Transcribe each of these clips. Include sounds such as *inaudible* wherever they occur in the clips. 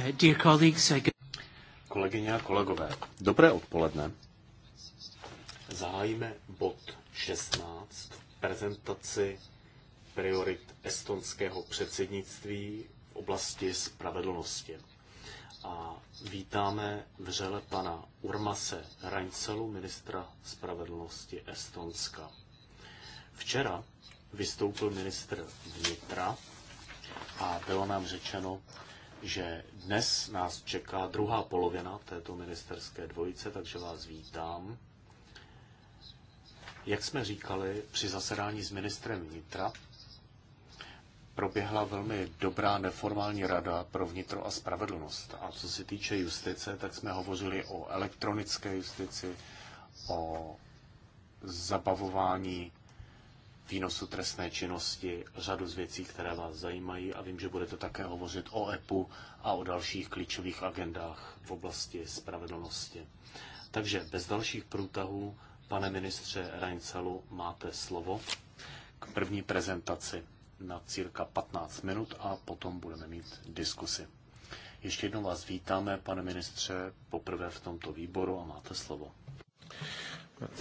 Eh, dear colleagues, I... Kolegyně a kolegové, dobré odpoledne. Zahájíme bod 16 prezentaci priorit estonského předsednictví v oblasti spravedlnosti. A vítáme vřele pana Urmase Reincelu, ministra spravedlnosti Estonska. Včera vystoupil ministr vnitra a bylo nám řečeno, že dnes nás čeká druhá polovina této ministerské dvojice, takže vás vítám. Jak jsme říkali, při zasedání s ministrem vnitra proběhla velmi dobrá neformální rada pro vnitro a spravedlnost. A co se týče justice, tak jsme hovořili o elektronické justici, o zabavování výnosu trestné činnosti, řadu z věcí, které vás zajímají a vím, že budete také hovořit o EPU a o dalších klíčových agendách v oblasti spravedlnosti. Takže bez dalších průtahů, pane ministře Reincelu, máte slovo k první prezentaci na cirka 15 minut a potom budeme mít diskusy. Ještě jednou vás vítáme, pane ministře, poprvé v tomto výboru a máte slovo.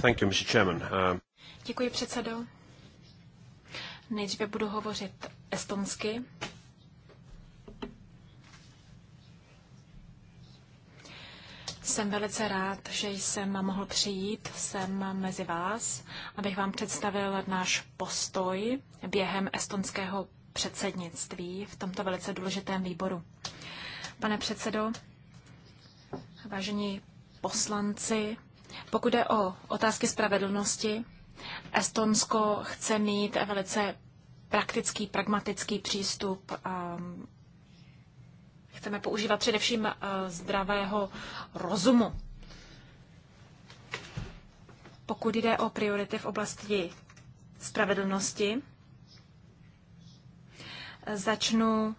Thank you, Mr. Chairman. Uh... Děkuji, předsedo. Nejdříve budu hovořit estonsky. Jsem velice rád, že jsem mohl přijít sem mezi vás, abych vám představil náš postoj během estonského předsednictví v tomto velice důležitém výboru. Pane předsedo, vážení poslanci, pokud jde o otázky spravedlnosti, Estonsko chce mít velice praktický, pragmatický přístup. Ehm, chceme používat především eh, zdravého rozumu. Pokud jde o priority v oblasti spravedlnosti, začnu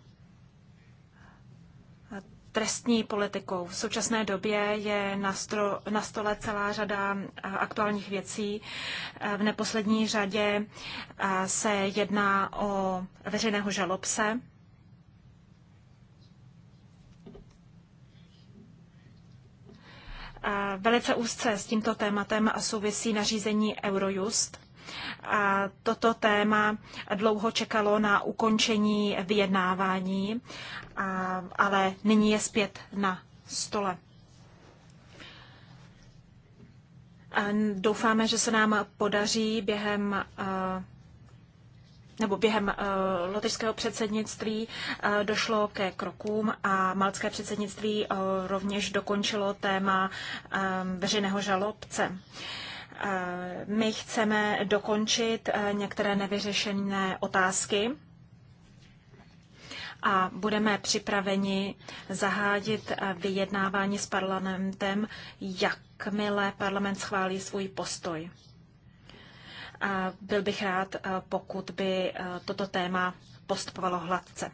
trestní politikou. V současné době je na, stro, na stole celá řada aktuálních věcí. V neposlední řadě se jedná o veřejného žalobce. Velice úzce s tímto tématem souvisí nařízení Eurojust. A toto téma dlouho čekalo na ukončení vyjednávání ale nyní je zpět na stole. Doufáme, že se nám podaří během nebo během uh, lotyšského předsednictví uh, došlo ke krokům a malcké předsednictví uh, rovněž dokončilo téma um, veřejného žalobce. My chceme dokončit některé nevyřešené otázky a budeme připraveni zahádit eh, vyjednávání s parlamentem, jakmile parlament schválí svůj postoj. A byl bych rád, eh, pokud by eh, toto téma postupovalo hladce.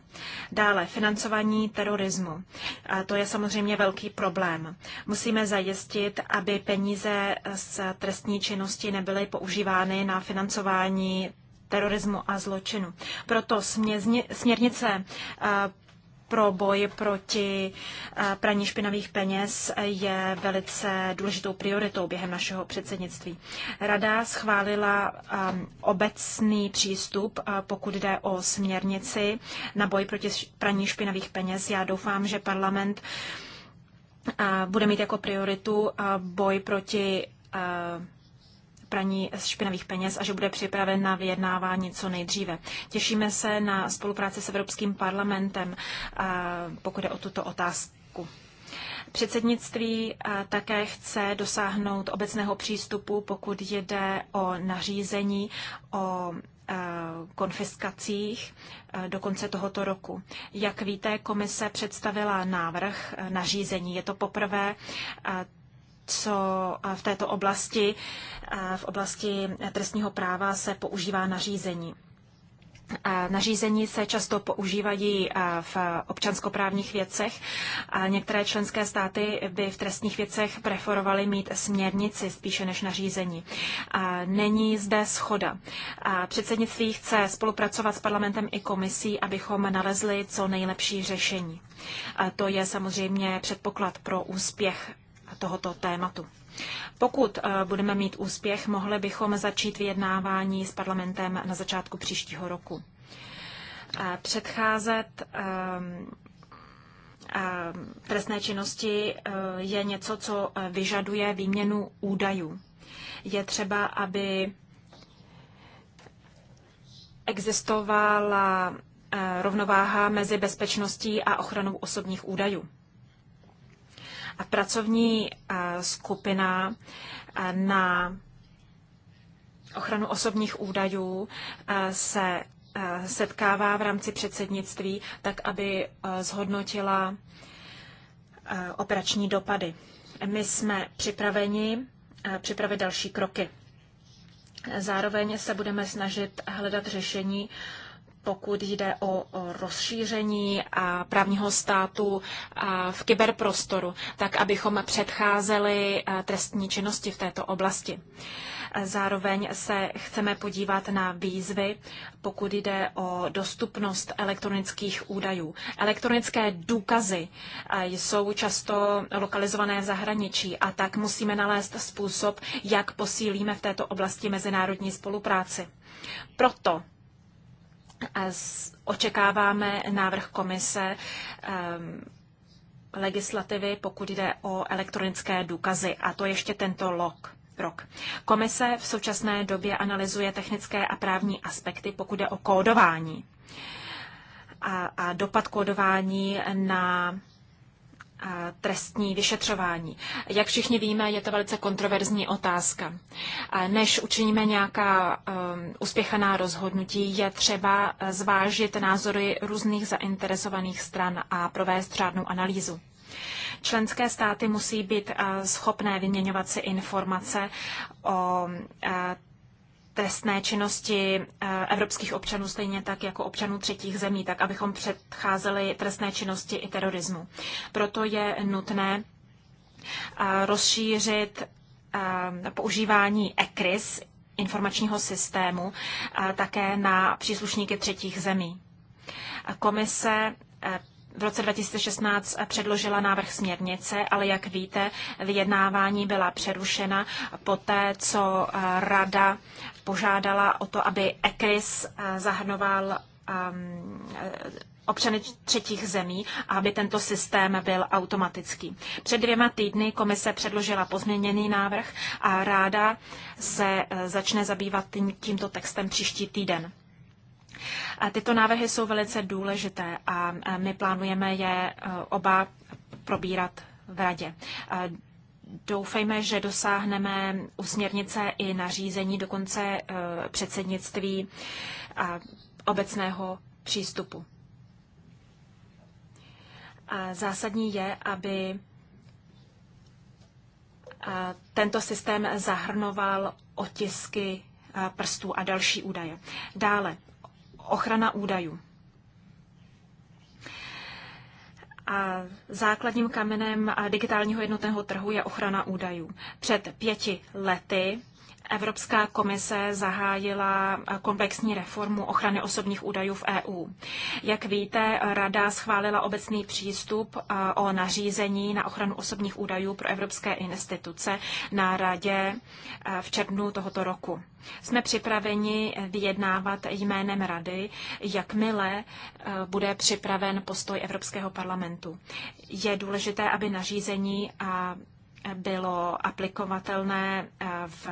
Dále financování terorismu. A to je samozřejmě velký problém. Musíme zajistit, aby peníze z trestní činnosti nebyly používány na financování terorismu a zločinu. Proto směrnice eh, pro boj proti eh, praní špinavých peněz je velice důležitou prioritou během našeho předsednictví. Rada schválila eh, obecný přístup, pokud jde o směrnici na boj proti praní špinavých peněz. Já doufám, že parlament bude mít jako prioritu boj proti praní špinavých peněz a že bude připraven na vyjednávání co nejdříve. Těšíme se na spolupráci s Evropským parlamentem, pokud je o tuto otázku. Předsednictví také chce dosáhnout obecného přístupu, pokud jde o nařízení o konfiskacích do konce tohoto roku. Jak víte, komise představila návrh nařízení. Je to poprvé, co v této oblasti v oblasti trestního práva se používá nařízení. Nařízení se často používají v občanskoprávních věcech. Některé členské státy by v trestních věcech preferovaly mít směrnici spíše než nařízení. Není zde schoda. Předsednictví chce spolupracovat s parlamentem i komisí, abychom nalezli co nejlepší řešení. To je samozřejmě předpoklad pro úspěch tohoto tématu. Pokud eh, budeme mít úspěch, mohli bychom začít vyjednávání s parlamentem na začátku příštího roku. Eh, předcházet ehm, ehm, trestné činnosti eh, je něco, co vyžaduje výměnu údajů. Je třeba, aby existovala rovnováha mezi bezpečností a ochranou osobních údajů pracovní eh, skupina eh, na ochranu osobních údajů eh, se setkává v rámci předsednictví, tak aby zhodnotila operační dopady. My jsme připraveni připravit další kroky. Zároveň se budeme snažit hledat řešení pokud jde o rozšíření právního státu v kyberprostoru, tak abychom předcházeli eh, trestní činnosti v této oblasti. Zároveň se chceme podívat na výzvy, pokud jde o dostupnost elektronických údajů. Elektronické důkazy eh, jsou často lokalizované v zahraničí a tak musíme nalézt způsob, jak posílíme v této oblasti mezinárodní spolupráci. Proto očekáváme návrh komise ehm, legislativy, pokud jde o elektronické důkazy, a to ještě tento lok. Rok. Komise v současné době analyzuje technické a právní aspekty, pokud jde o kódování a, a dopad kódování na trestní vyšetřování. Jak všichni víme, je to velice kontroverzní otázka. Než učiníme nějaká um, uspěchaná rozhodnutí, je třeba zvážit názory různých zainteresovaných stran a provést řádnou analýzu. Členské státy musí být uh, schopné vyměňovat si informace o uh, trestné činnosti eh, evropských občanů, stejně tak jako občanů třetích zemí, tak abychom předcházeli trestné činnosti i terorismu. Proto je nutné eh, rozšířit eh, používání ECRIS, informačního systému, také na příslušníky třetích zemí. Komise v roce 2016 předložila návrh směrnice, ale jak víte, vyjednávání byla přerušena poté, co eh, rada požádala o to, aby ECRIS eh, zahrnoval ehm, eh, občany třetích zemí a aby tento systém byl automatický. Před dvěma týdny komise předložila pozměněný návrh a ráda se začne zabývat tímto textem příští týden. Tyto návrhy jsou velice důležité a my plánujeme je e, oba probírat v radě. E, doufejme, že dosáhneme usměrnice i nařízení dokonce e, předsednictví předsednictví obecného přístupu. Zásadní je, aby tento systém zahrnoval otisky prstů a další údaje. Dále ochrana údajů. A základním kamenem digitálního jednotného trhu je ochrana údajů. Před pěti lety Evropská komise zahájila komplexní reformu ochrany osobních údajů v EU. Jak víte, Rada schválila obecný přístup eh, o nařízení na ochranu osobních údajů pro evropské instituce na Radě eh, v červnu tohoto roku. Jsme připraveni vyjednávat jménem Rady, jakmile eh, bude připraven postoj Evropského parlamentu. Je důležité, aby nařízení a bylo aplikovatelné eh, v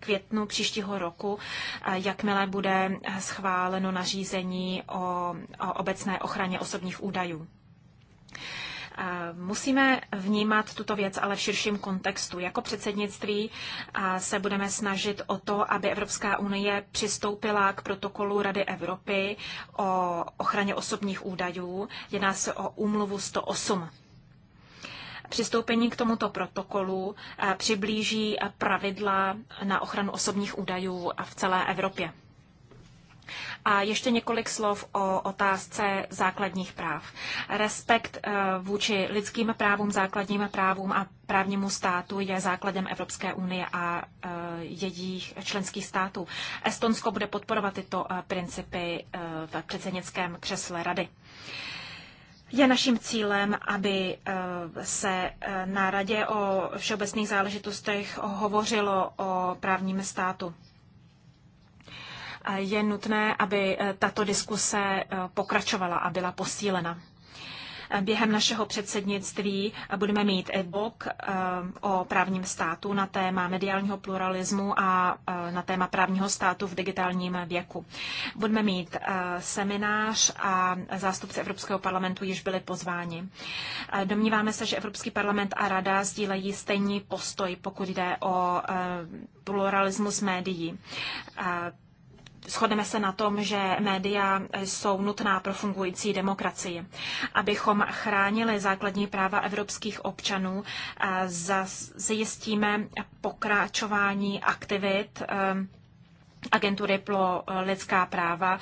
květnu příštího roku, eh, jakmile bude schváleno nařízení o, o obecné ochraně osobních údajů. Eh, musíme vnímat tuto věc ale v širším kontextu. Jako předsednictví se budeme snažit o to, aby Evropská unie přistoupila k protokolu Rady Evropy o ochraně osobních údajů. Jedná se o úmluvu 108 přistoupení k tomuto protokolu eh, přiblíží eh, pravidla na ochranu osobních údajů eh, v celé Evropě. A ještě několik slov o otázce základních práv. Respekt vůči lidským právům, základním právům a právnímu státu je základem Evropské unie a jejich členských států. Estonsko bude podporovat tyto principy v předsednickém křesle rady. Je naším cílem, aby eh, se eh, na Radě o všeobecných záležitostech hovořilo o právním státu. Eh, je nutné, aby tato diskuse pokračovala a byla posílena. Eh, během našeho předsednictví budeme mít blok eh, o právním státu na téma mediálního pluralismu a eh, na téma právního státu v digitálním věku. Budeme mít seminář a zástupci Evropského parlamentu již byli pozváni. Domníváme se, že Evropský parlament a rada sdílejí stejný postoj, pokud jde o pluralismus médií. Shodneme se na tom, že média jsou nutná pro fungující demokracii. Abychom chránili základní práva evropských občanů, eh, zjistíme pokračování aktivit eh, agentury pro eh, lidská práva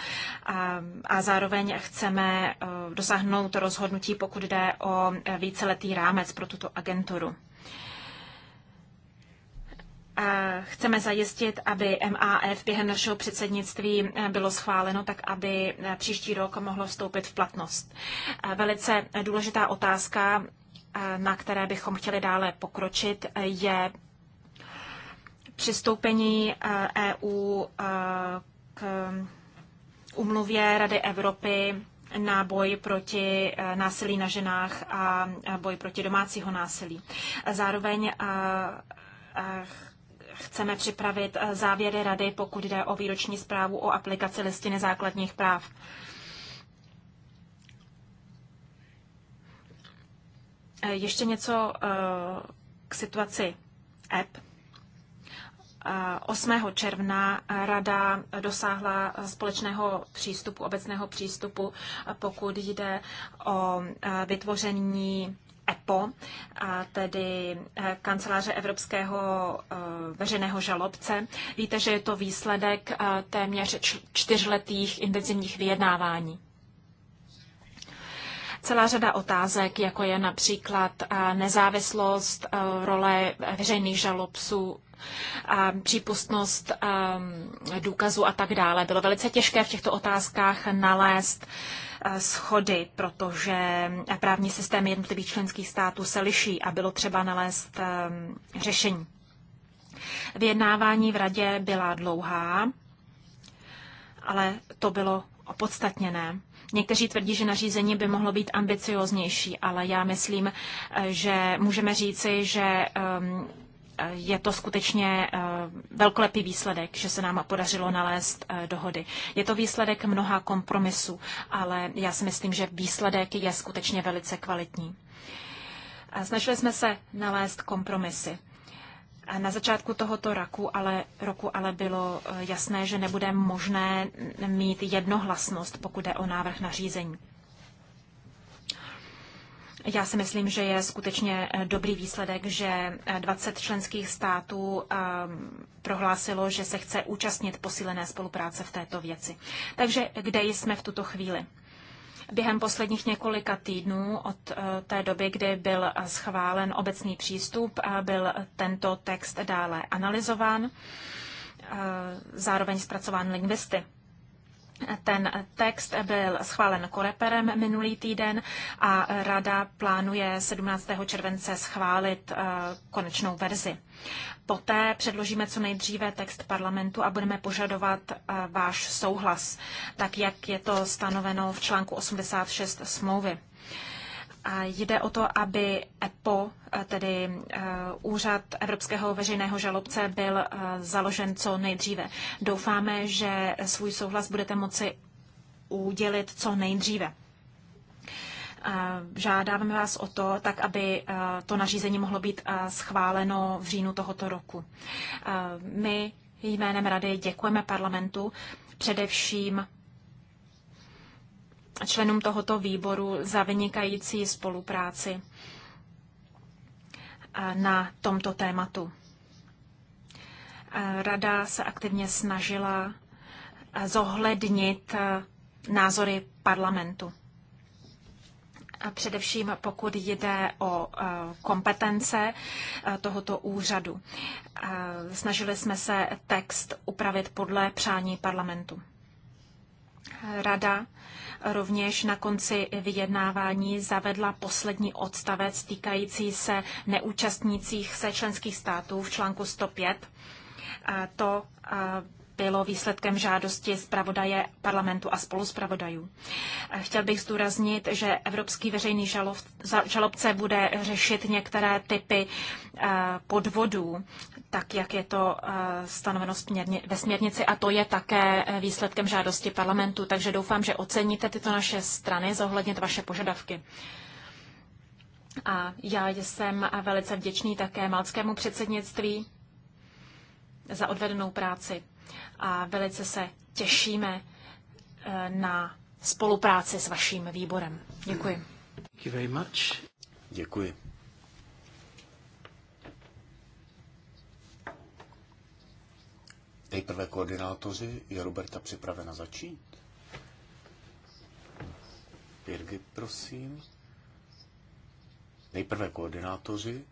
a, a zároveň chceme dosáhnout rozhodnutí, pokud jde o víceletý rámec pro tuto agenturu chceme zajistit, aby MAF během našeho předsednictví eh, bylo schváleno, tak aby eh, příští rok mohlo vstoupit v platnost. Eh, velice důležitá otázka, na které bychom chtěli dále pokročit, je přistoupení EU e k umluvě Rady Evropy na boj proti násilí na ženách a boj proti domácího násilí. Zároveň chceme připravit eh, závěry rady, pokud jde o výroční zprávu o aplikaci listiny základních práv. Eh, ještě něco eh, k situaci app. E 8. června rada dosáhla společného přístupu, obecného přístupu, pokud jde o vytvoření EPO, a tedy eh, kanceláře Evropského eh, veřejného žalobce. Víte, že je to výsledek eh, téměř čtyřletých intenzivních vyjednávání celá řada otázek, jako je například nezávislost, role veřejných žalobců, přípustnost důkazů a tak dále. Bylo velice těžké v těchto otázkách nalézt Eh, schody, protože právní systémy jednotlivých členských států se liší a bylo třeba nalézt eh, řešení. Vyjednávání v radě byla dlouhá, ale to bylo opodstatněné. Někteří tvrdí, že nařízení by mohlo být ambicioznější, ale já myslím, eh, že můžeme říci, že ehm, Eh, je to skutečně eh, velkolepý výsledek, že se nám podařilo nalézt eh, dohody. Je to výsledek mnoha kompromisů, ale já si myslím, že výsledek je skutečně velice kvalitní. Snažili jsme se nalézt kompromisy. Na začátku tohoto roku ale, roku ale bylo jasné, že nebude možné mít jednohlasnost, pokud jde o návrh nařízení. Já si myslím, že je skutečně eh, dobrý výsledek, že 20 eh, členských států ehm, prohlásilo, že se chce účastnit posílené spolupráce v této věci. Takže kde jsme v tuto chvíli? Během posledních několika týdnů od eh, té doby, kdy byl schválen obecný přístup, byl tento text dále analyzován, zároveň zpracován lingvisty. Ten text byl schválen koreperem minulý týden a rada plánuje 17. července schválit eh, konečnou verzi. Poté předložíme co nejdříve text parlamentu a budeme požadovat eh, váš souhlas, tak jak je to stanoveno v článku 86 smlouvy. Jde o to, aby EPO, eh, tedy eh, Úřad Evropského veřejného žalobce, byl eh, založen co nejdříve. Doufáme, že svůj souhlas budete moci udělit co nejdříve. Žádáme vás o to, tak aby to nařízení mohlo být schváleno v říjnu tohoto roku. My jménem Rady děkujeme parlamentu, především členům tohoto výboru za vynikající spolupráci eh, na tomto tématu. Eh, rada se aktivně snažila eh, zohlednit názory parlamentu. A především pokud jde o kompetence tohoto úřadu. Snažili jsme se text upravit podle přání parlamentu. Rada rovněž na konci vyjednávání zavedla poslední odstavec týkající se neúčastnících se členských států v článku 105. To bylo výsledkem žádosti zpravodaje parlamentu a spoluzpravodajů. Chtěl bych zdůraznit, že Evropský veřejný žalobce bude řešit některé typy podvodů tak jak je to eh, stanoveno ve směrnici a to je také eh, výsledkem žádosti parlamentu, takže doufám, že oceníte tyto naše strany, zohlednit vaše požadavky. A já jsem eh, velice vděčný také malckému předsednictví za odvedenou práci a velice se těšíme na spolupráci s vaším výborem. Děkuji. Děkuji. Nejprve koordinátoři. Je Roberta připravena začít? Birgit, prosím. Nejprve koordinátoři.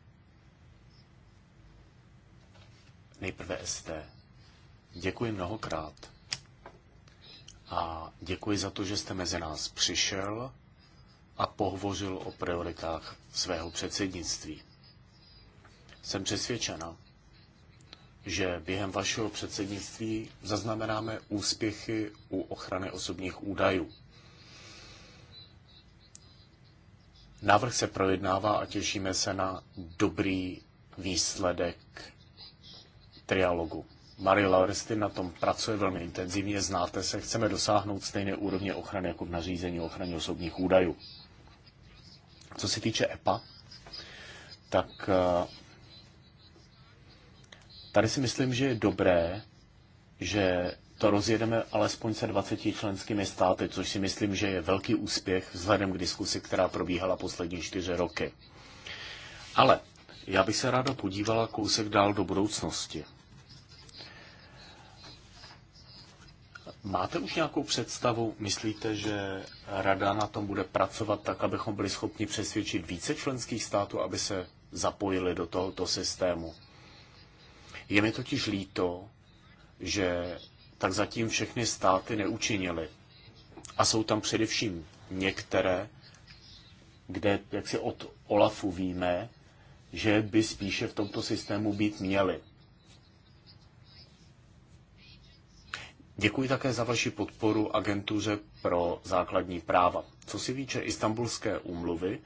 Nejprve ST. Děkuji mnohokrát. A děkuji za to, že jste mezi nás přišel a pohovořil o prioritách svého předsednictví. Jsem přesvědčena, že během vašeho předsednictví zaznamenáme úspěchy u ochrany osobních údajů. Návrh se projednává a těšíme se na dobrý výsledek trialogu. Marie Lauristy na tom pracuje velmi intenzivně, znáte se, chceme dosáhnout stejné úrovně ochrany jako v nařízení ochrany osobních údajů. Co se týče EPA, tak eh, Tady si myslím, že je dobré, že to rozjedeme alespoň se 20 členskými státy, což si myslím, že je velký úspěch vzhledem k diskusi, která probíhala poslední čtyři roky. Ale já bych se ráda podívala kousek dál do budoucnosti. Máte už nějakou představu? Myslíte, že Rada na tom bude pracovat tak, abychom byli schopni přesvědčit více členských států, aby se zapojili do tohoto systému? Je mi totiž líto, že tak zatím všechny státy neučinily. A jsou tam především některé, kde, jak si od Olafu víme, že by spíše v tomto systému být měly. Děkuji také za vaši podporu agentuře pro základní práva. Co se týče istambulské úmluvy,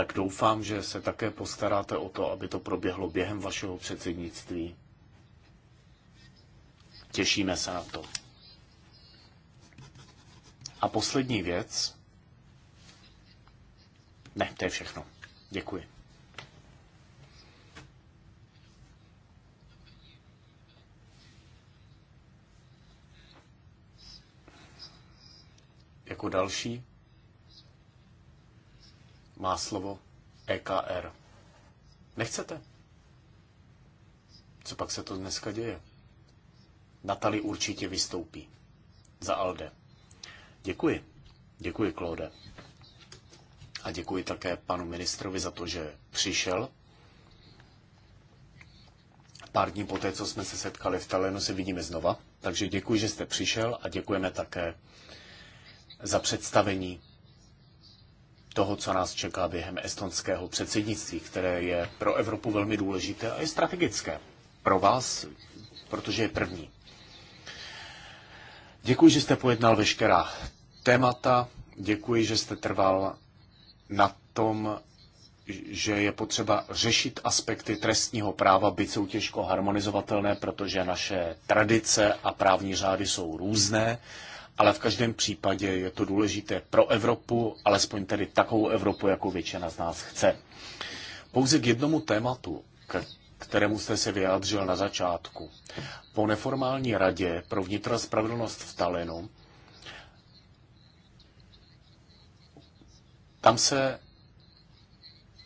tak doufám, že se také postaráte o to, aby to proběhlo během vašeho předsednictví. Těšíme se na to. A poslední věc. Ne, to je všechno. Děkuji. Jako další má slovo EKR. Nechcete? Co pak se to dneska děje? Natali určitě vystoupí. Za Alde. Děkuji. Děkuji, Claude. A děkuji také panu ministrovi za to, že přišel. Pár dní poté, co jsme se setkali v Talenu, se vidíme znova. Takže děkuji, že jste přišel a děkujeme také za představení toho, co nás čeká během estonského předsednictví, které je pro Evropu velmi důležité a je strategické. Pro vás, protože je první. Děkuji, že jste pojednal veškerá témata. Děkuji, že jste trval na tom, že je potřeba řešit aspekty trestního práva, byť jsou těžko harmonizovatelné, protože naše tradice a právní řády jsou různé ale v každém případě je to důležité pro Evropu, alespoň tedy takovou Evropu, jakou většina z nás chce. Pouze k jednomu tématu, k kterému jste se vyjádřil na začátku. Po neformální radě pro vnitra spravedlnost v Talinu, tam se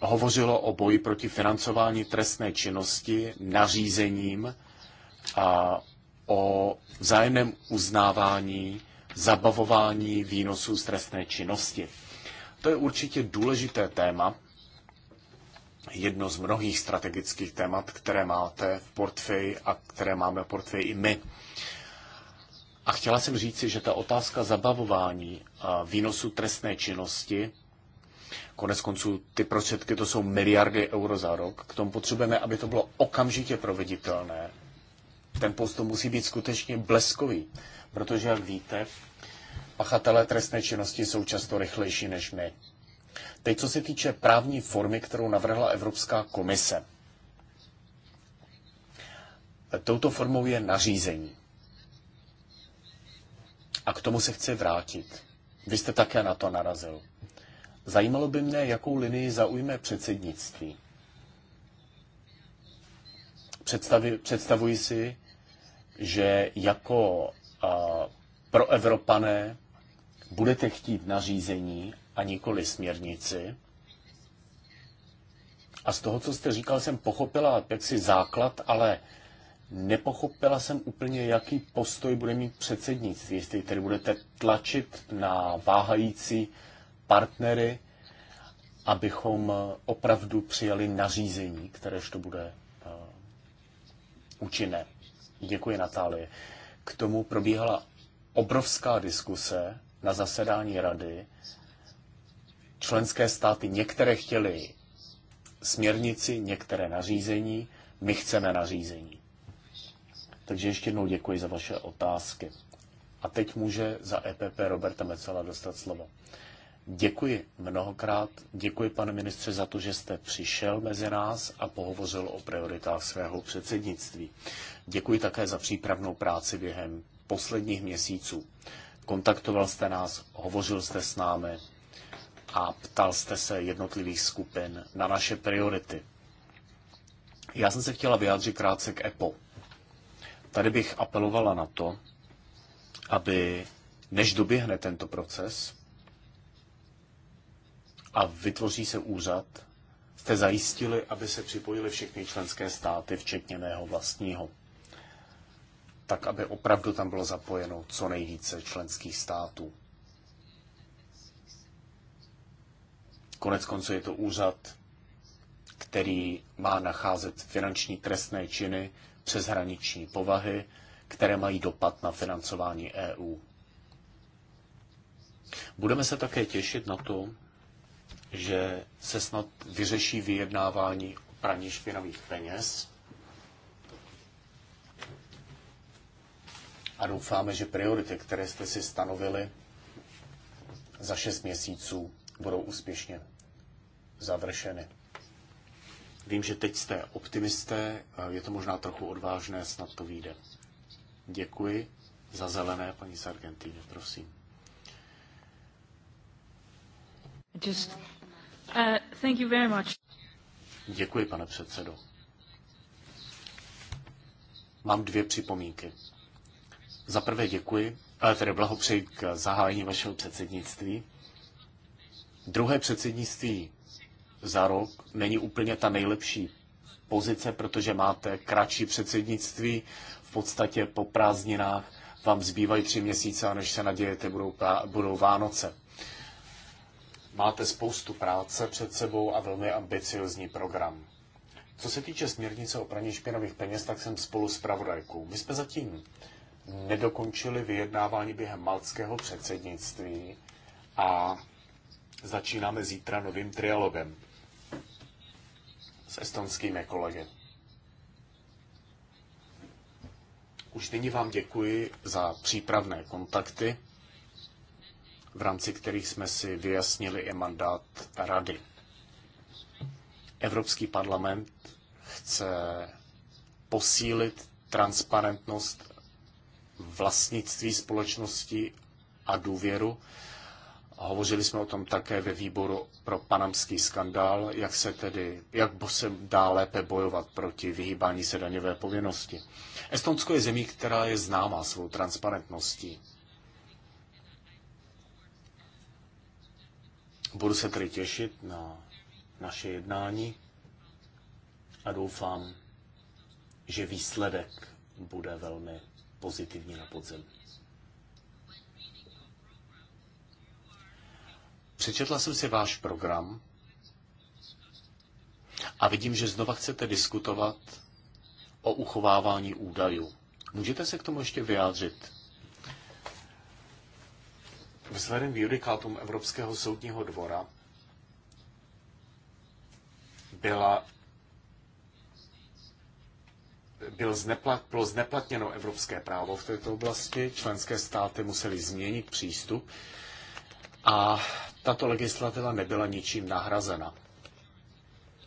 hovořilo o boji proti financování trestné činnosti nařízením a o vzájemném uznávání zabavování výnosů z trestné činnosti. To je určitě důležité téma, jedno z mnohých strategických témat, které máte v portfeji a které máme v portfeji i my. A chtěla jsem říci, že ta otázka zabavování výnosu trestné činnosti, konec konců ty prostředky to jsou miliardy euro za rok, k tomu potřebujeme, aby to bylo okamžitě proveditelné. Ten postup musí být skutečně bleskový protože, jak víte, pachatelé trestné činnosti jsou často rychlejší než my. Teď, co se týče právní formy, kterou navrhla Evropská komise. Touto formou je nařízení. A k tomu se chci vrátit. Vy jste také na to narazil. Zajímalo by mne, jakou linii zaujme předsednictví. představuji si, že jako pro Evropané budete chtít nařízení a nikoli směrnici. A z toho, co jste říkal, jsem pochopila jaksi základ, ale nepochopila jsem úplně, jaký postoj bude mít předsednictví, jestli tedy budete tlačit na váhající partnery, abychom opravdu přijali nařízení, kteréž to bude eh, účinné. Děkuji, Natálie. K tomu probíhala obrovská diskuse na zasedání rady. Členské státy některé chtěly směrnici, některé nařízení, my chceme nařízení. Takže ještě jednou děkuji za vaše otázky. A teď může za EPP Roberta Mecela dostat slovo. Děkuji mnohokrát, děkuji pane ministře za to, že jste přišel mezi nás a pohovořil o prioritách svého předsednictví. Děkuji také za přípravnou práci během posledních měsíců. Kontaktoval jste nás, hovořil jste s námi a ptal jste se jednotlivých skupin na naše priority. Já jsem se chtěla vyjádřit krátce k EPO. Tady bych apelovala na to, aby než doběhne tento proces, a vytvoří se úřad, jste zajistili, aby se připojili všechny členské státy, včetně mého vlastního. Tak, aby opravdu tam bylo zapojeno co nejvíce členských států. Konec konců je to úřad, který má nacházet finanční trestné činy přeshraniční povahy, které mají dopad na financování EU. Budeme se také těšit na to, že se snad vyřeší vyjednávání o praní špinavých peněz. A doufáme, že priority, které jste si stanovili za šest měsíců, budou úspěšně završeny. Vím, že teď jste optimisté, je to možná trochu odvážné, snad to vyjde. Děkuji. Za zelené, paní z prosím. Just Uh, thank you very much. Děkuji, pane předsedo. Mám dvě připomínky. Za prvé děkuji, ale eh, tedy blahopřeji k zahájení vašeho předsednictví. Druhé předsednictví za rok není úplně ta nejlepší pozice, protože máte kratší předsednictví, v podstatě po prázdninách vám zbývají tři měsíce, a než se nadějete, budou, budou Vánoce. Máte spoustu práce před sebou a velmi ambiciozní program. Co se týče směrnice o praní špinavých peněz, tak jsem spolu s pravodajkou. My jsme zatím nedokončili vyjednávání během malckého předsednictví a začínáme zítra novým trialogem s estonskými kolegy. Už nyní vám děkuji za přípravné kontakty v rámci kterých jsme si vyjasnili i mandát Rady. Evropský parlament chce posílit transparentnost vlastnictví společnosti a důvěru. Hovořili jsme o tom také ve výboru pro panamský skandál, jak se tedy, jak se dá lépe bojovat proti vyhýbání se daňové povinnosti. Estonsko je zemí, která je známá svou transparentností. Budu se tedy těšit na naše jednání a doufám, že výsledek bude velmi pozitivní na podzim. Přečetla jsem si váš program a vidím, že znova chcete diskutovat o uchovávání údajů. Můžete se k tomu ještě vyjádřit? vzhledem k judikátům Evropského soudního dvora byla, byl zneplat, bylo zneplatněno evropské právo v této oblasti, členské státy musely změnit přístup a tato legislativa nebyla ničím nahrazena.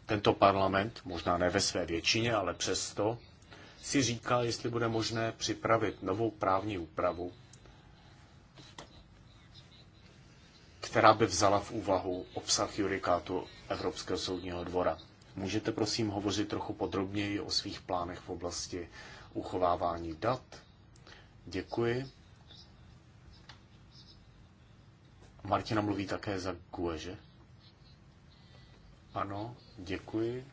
Tento parlament, možná ne ve své většině, ale přesto, si říká, jestli bude možné připravit novou právní úpravu která by vzala v úvahu obsah jurikátu Evropského soudního dvora. Můžete prosím hovořit trochu podrobněji o svých plánech v oblasti uchovávání dat? Děkuji. Martina mluví také za že? Ano, děkuji.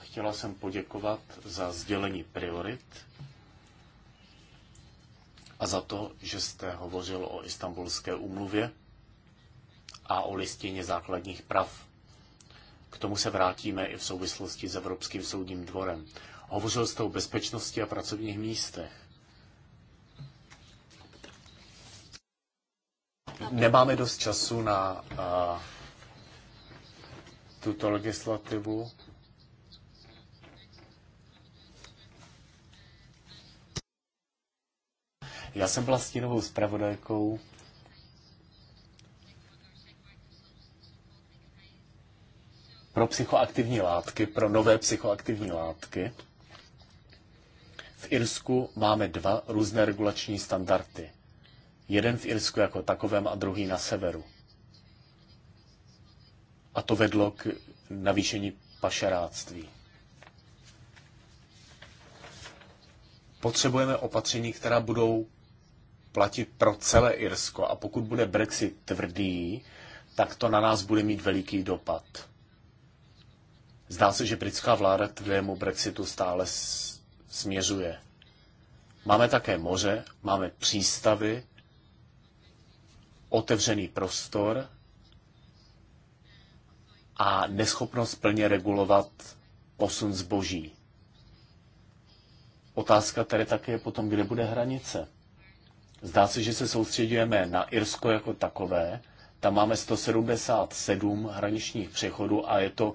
Chtěla jsem poděkovat za sdělení priorit a za to, že jste hovořil o istambulské úmluvě a o listině základních prav. K tomu se vrátíme i v souvislosti s Evropským soudním dvorem. Hovořil jste o bezpečnosti a pracovních místech. Nemáme dost času na a, tuto legislativu. Já jsem byla stínovou zpravodajkou pro psychoaktivní látky, pro nové psychoaktivní látky. V Irsku máme dva různé regulační standardy. Jeden v Irsku jako takovém a druhý na severu. A to vedlo k navýšení pašeráctví. Potřebujeme opatření, která budou platit pro celé Irsko a pokud bude Brexit tvrdý, tak to na nás bude mít veliký dopad. Zdá se, že britská vláda k tvému Brexitu stále směřuje. Máme také moře, máme přístavy, otevřený prostor a neschopnost plně regulovat posun zboží. Otázka tedy také je potom, kde bude hranice. Zdá se, že se soustředujeme na Irsko jako takové. Tam máme 177 hraničních přechodů a je to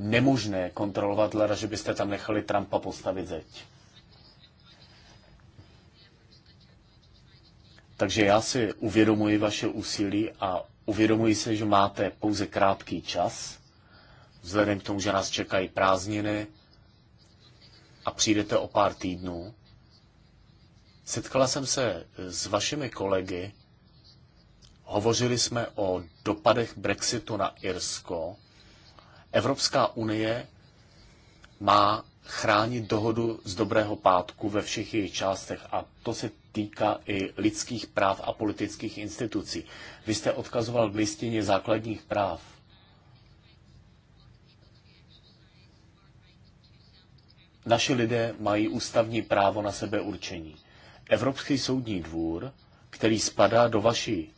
nemožné kontrolovat, leda, že byste tam nechali Trumpa postavit zeď. Takže já si uvědomuji vaše úsilí a uvědomuji se, že máte pouze krátký čas, vzhledem k tomu, že nás čekají prázdniny a přijdete o pár týdnů. Setkala jsem se s vašimi kolegy, hovořili jsme o dopadech Brexitu na Irsko, Evropská unie má chránit dohodu z Dobrého pátku ve všech jejich částech a to se týká i lidských práv a politických institucí. Vy jste odkazoval k listině základních práv. Naši lidé mají ústavní právo na sebeurčení. Evropský soudní dvůr, který spadá do vaší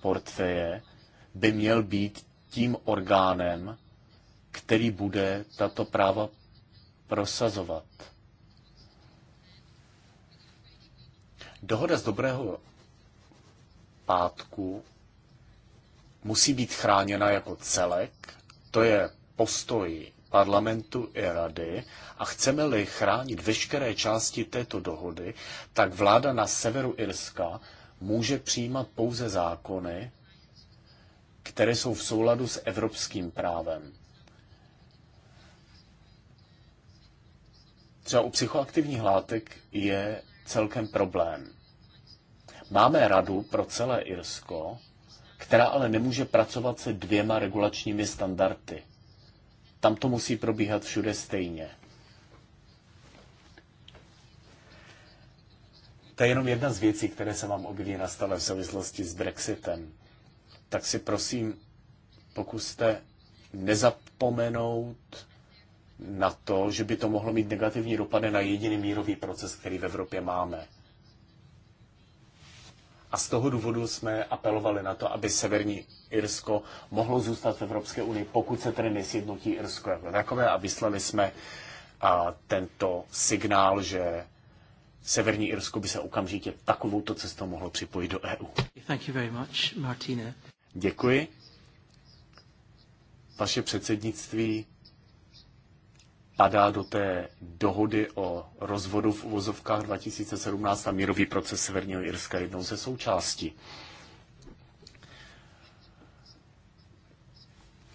portfeje, by měl být tím orgánem, který bude tato práva prosazovat. Dohoda z dobrého pátku musí být chráněna jako celek, to je postoj parlamentu i rady a chceme-li chránit veškeré části této dohody, tak vláda na severu Irska může přijímat pouze zákony, které jsou v souladu s evropským právem. třeba u psychoaktivních látek je celkem problém. Máme radu pro celé Irsko, která ale nemůže pracovat se dvěma regulačními standardy. Tam to musí probíhat všude stejně. To je jenom jedna z věcí, které se vám objeví na stole v souvislosti s Brexitem. Tak si prosím pokuste nezapomenout na to, že by to mohlo mít negativní dopady na jediný mírový proces, který v Evropě máme. A z toho důvodu jsme apelovali na to, aby Severní Irsko mohlo zůstat v Evropské unii, pokud se tedy nesjednotí Irsko jako takové. A vyslali jsme a, tento signál, že Severní Irsko by se okamžitě takovouto cestou mohlo připojit do EU. Thank you very much, Martina. Děkuji. Vaše předsednictví padá do té dohody o rozvodu v uvozovkách 2017 a mírový proces Severního Irska jednou ze součástí.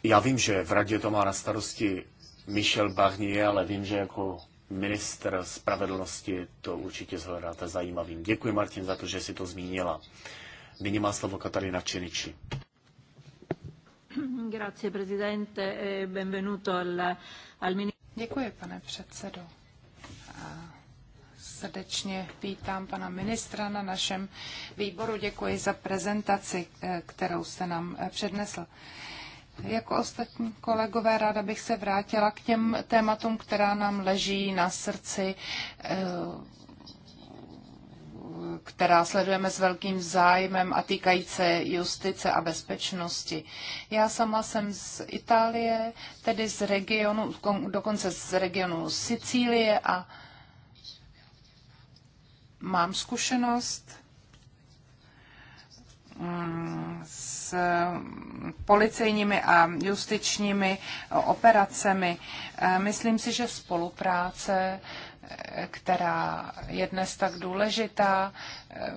Já vím, že v radě to má na starosti Michel Barnier, ale vím, že jako minister spravedlnosti to určitě zhledáte zajímavým. Děkuji, Martin, za to, že jsi to zmínila. Nyní má slovo Katarina Činiči. Grazie, presidente. E benvenuto al, al ministro. Děkuji, pane předsedo. A srdečně vítám pana ministra na našem výboru. Děkuji za prezentaci, eh, kterou se nám eh, přednesl. Jako ostatní kolegové, ráda bych se vrátila k těm tématům, která nám leží na srdci eh, která sledujeme s velkým zájmem a týkají se justice a bezpečnosti. Já sama jsem z Itálie, tedy z regionu, dokonce z regionu Sicílie a mám zkušenost mm, s policejními a justičními operacemi. Myslím si, že spolupráce která je dnes tak důležitá eh,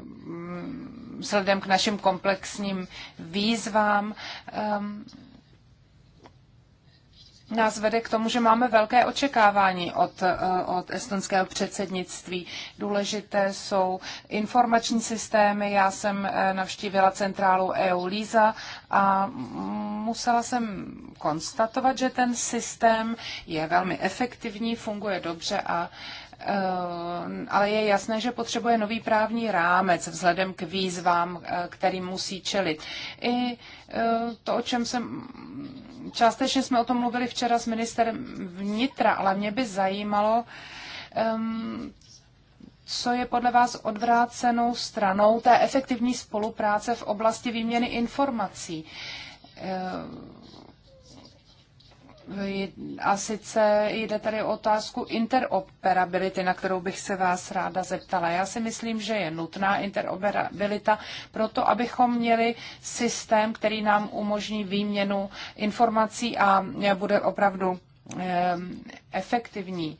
vzhledem k našim komplexním výzvám, eh, nás vede k tomu, že máme velké očekávání od, eh, od estonského předsednictví. Důležité jsou informační systémy. Já jsem navštívila centrálu EU LISA a musela jsem konstatovat, že ten systém je velmi efektivní, funguje dobře a Ehm, ale je jasné, že potřebuje nový právní rámec vzhledem k výzvám, eh, kterým musí čelit. I eh, to, o čem jsem, částečně jsme o tom mluvili včera s ministerem vnitra, ale mě by zajímalo, ehm, co je podle vás odvrácenou stranou té efektivní spolupráce v oblasti výměny informací ehm, a sice jde tady o otázku interoperability, na kterou bych se vás ráda zeptala. Já si myslím, že je nutná interoperabilita proto, abychom měli systém, který nám umožní výměnu informací a bude opravdu ehm, efektivní.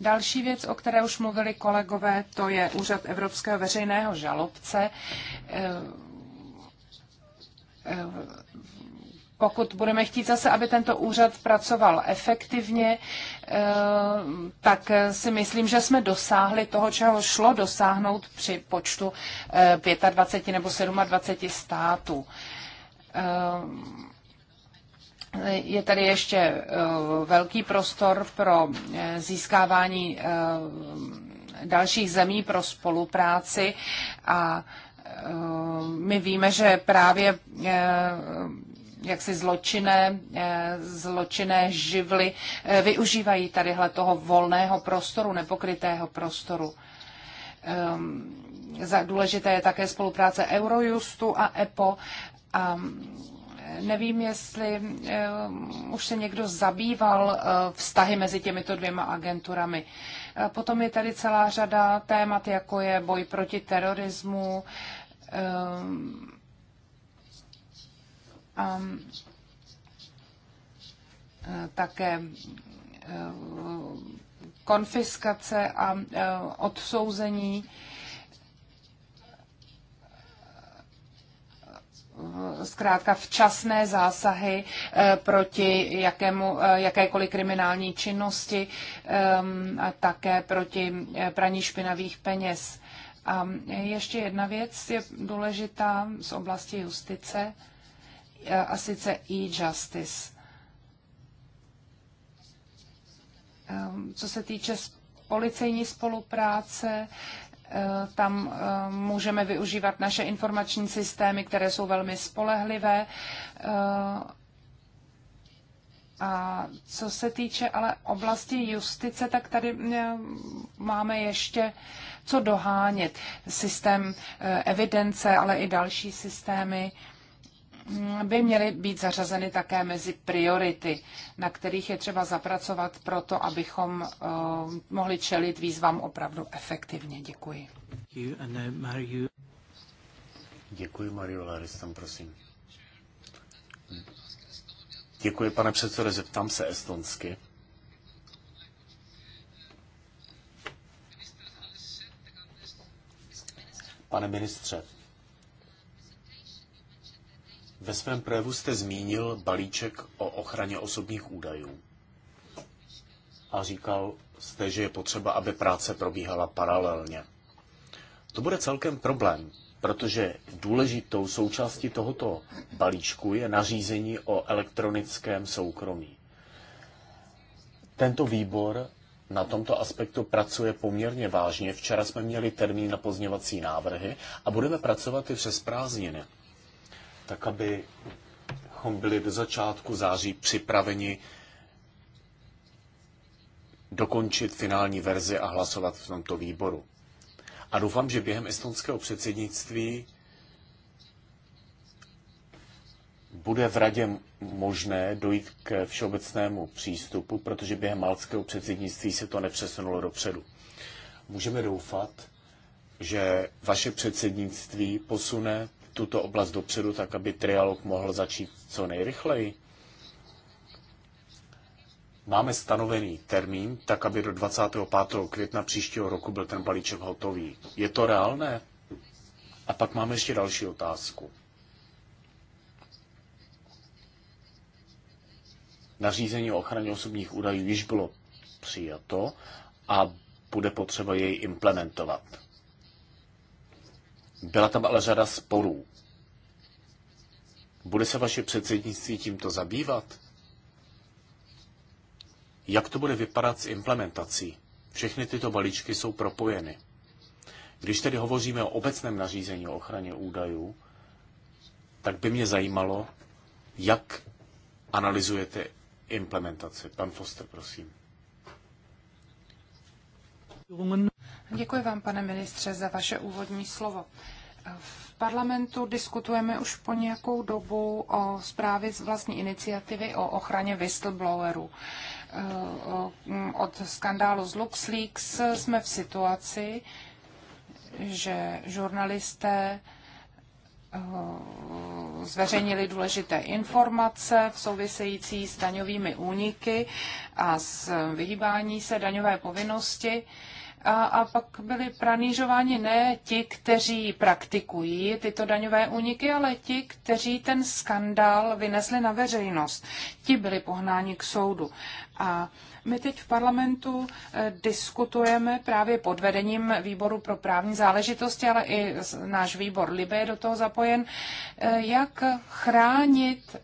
Další věc, o které už mluvili kolegové, to je Úřad Evropského veřejného žalobce ehm, ehm, pokud budeme chtít zase, aby tento úřad pracoval efektivně, eh, tak eh, si myslím, že jsme dosáhli toho, čeho šlo dosáhnout při počtu 25 eh, nebo 27 států. Je tady ještě velký prostor pro získávání dalších zemí pro spolupráci a my víme, že právě jaksi zločinné, eh, zločinné živly eh, využívají tadyhle toho volného prostoru, nepokrytého prostoru. Ehm, za důležité je také spolupráce Eurojustu a EPO. A ehm, nevím, jestli ehm, už se někdo zabýval eh, vztahy mezi těmito dvěma agenturami. Potom je tady celá řada témat, jako je boj proti terorismu, Um, také e, konfiskace a e, odsouzení zkrátka včasné zásahy proti jakému, jakékoliv kriminální činnosti a také proti praní špinavých peněz. A ještě jedna věc je důležitá z oblasti justice a sice e-justice. Ehm, co se týče policejní spolupráce, e, tam e, můžeme využívat naše informační systémy, které jsou velmi spolehlivé. E, a co se týče ale oblasti justice, tak tady máme ještě co dohánět. Systém evidence, ale i další systémy by měly být zařazeny také mezi priority, na kterých je třeba zapracovat proto, abychom eh, mohli čelit výzvám opravdu efektivně. Děkuji. Děkuji, Mario Laristan, prosím. Děkuji, pane předsedo, zeptám se estonsky. Pane ministře, ve svém projevu jste zmínil balíček o ochraně osobních údajů a říkal jste, že je potřeba, aby práce probíhala paralelně. To bude celkem problém, protože důležitou součástí tohoto balíčku je nařízení o elektronickém soukromí. Tento výbor na tomto aspektu pracuje poměrně vážně. Včera jsme měli termín na pozněvací návrhy a budeme pracovat i přes prázdniny tak abychom byli do začátku září připraveni dokončit finální verzi a hlasovat v tomto výboru. A doufám, že během estonského předsednictví bude v radě možné dojít k všeobecnému přístupu, protože během malckého předsednictví se to nepřesunulo dopředu. Můžeme doufat, že vaše předsednictví posune tuto oblast dopředu, tak aby trialog mohl začít co nejrychleji? Máme stanovený termín, tak aby do 25. května příštího roku byl ten balíček hotový. Je to reálné? A pak máme ještě další otázku. Nařízení o ochraně osobních údajů již bylo přijato a bude potřeba jej implementovat. Byla tam ale řada sporů. Bude se vaše předsednictví tímto zabývat? Jak to bude vypadat s implementací? Všechny tyto balíčky jsou propojeny. Když tedy hovoříme o obecném nařízení o ochraně údajů, tak by mě zajímalo, jak analyzujete implementaci. Pan Foster, prosím. Děkuji vám, pane ministře, za vaše úvodní slovo. V parlamentu diskutujeme už po nějakou dobu o zprávě z vlastní iniciativy o ochraně whistleblowerů. Eh, mm, od skandálu z LuxLeaks jsme v situaci, že žurnalisté eh, zveřejnili důležité informace v související s daňovými úniky a s vyhýbání se daňové povinnosti a, a pak byli pranížováni ne ti, kteří praktikují tyto daňové úniky, ale ti, kteří ten skandál vynesli na veřejnost. Ti byli pohnáni k soudu. A my teď v parlamentu eh, diskutujeme právě pod vedením výboru pro právní záležitosti, ale i náš výbor Libe je do toho zapojen, eh, jak chránit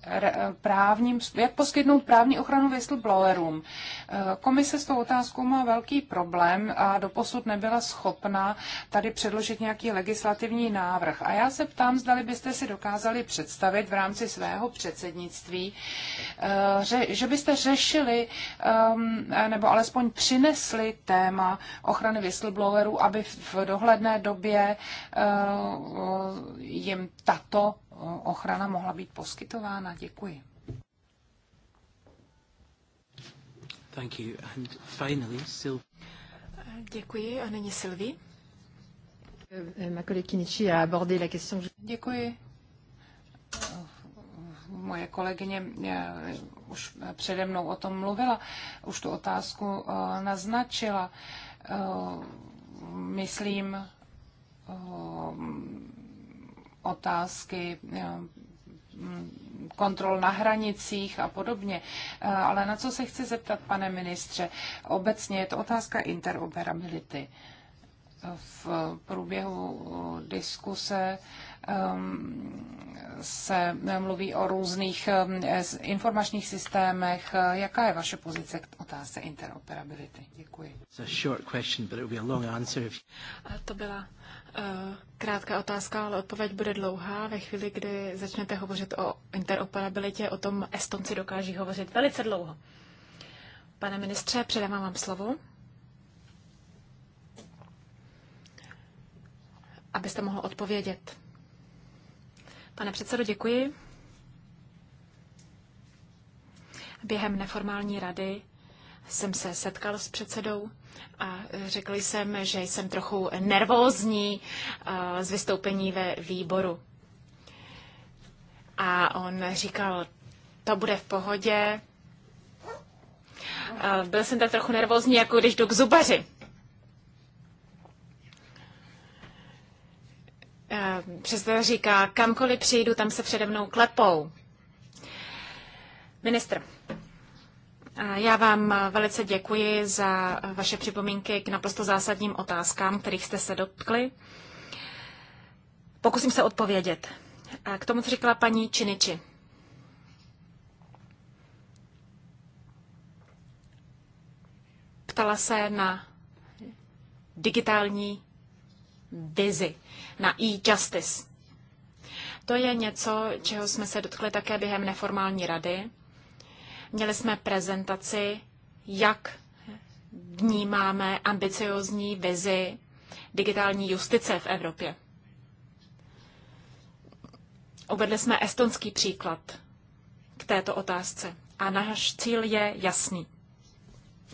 právním, jak poskytnout právní ochranu whistleblowerům. Eh, komise s tou otázkou má velký problém a doposud nebyla schopna tady předložit nějaký legislativní návrh. A já se ptám, zdali byste si dokázali představit v rámci svého předsednictví, že byste řešili um, Eh, nebo alespoň přinesli téma ochrany whistleblowerů, aby v dohledné době eh, eh, jim tato ochrana mohla být poskytována. Děkuji. Thank you. And finally, Sil- Děkuji. A nyní Sylvie. Euh, ma collègue Kinichi a abordé la question. Děkuji moje kolegyně eh, už přede mnou o tom mluvila, už tu otázku eh, naznačila. Eh, myslím otázky kontrol na hranicích a podobně. Ale na co se chci zeptat, pane ministře, obecně je to otázka interoperability. V průběhu diskuse se mluví o různých eh, informačních systémech. Jaká je vaše pozice k otázce interoperability? Děkuji. To byla eh, krátká otázka, ale odpověď bude dlouhá. Ve chvíli, kdy začnete hovořit o interoperabilitě, o tom Estonci dokáží hovořit velice dlouho. Pane ministře, předávám vám slovo. Abyste mohl odpovědět. Pane předsedo, děkuji. Během neformální rady jsem se setkal s předsedou a řekl jsem, že jsem trochu nervózní eh, z vystoupení ve výboru. A on říkal, to bude v pohodě. Eh, byl jsem tak trochu nervózní, jako když jdu k zubaři. Ehm, přesto říká, kamkoliv přijdu, tam se přede mnou klepou. Ministr, já vám velice děkuji za vaše připomínky k naprosto zásadním otázkám, kterých jste se dotkli. Pokusím se odpovědět. K tomu, co říkala paní Činiči. Ptala se na digitální vizi na e-justice. To je něco, čeho jsme se dotkli také během neformální rady. Měli jsme prezentaci, jak vnímáme ambiciozní vizi digitální justice v Evropě. Uvedli jsme estonský příklad k této otázce a náš cíl je jasný.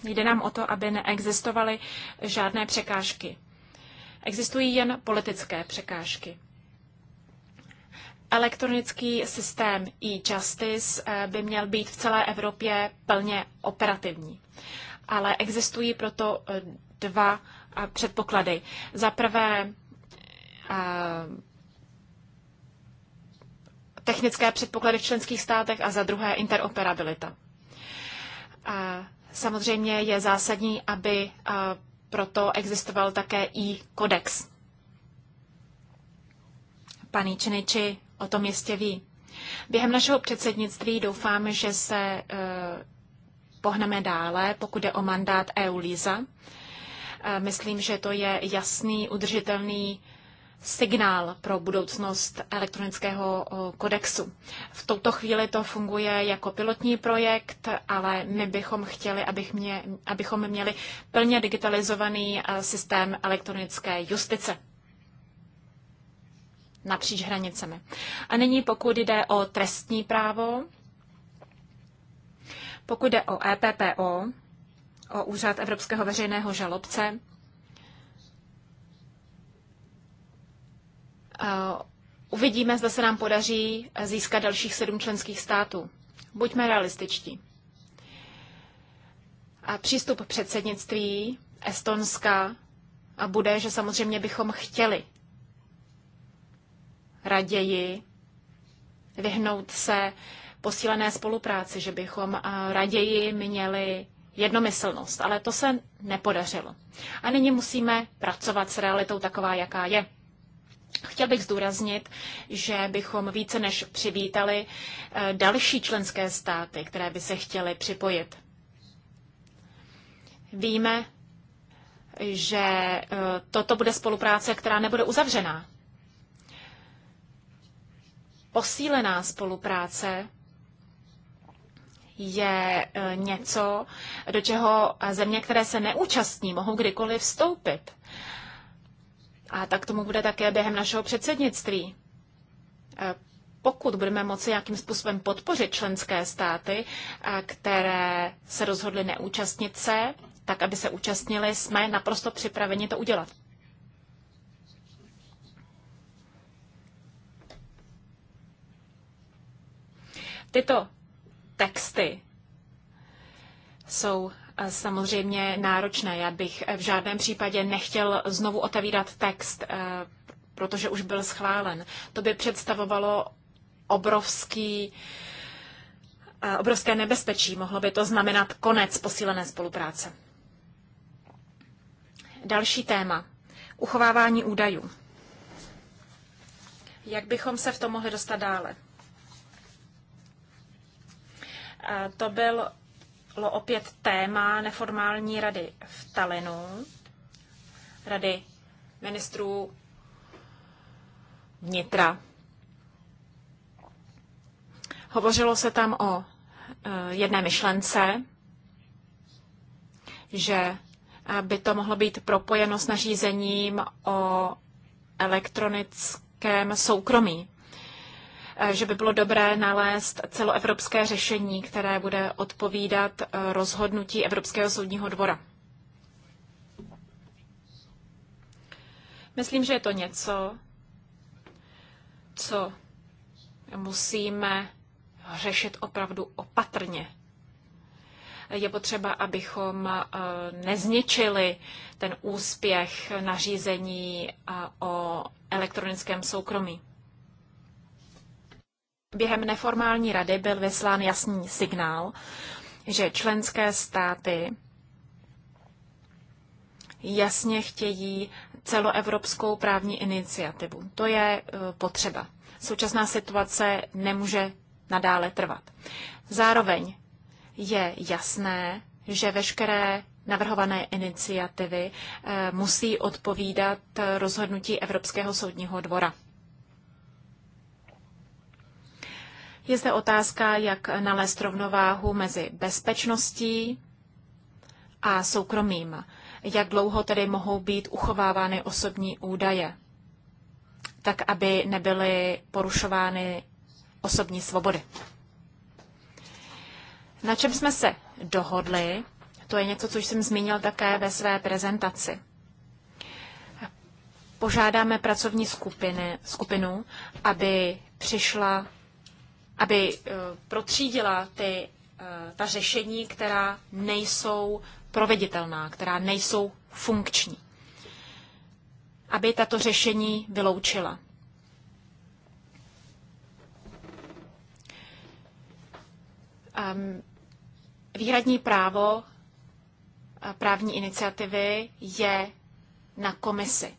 Jde nám o to, aby neexistovaly žádné překážky Existují jen politické překážky. Elektronický systém e-justice eh, by měl být v celé Evropě plně operativní. Ale existují proto eh, dva eh, předpoklady. Za prvé technické předpoklady v členských státech a za druhé interoperabilita. Samozřejmě je zásadní, aby proto existoval také i kodex. Paní Činiči o tom jistě ví. Během našeho předsednictví doufám, že se e, pohneme dále, pokud je o mandát EU-LISA. E, eh, myslím, že to je jasný, udržitelný signál pro budoucnost elektronického kodexu. V touto chvíli to funguje jako pilotní projekt, ale my bychom chtěli, abych mě, abychom měli plně digitalizovaný e, systém elektronické justice napříč hranicemi. A nyní pokud jde o trestní právo, pokud jde o EPPO, o Úřad Evropského veřejného žalobce, Uvidíme, zda se nám podaří získat dalších sedm členských států. Buďme realističtí. A přístup předsednictví Estonska a bude, že samozřejmě bychom chtěli raději vyhnout se posílené spolupráci, že bychom raději měli jednomyslnost, ale to se nepodařilo. A nyní musíme pracovat s realitou taková, jaká je. Chtěl bych zdůraznit, že bychom více než přivítali eh, další členské státy, které by se chtěly připojit. Víme, že eh, toto bude spolupráce, která nebude uzavřená. Posílená spolupráce je eh, něco, do čeho země, které se neúčastní, mohou kdykoliv vstoupit. A tak tomu bude také během našeho předsednictví. E, pokud budeme moci nějakým způsobem podpořit členské státy, e, které se rozhodly neúčastnit se, tak aby se účastnili, jsme naprosto připraveni to udělat. Tyto texty jsou samozřejmě náročné. Já bych eh, v žádném případě nechtěl znovu otevírat text, eh, protože už byl schválen. To by představovalo obrovský eh, obrovské nebezpečí. Mohlo by to znamenat konec posílené spolupráce. Další téma. Uchovávání údajů. Jak bychom se v tom mohli dostat dále? To byl bylo opět téma neformální rady v Talinu, rady ministrů vnitra. Hovořilo se tam o eh, jedné myšlence, že eh, by to mohlo být propojeno s nařízením o elektronickém soukromí. Eh, že by bylo dobré nalézt celoevropské řešení, které bude odpovídat eh, rozhodnutí Evropského soudního dvora. Myslím, že je to něco, co musíme řešit opravdu opatrně. Je potřeba, abychom eh, nezničili ten úspěch nařízení o elektronickém soukromí během neformální rady byl vyslán jasný signál, že členské státy jasně chtějí celoevropskou právní iniciativu. To je e, potřeba. Současná situace nemůže nadále trvat. Zároveň je jasné, že veškeré navrhované iniciativy e, musí odpovídat rozhodnutí Evropského soudního dvora. Je zde otázka, jak nalézt rovnováhu mezi bezpečností a soukromím. Jak dlouho tedy mohou být uchovávány osobní údaje, tak aby nebyly porušovány osobní svobody. Na čem jsme se dohodli, to je něco, co jsem zmínil také ve své prezentaci. Požádáme pracovní skupiny, skupinu, aby přišla aby eh, protřídila ty, eh, ta řešení, která nejsou proveditelná, která nejsou funkční. Aby tato řešení vyloučila. Ehm, výhradní právo eh, právní iniciativy je na komisi.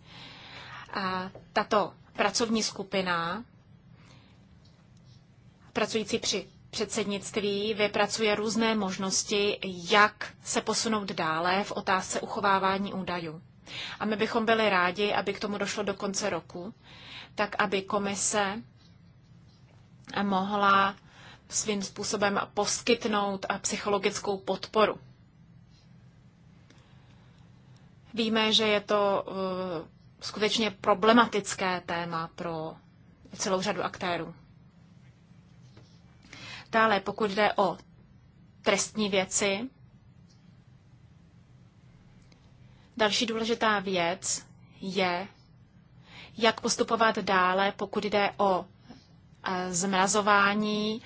Tato pracovní skupina pracující při předsednictví vypracuje různé možnosti, jak se posunout dále v otázce uchovávání údajů. A my bychom byli rádi, aby k tomu došlo do konce roku, tak aby komise mohla svým způsobem poskytnout psychologickou podporu. Víme, že je to eh, skutečně problematické téma pro celou řadu aktérů. Dále, pokud jde o trestní věci, další důležitá věc je, jak postupovat dále, pokud jde o e, zmrazování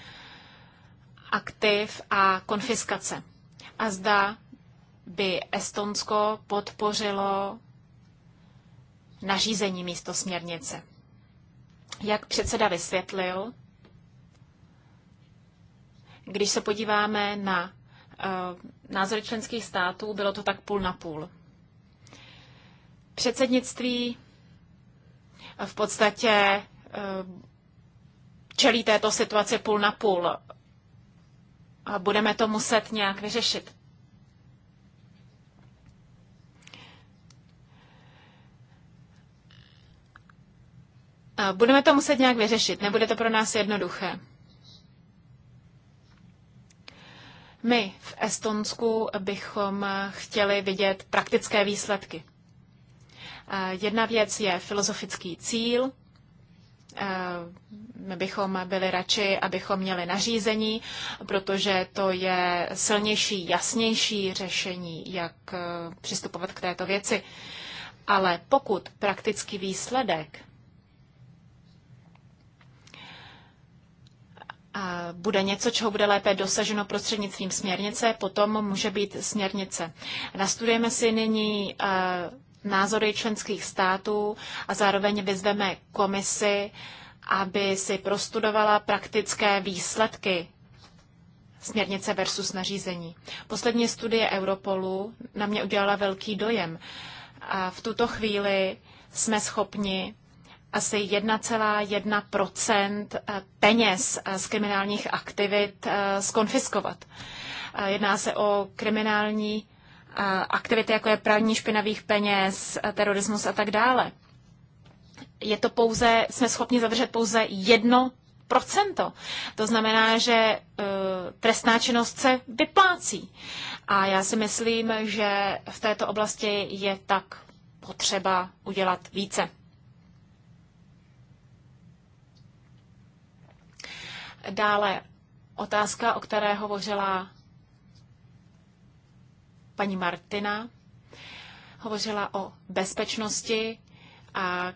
aktiv a konfiskace. A zda by Estonsko podpořilo nařízení místo směrnice. Jak předseda vysvětlil, když se podíváme na eh, názory členských států, bylo to tak půl na půl. Předsednictví eh, v podstatě eh, čelí této situaci půl na půl. A budeme to muset nějak vyřešit. Budeme to muset nějak vyřešit, nebude to pro nás jednoduché. My v Estonsku bychom chtěli vidět praktické výsledky. Eh, jedna věc je filozofický cíl. Eh, my bychom byli radši, abychom měli nařízení, protože to je silnější, jasnější řešení, jak eh, přistupovat k této věci. Ale pokud praktický výsledek bude něco, čeho bude lépe dosaženo prostřednictvím směrnice, potom může být směrnice. Nastudujeme si nyní eh, názory členských států a zároveň vyzveme komisi, aby si prostudovala praktické výsledky směrnice versus nařízení. Poslední studie Europolu na mě udělala velký dojem. A v tuto chvíli jsme schopni asi 1,1 eh, peněz eh, z kriminálních aktivit skonfiskovat. Eh, jedná se o kriminální aktivity, jako je praní špinavých peněz, terorismus a tak dále. Je to pouze, jsme schopni zadržet pouze jedno procento. To znamená, že e, trestná činnost se vyplácí. A já si myslím, že v této oblasti je tak potřeba udělat více. Dále otázka, o které hovořila paní Martina. Hovořila o bezpečnosti a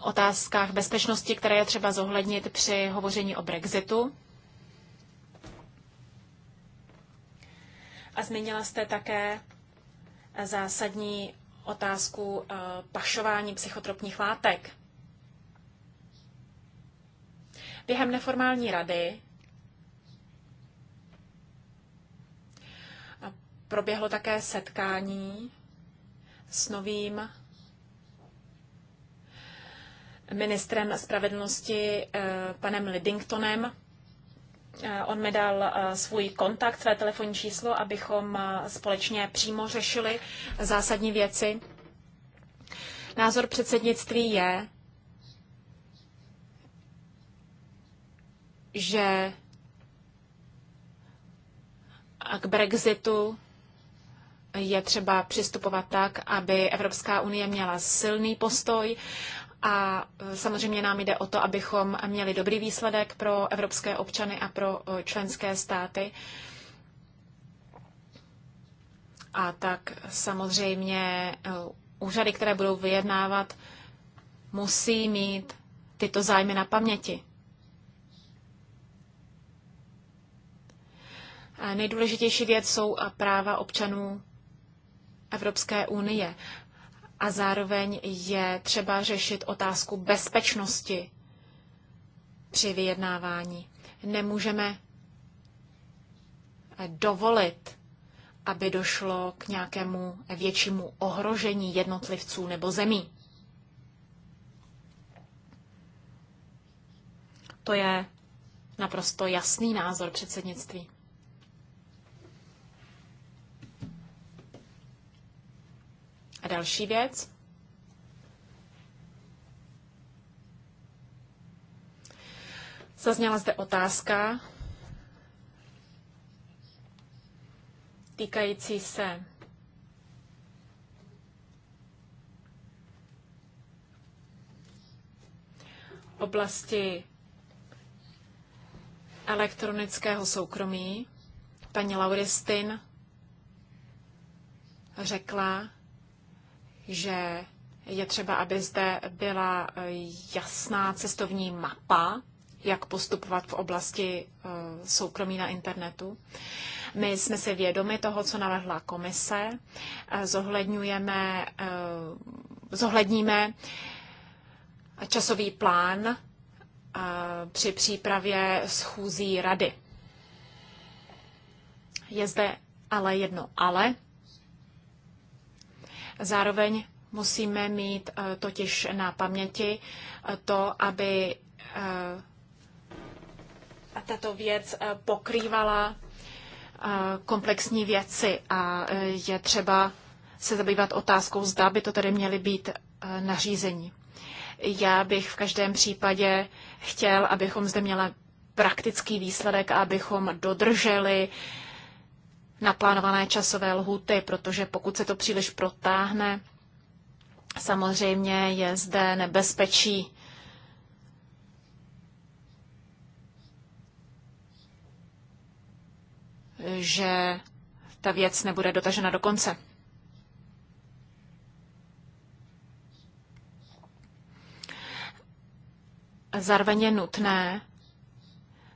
otázkách bezpečnosti, které je třeba zohlednit při hovoření o Brexitu. A zmínila jste také zásadní otázku eh, pašování psychotropních látek. Během neformální rady proběhlo také setkání s novým ministrem spravedlnosti eh, panem Lidingtonem. Eh, on mi dal eh, svůj kontakt, své telefonní číslo, abychom společně přímo řešili zásadní věci. Názor předsednictví je, že k Brexitu je třeba přistupovat tak, aby Evropská unie měla silný postoj a e, samozřejmě nám jde o to, abychom měli dobrý výsledek pro evropské občany a pro e, členské státy. A tak samozřejmě e, úřady, které budou vyjednávat, musí mít tyto zájmy na paměti. Nejdůležitější věc jsou práva občanů Evropské unie a zároveň je třeba řešit otázku bezpečnosti při vyjednávání. Nemůžeme eh, dovolit, aby došlo k nějakému většímu ohrožení jednotlivců nebo zemí. To je naprosto jasný názor předsednictví. A další věc. Zazněla zde otázka týkající se oblasti elektronického soukromí. Paní Lauristin řekla, že je třeba, aby zde byla eh, jasná cestovní mapa, jak postupovat v oblasti eh, soukromí na internetu. My jsme si vědomi toho, co navrhla komise, eh, zohledňujeme, zohledníme časový plán při přípravě schůzí rady. Je zde ale jedno ale, Zároveň musíme mít eh, totiž na paměti eh, to, aby eh, tato věc pokrývala komplexní věci a je třeba se zabývat otázkou, zda by to tedy měly být nařízení. Já bych v každém případě chtěl, abychom zde měla praktický výsledek a abychom dodrželi uh, naplánované časové lhuty, protože pokud se to příliš protáhne, samozřejmě je zde nebezpečí že ta věc nebude dotažena do konce. Zároveň je nutné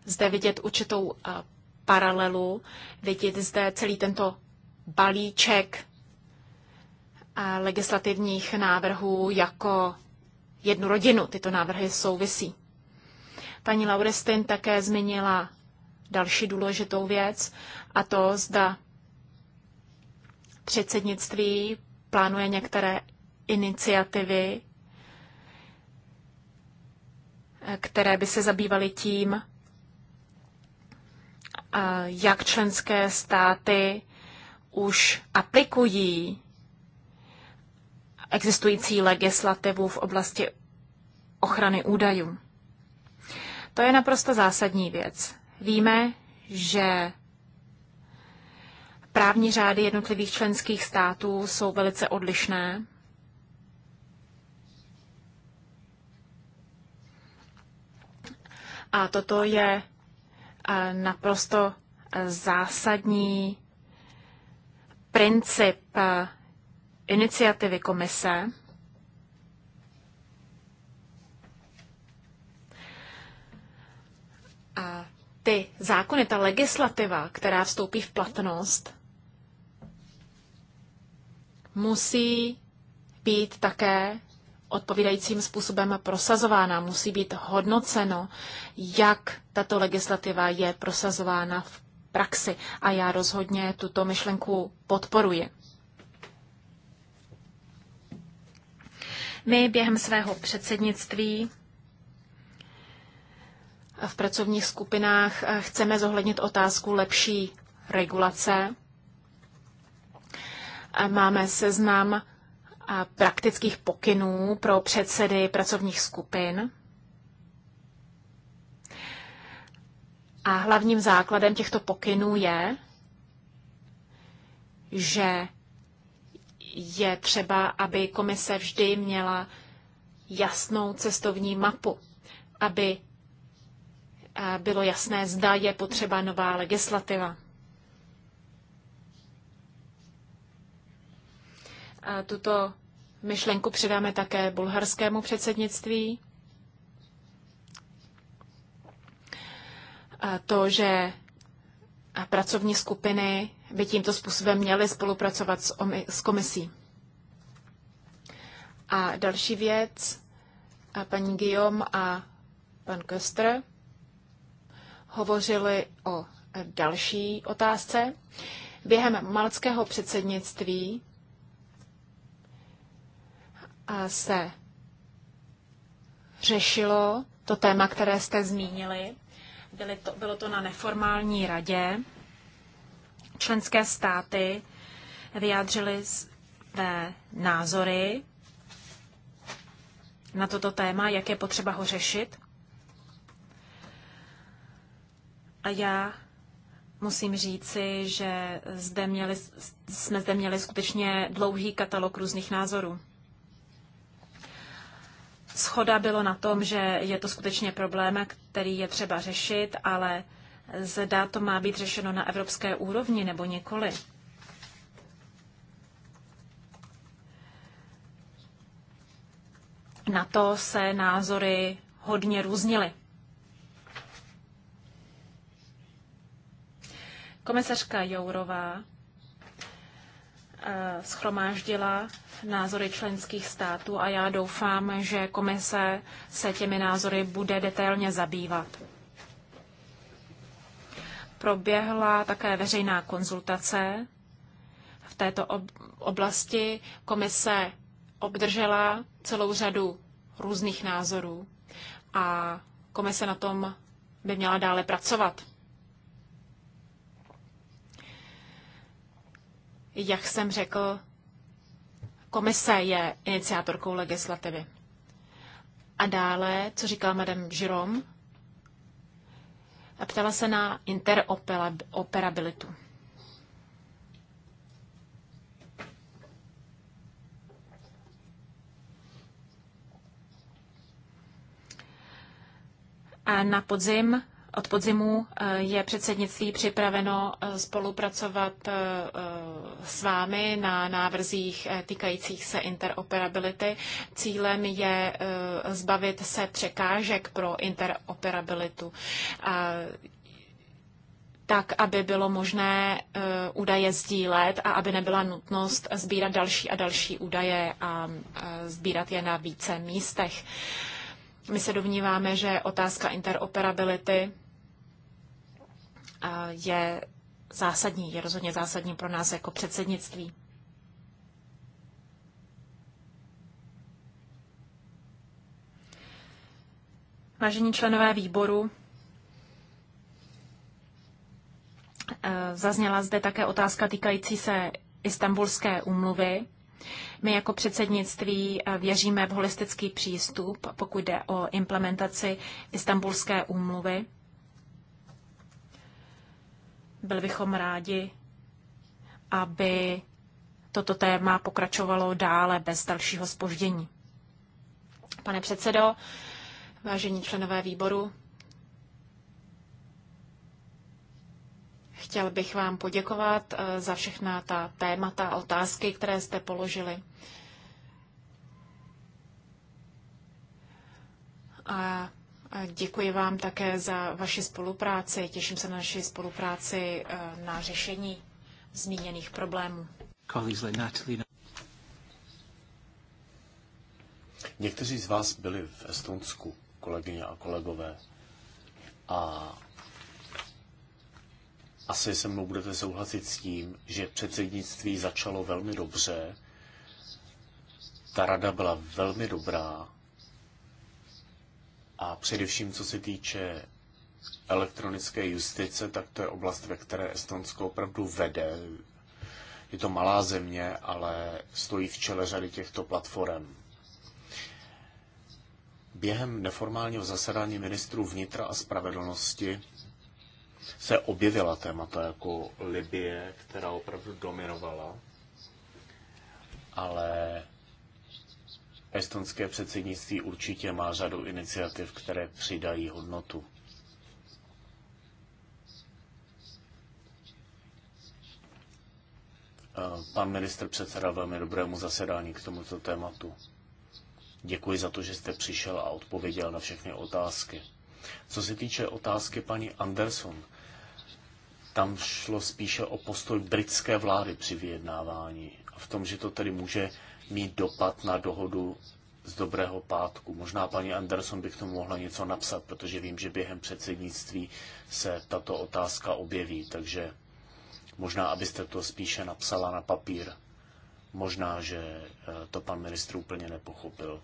zde vidět určitou eh, paralelu, vidět zde celý tento balíček eh, legislativních návrhů jako jednu rodinu. Tyto návrhy souvisí. Paní Laurestin také zmínila další důležitou věc, a to zda předsednictví plánuje některé iniciativy, eh, které by se zabývaly tím, jak členské státy už aplikují existující legislativu v oblasti ochrany údajů. To je naprosto zásadní věc. Víme, že právní řády jednotlivých členských států jsou velice odlišné. A toto je naprosto eh, zásadní princip eh, iniciativy komise, a ty zákony, ta legislativa, která vstoupí v platnost, musí být také odpovídajícím způsobem prosazována. Musí být hodnoceno, jak tato legislativa je prosazována v praxi. A já rozhodně tuto myšlenku podporuji. My během svého předsednictví v pracovních skupinách eh, chceme zohlednit otázku lepší regulace. Máme seznam praktických pokynů pro předsedy pracovních skupin. A hlavním základem těchto pokynů je, že je třeba, aby komise vždy měla jasnou cestovní mapu, aby eh, bylo jasné, zda je potřeba nová legislativa. Tuto myšlenku předáme také bulharskému předsednictví. To, že pracovní skupiny by tímto způsobem měly spolupracovat s komisí. A další věc, a paní Guillaume a pan Köster hovořili o další otázce. Během malckého předsednictví se řešilo to téma, které jste zmínili. Byly to, bylo to na neformální radě. Členské státy vyjádřily své názory na toto téma, jak je potřeba ho řešit. A já musím říci, že zde měli, jsme zde měli skutečně dlouhý katalog různých názorů. Schoda bylo na tom, že je to skutečně problém, který je třeba řešit, ale zda to má být řešeno na evropské úrovni nebo nikoli. Na to se názory hodně různily. Komisařka Jourová Eh, schromáždila názory členských států a já doufám, že komise se těmi názory bude detailně zabývat. Proběhla také veřejná konzultace v této oblasti. Komise obdržela celou řadu různých názorů a komise na tom by měla dále pracovat. Jak jsem řekl, komise je iniciátorkou legislativy. A dále, co říkal madam Žirom, ptala se na interoperabilitu. A na podzim od podzimu eh, je předsednictví připraveno eh, spolupracovat eh, s vámi na návrzích týkajících se interoperability. Cílem je zbavit se překážek pro interoperabilitu tak, aby bylo možné údaje sdílet a aby nebyla nutnost sbírat další a další údaje a sbírat je na více místech. My se domníváme, že otázka interoperability je zásadní, je rozhodně zásadní pro nás jako předsednictví. Vážení členové výboru, eh, zazněla zde také otázka týkající se Istanbulské úmluvy. My jako předsednictví eh, věříme v holistický přístup, pokud jde o implementaci Istanbulské úmluvy. Byli bychom rádi, aby toto téma pokračovalo dále bez dalšího spoždění. Pane předsedo, vážení členové výboru, chtěl bych vám poděkovat eh, za všechna ta témata a otázky, které jste položili. A Děkuji vám také za vaši spolupráci. Těším se na naši spolupráci eh, na řešení zmíněných problémů. Někteří z vás byli v Estonsku, kolegyně a kolegové, a asi se mnou budete souhlasit s tím, že předsednictví začalo velmi dobře, ta rada byla velmi dobrá a především, co se týče elektronické justice, tak to je oblast, ve které Estonsko opravdu vede. Je to malá země, ale stojí v čele řady těchto platform. Během neformálního zasedání ministrů vnitra a spravedlnosti se objevila témata jako Libie, která opravdu dominovala, ale Estonské předsednictví určitě má řadu iniciativ, které přidají hodnotu. Pan ministr předseda velmi dobrému zasedání k tomuto tématu. Děkuji za to, že jste přišel a odpověděl na všechny otázky. Co se týče otázky paní Anderson, tam šlo spíše o postoj britské vlády při vyjednávání a v tom, že to tedy může mít dopad na dohodu z dobrého pátku. Možná paní Anderson by k tomu mohla něco napsat, protože vím, že během předsednictví se tato otázka objeví, takže možná, abyste to spíše napsala na papír. Možná, že eh, to pan ministr úplně nepochopil.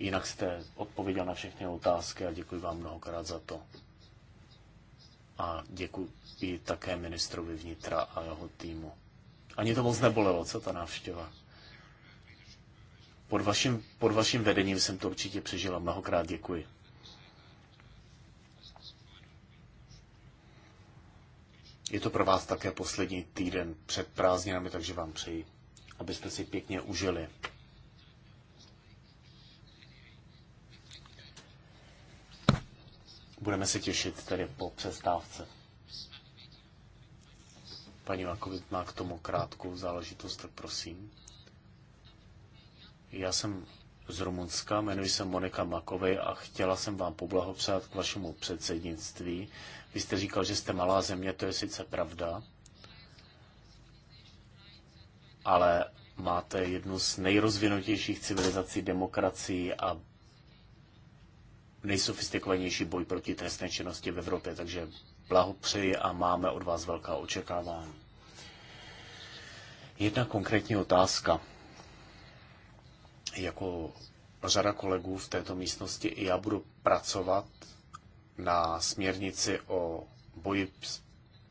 Jinak jste odpověděl na všechny otázky a děkuji vám mnohokrát za to. A děkuji také ministrovi vnitra a jeho týmu. Ani to moc nebolelo, co ta návštěva. Pod vaším, pod vaším vedením jsem to určitě přežila. Mnohokrát děkuji. Je to pro vás také poslední týden před prázdninami, takže vám přeji, abyste si pěkně užili. Budeme se těšit tedy po přestávce. Paní Makovic má k tomu krátkou záležitost, tak prosím. Já jsem z Rumunska, jmenuji se Monika Makovej a chtěla jsem vám poblahopřát k vašemu předsednictví. Vy jste říkal, že jste malá země, to je sice pravda, ale máte jednu z nejrozvinutějších civilizací demokracií a nejsofistikovanější boj proti trestné činnosti v Evropě, takže blahopřeji a máme od vás velká očekávání. Jedna konkrétní otázka jako řada kolegů v této místnosti i já budu pracovat na směrnici o boji s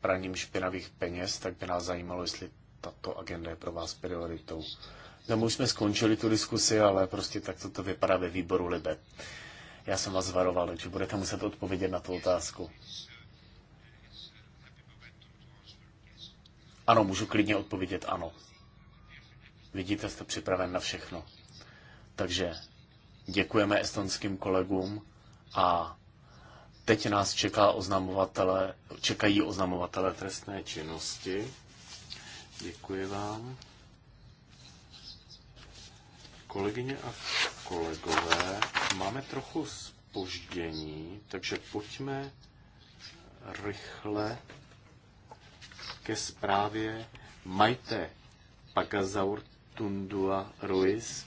praním špinavých peněz, tak by nás zajímalo, jestli tato agenda je pro vás prioritou. No, už jsme skončili tu diskusi, ale prostě tak to, vypadá ve výboru Libe. Já jsem vás varoval, že budete muset odpovědět na tu otázku. Ano, můžu klidně odpovědět ano. Vidíte, jste připraven na všechno. Takže děkujeme estonským kolegům a teď nás čeká oznamovatele, čekají oznamovatele trestné činnosti. Děkuji vám. Kolegyně a kolegové, máme trochu spoždění, takže pojďme rychle ke zprávě Majte Pagazaur Tundua Ruiz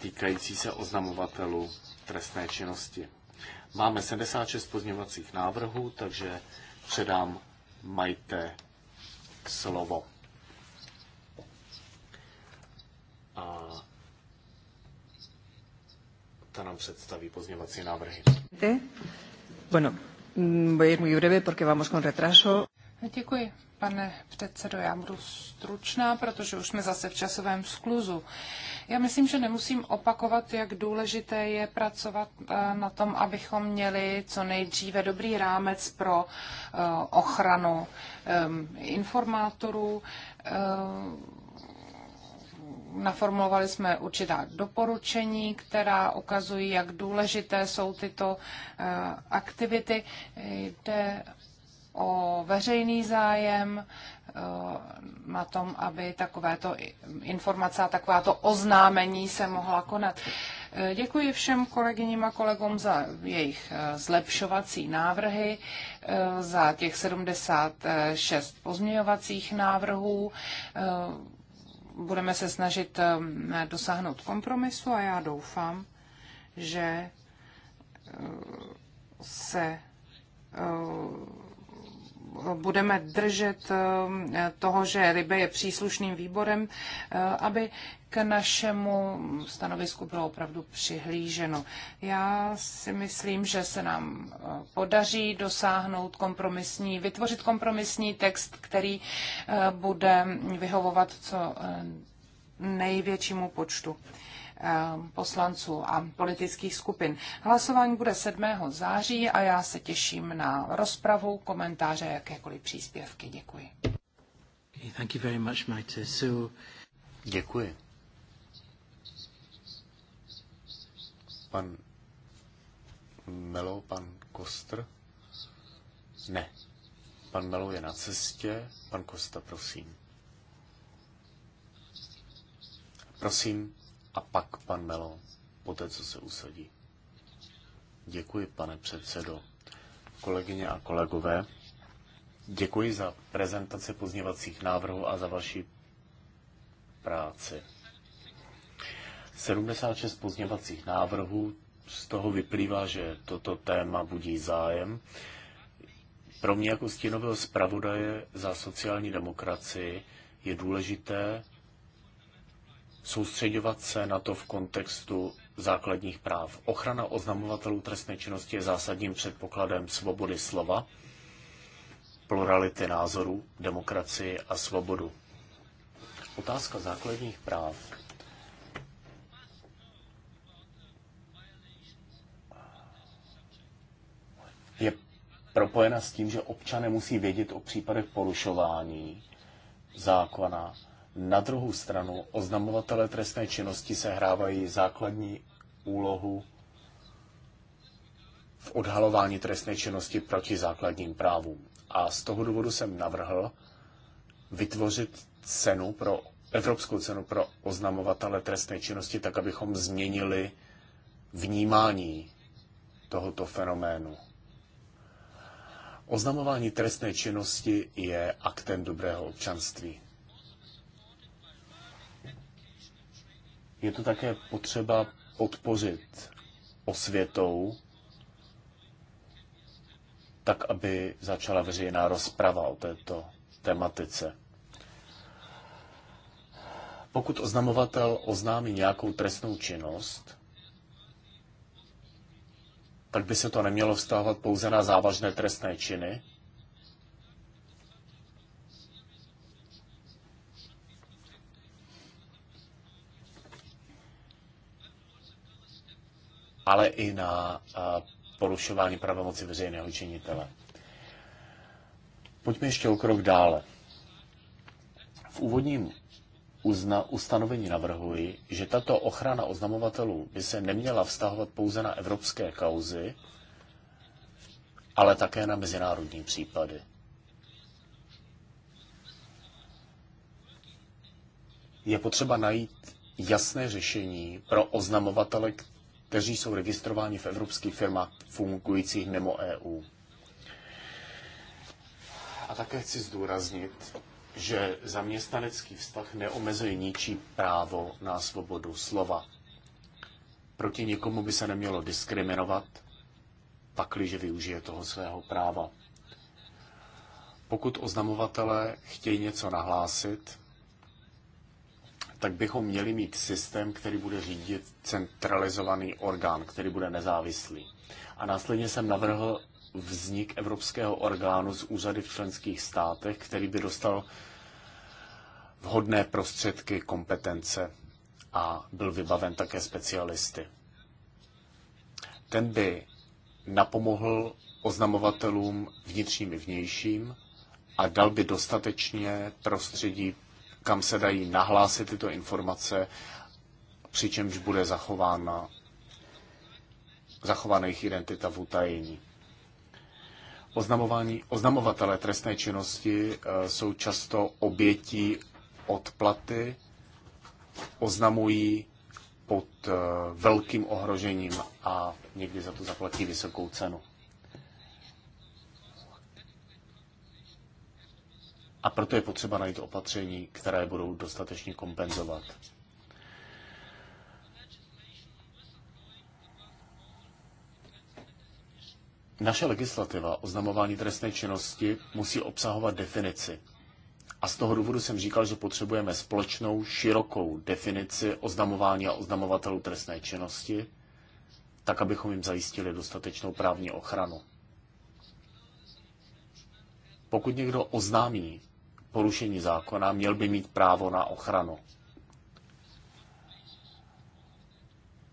týkající se oznamovatelů trestné činnosti. Máme 76 pozměňovacích návrhů, takže předám majte slovo. A ta nám představí pozměňovací návrhy. Bueno, mm, voy a ir muy breve porque vamos con retraso. Děkuji pane předsedo. Já budu stručná, protože už jsme zase v časovém skluzu. Já myslím, že nemusím opakovat, jak důležité je pracovat eh, na tom, abychom měli co nejdříve dobrý rámec pro eh, ochranu ehm, informátorů. Ehm, naformulovali jsme určitá doporučení, která ukazují, jak důležité jsou tyto eh, aktivity. Jde o veřejný zájem e, na tom, aby takovéto informace a takováto oznámení se mohla konat. E, děkuji všem kolegyním a kolegům za jejich e, zlepšovací návrhy, za těch 76 pozměňovacích návrhů. Budeme se snažit dosáhnout kompromisu a já doufám, že se budeme držet eh, toho, že ryby je příslušným výborem, eh, aby k našemu stanovisku bylo opravdu přihlíženo. Já si myslím, že se nám eh, podaří dosáhnout kompromisní, vytvořit kompromisní text, který bude vyhovovat co největšímu počtu Eh, poslanců a politických skupin. Hlasování bude 7. září a já se těším na rozpravu, komentáře, jakékoliv příspěvky. Děkuji. thank you very much, Maite. So... Děkuji. Pan Melo, pan Kostr? Ne. Pan Melo je na cestě. Pan Kosta, prosím. Prosím, a pak pan Melo, poté co se usadí. Děkuji, pane předsedo. Kolegyně a kolegové, děkuji za prezentaci pozněvacích návrhů a za vaši práci. 76 pozněvacích návrhů, z toho vyplývá, že toto téma budí zájem. Pro mě jako stínového zpravodaje za sociální demokracii je důležité soustředovat se na to v kontextu základních práv. Ochrana oznamovatelů trestné činnosti je zásadním předpokladem svobody slova, plurality názorů, demokracii a svobodu. Otázka základních práv je propojena s tím, že občané musí vědět o případech porušování zákona na druhou stranu oznamovatele trestné činnosti sehrávají základní úlohu v odhalování trestné činnosti proti základním právům. A z toho důvodu jsem navrhl vytvořit cenu pro evropskou cenu pro oznamovatele trestné činnosti, tak abychom změnili vnímání tohoto fenoménu. Oznamování trestné činnosti je aktem dobrého občanství. Je to také potřeba podpořit osvětou, tak aby začala veřejná rozprava o této tematice. Pokud oznamovatel oznámí nějakou trestnou činnost, tak by se to nemělo vztahovat pouze na závažné trestné činy, ale i na porušování pravomoci veřejného činitele. Pojďme ještě o krok dále. V úvodním uzna, ustanovení navrhuji, že tato ochrana oznamovatelů by se neměla vztahovat pouze na evropské kauzy, ale také na mezinárodní případy. Je potřeba najít jasné řešení pro oznamovatele, kteří jsou registrováni v evropských firmách fungujících mimo EU. A také chci zdůraznit, že zaměstnanecký vztah neomezuje ničí právo na svobodu slova. Proti nikomu by se nemělo diskriminovat, pakliže využije toho svého práva. Pokud oznamovatelé chtějí něco nahlásit, tak bychom měli mít systém, který bude řídit centralizovaný orgán, který bude nezávislý. A následně jsem navrhl vznik evropského orgánu z úřady v členských státech, který by dostal vhodné prostředky, kompetence a byl vybaven také specialisty. Ten by napomohl oznamovatelům vnitřním i vnějším a dal by dostatečně prostředí kam se dají nahlásit tyto informace, přičemž bude zachována, zachována jejich identita v utajení. Oznamování, oznamovatele trestné činnosti eh, jsou často obětí odplaty, oznamují pod eh, velkým ohrožením a někdy za to zaplatí vysokou cenu. a proto je potřeba najít opatření, které budou dostatečně kompenzovat. Naše legislativa o znamování trestné činnosti musí obsahovat definici. A z toho důvodu jsem říkal, že potřebujeme společnou, širokou definici oznamování a oznamovatelů trestné činnosti, tak abychom jim zajistili dostatečnou právní ochranu. Pokud někdo oznámí porušení zákona, měl by mít právo na ochranu.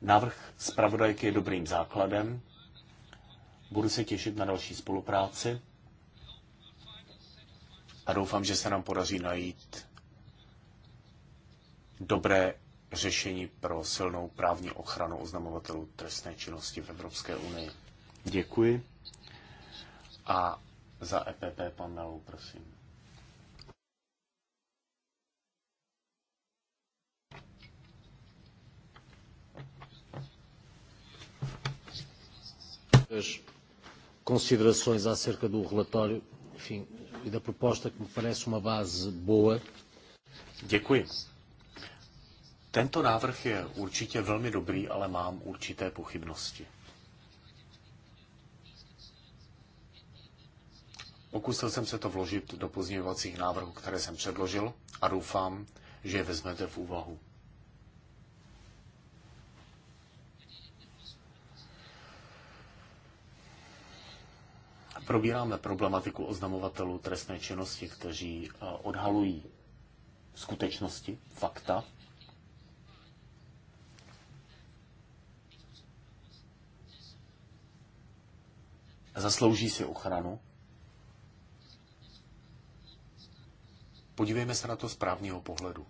Návrh zpravodajky je dobrým základem. Budu se těšit na další spolupráci a doufám, že se nám podaří najít dobré řešení pro silnou právní ochranu oznamovatelů trestné činnosti v Evropské unii. Děkuji. A za EPP pan Nalou, prosím. as considerações acerca do relatório enfim, e da proposta que me parece uma base boa. Děkuji. Tento návrh je určitě velmi dobrý, ale mám určité pochybnosti. Pokusil jsem se to vložit do pozměňovacích návrhů, které jsem předložil a doufám, že je vezmete v úvahu. probíráme problematiku oznamovatelů trestné činnosti, kteří eh, odhalují skutečnosti, fakta. Zaslouží si ochranu. Podívejme se na to z právního pohledu.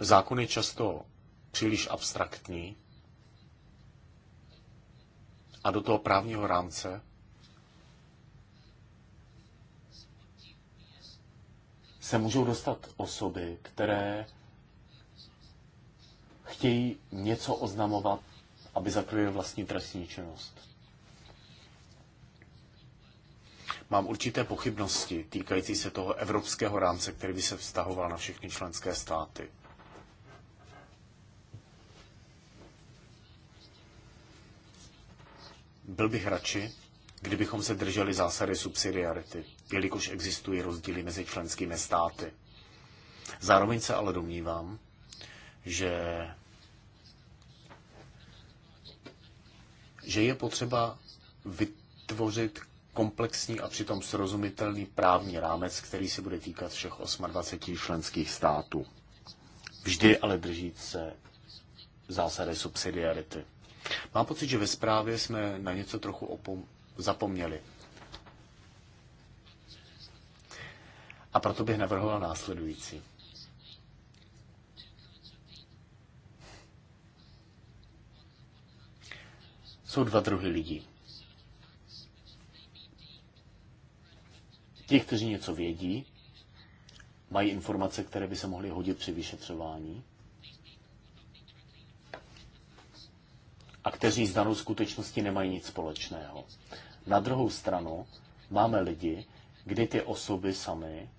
Zákon je často příliš abstraktní, a do toho právního rámce se můžou dostat osoby, které chtějí něco oznamovat, aby zakryli vlastní trestní činnost. Mám určité pochybnosti týkající se toho evropského rámce, který by se vztahoval na všechny členské státy. Byl bych radši, kdybychom se drželi zásady subsidiarity, jelikož existují rozdíly mezi členskými státy. Zároveň se ale domnívám, že, že je potřeba vytvořit komplexní a přitom srozumitelný právní rámec, který se bude týkat všech 28 členských států. Vždy ale držít se zásady subsidiarity. Mám pocit, že ve zprávě jsme na něco trochu zapomněli. A proto bych navrhoval následující. Jsou dva druhy lidí. Ti, kteří něco vědí, mají informace, které by se mohly hodit při vyšetřování. a kteří s danou skutečností nemají nic společného. Na druhou stranu máme lidi, kdy ty osoby samy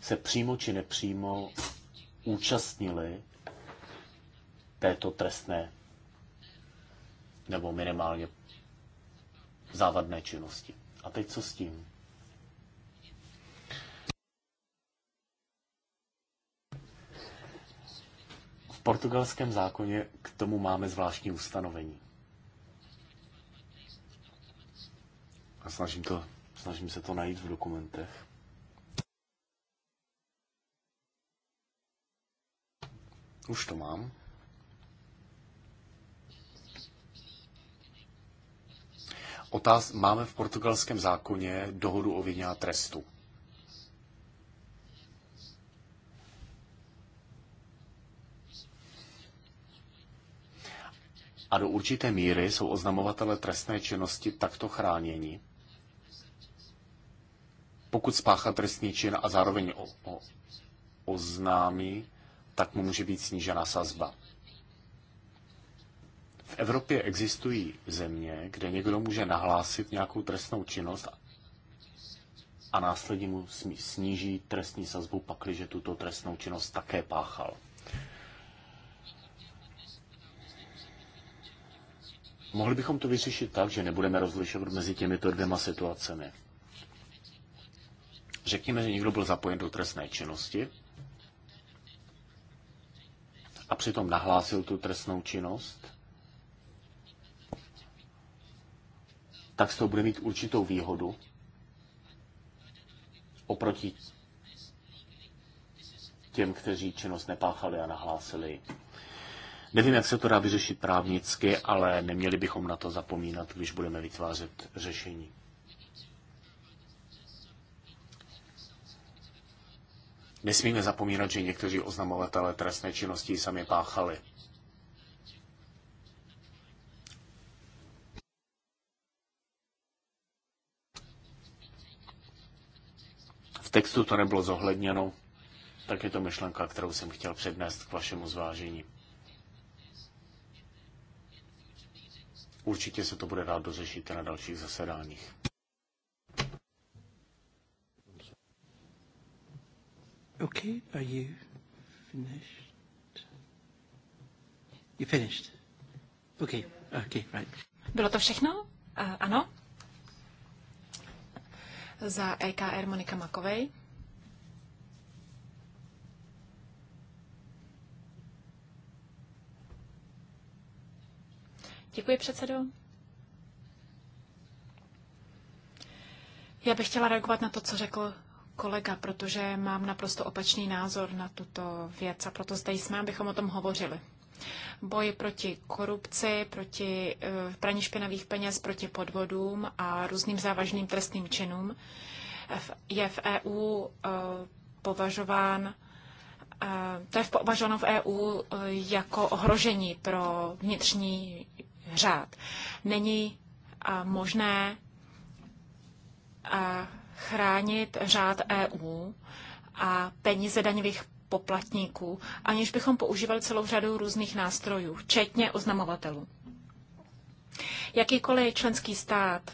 se přímo či nepřímo účastnili této trestné nebo minimálně závadné činnosti. A teď co s tím? portugalském zákoně k tomu máme zvláštní ustanovení. A snažím, to, snažím se to najít v dokumentech. Už to mám. Otáz, máme v portugalském zákoně dohodu o vině a trestu. a do určité míry jsou oznamovatele trestné činnosti takto chráněni. Pokud spáchá trestný čin a zároveň o, o, oznámí, tak mu může být snížena sazba. V Evropě existují země, kde někdo může nahlásit nějakou trestnou činnost a následně mu sníží trestní sazbu, pakliže tuto trestnou činnost také páchal. Mohli bychom to vyřešit tak, že nebudeme rozlišovat mezi těmito dvěma situacemi. Řekněme, že někdo byl zapojen do trestné činnosti a přitom nahlásil tu trestnou činnost, tak to bude mít určitou výhodu oproti těm, kteří činnost nepáchali a nahlásili Nevím, jak se to dá vyřešit právnicky, ale neměli bychom na to zapomínat, když budeme vytvářet řešení. Nesmíme zapomínat, že někteří oznamovatelé trestné činnosti sami páchali. V textu to nebylo zohledněno, tak je to myšlenka, kterou jsem chtěl přednést k vašemu zvážení. Určitě se to bude dát dořešit na dalších zasedáních. Okay, are you finished? You finished? Okay, okay, right. Bylo to všechno? Uh, ano? Za EKR Monika Makovej. Děkuji, předsedo. Já bych chtěla reagovat na to, co řekl kolega, protože mám naprosto opačný názor na tuto věc a proto zde jsme, abychom o tom hovořili. Boj proti korupci, proti eh, praní špinavých peněz, proti podvodům a různým závažným trestným činům je v EU eh, považován eh, to je považováno v EU jako ohrožení pro vnitřní řád. Není možné chránit řád EU a peníze daňových poplatníků, aniž bychom používali celou řadu různých nástrojů, včetně oznamovatelů. Jakýkoliv členský stát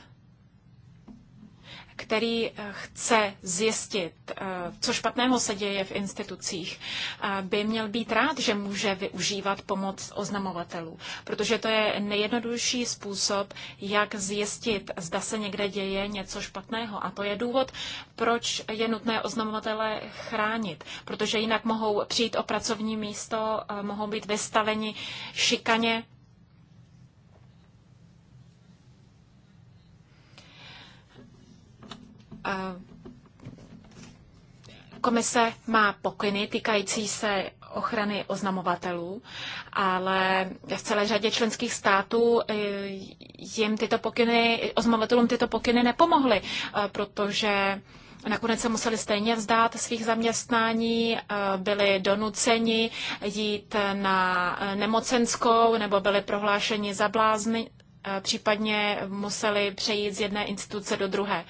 který eh, chce zjistit, eh, co špatného se děje v institucích, eh, by měl být rád, že může využívat pomoc oznamovatelů, protože to je nejjednodušší způsob, jak zjistit, zda se někde děje něco špatného. A to je důvod, proč je nutné oznamovatele chránit, protože jinak mohou přijít o pracovní místo, mohou být vystaveni šikaně Eh, komise má pokyny týkající se ochrany oznamovatelů, ale v celé řadě členských států eh, jim tyto pokyny, oznamovatelům tyto pokyny nepomohly, eh, protože Nakonec se museli stejně vzdát svých zaměstnání, byli donuceni jít na nemocenskou nebo byli prohlášeni za blázny, případně museli přejít z jedné instituce do druhé.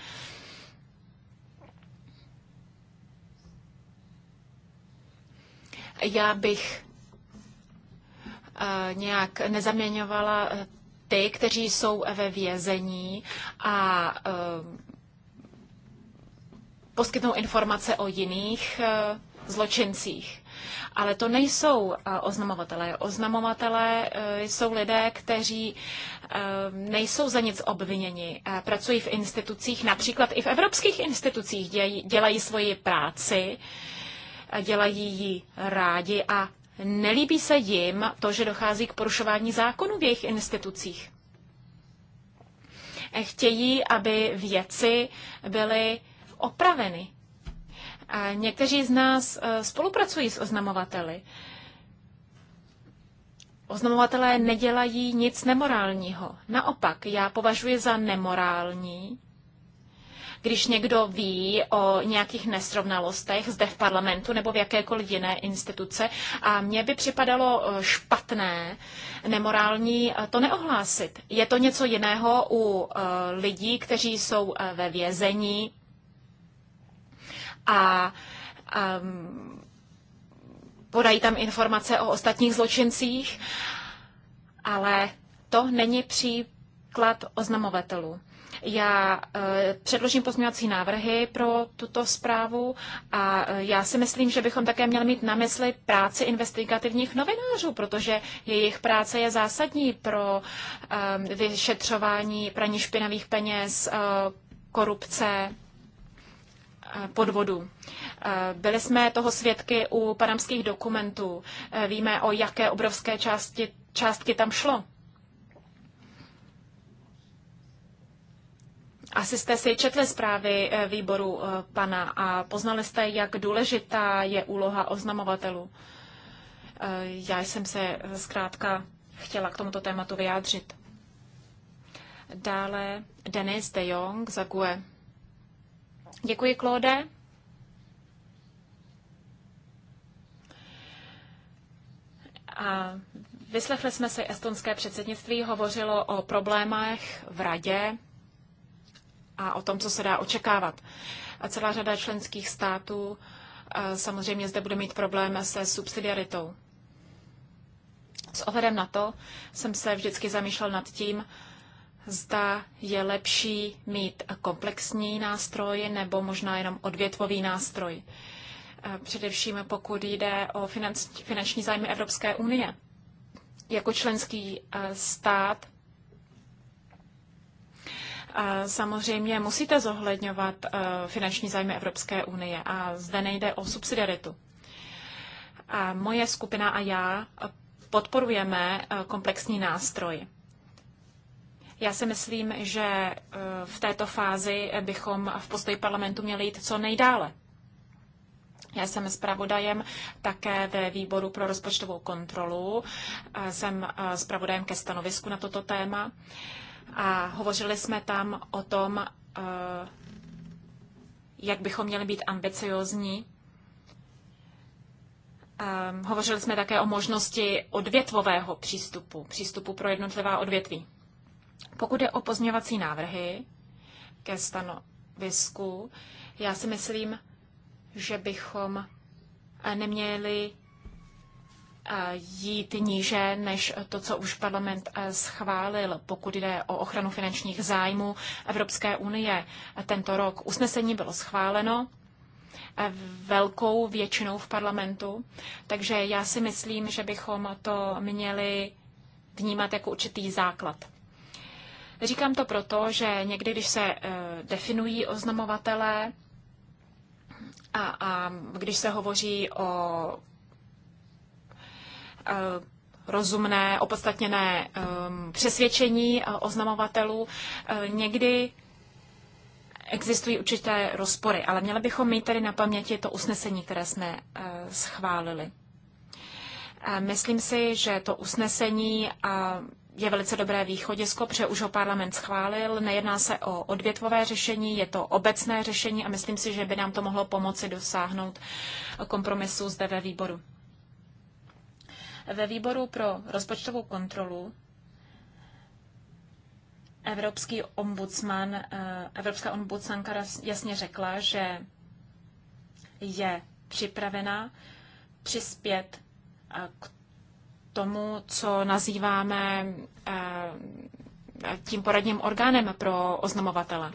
Já bych eh, nějak nezaměňovala eh, ty, kteří jsou ve vězení a eh, poskytnou informace o jiných zločincích. Ale to nejsou oznamovatelé. Oznamovatelé jsou lidé, kteří nejsou za nic obviněni. Pracují v institucích, například i v evropských institucích, dělají svoji práci dělají ji rádi a nelíbí se jim to, že dochází k porušování zákonů v jejich institucích. Eh, chtějí, aby věci byly opraveny. A někteří z nás eh, spolupracují s oznamovateli. Oznamovatelé nedělají nic nemorálního. Naopak, já považuji za nemorální, když někdo ví o nějakých nesrovnalostech zde v parlamentu nebo v jakékoliv jiné instituce. A mně by připadalo eh, špatné, nemorální eh, to neohlásit. Je to něco jiného u eh, lidí, kteří jsou ve vězení a um, podají tam informace o ostatních zločincích, ale to není příklad oznamovatelů. Já eh, předložím pozměňovací návrhy pro tuto zprávu a eh, já si myslím, že bychom také měli mít na mysli práci investigativních novinářů, protože jejich práce je zásadní pro eh, vyšetřování praní špinavých peněz, korupce, podvodu. Byli jsme toho svědky u panamských dokumentů. Víme, o jaké obrovské části, částky tam šlo. Asi jste si četli zprávy eh, výboru eh, pana a poznali jste, jak důležitá je úloha oznamovatelů. Eh, já jsem se zkrátka chtěla k tomuto tématu vyjádřit. Dále Denis de Jong za GUE. Děkuji, Claude. A vyslechli jsme si estonské předsednictví, hovořilo o problémech v radě a o tom, co se dá očekávat. A celá řada členských států eh, samozřejmě zde bude mít problém se subsidiaritou. S ohledem na to jsem se vždycky zamýšlel nad tím, zda je lepší mít komplexní nástroj nebo možná jenom odvětvový nástroj. Eh, především pokud jde o finanční zájmy Evropské unie. Jako členský eh, stát samozřejmě musíte zohledňovat eh, finanční zájmy Evropské unie a zde nejde o subsidiaritu. A moje skupina a já eh, podporujeme eh, komplexní nástroj. Já si myslím, že v této fázi bychom v postoji parlamentu měli jít co nejdále. Já jsem zpravodajem také ve výboru pro rozpočtovou kontrolu. Jsem zpravodajem ke stanovisku na toto téma a hovořili jsme tam o tom, eh, jak bychom měli být ambiciozní. Ehm, hovořili jsme také o možnosti odvětvového přístupu, přístupu pro jednotlivá odvětví. Pokud je o pozměňovací návrhy ke stanovisku, já si myslím, že bychom neměli jít níže než to, co už parlament eh, schválil, pokud jde o ochranu finančních zájmů Evropské unie tento rok. Usnesení bylo schváleno eh, velkou většinou v parlamentu, takže já si myslím, že bychom to měli vnímat jako určitý základ. Říkám to proto, že někdy, když se eh, definují oznamovatelé a, a když se hovoří o Eh, rozumné, opodstatněné ehm, přesvědčení eh, oznamovatelů. Eh, někdy existují určité rozpory, ale měli bychom mít tady na paměti to usnesení, které jsme schválili. Myslím si, že to usnesení je velice dobré východisko, protože už ho parlament schválil. Nejedná se o odvětvové řešení, je to obecné řešení a myslím si, že by nám to mohlo pomoci dosáhnout kompromisu zde ve výboru. Ve výboru pro rozpočtovou kontrolu Evropský ombudsman, eh, Evropská ombudsmanka jasně řekla, že je připravena přispět eh, k tomu, co nazýváme eh, tím poradním orgánem pro oznamovatele.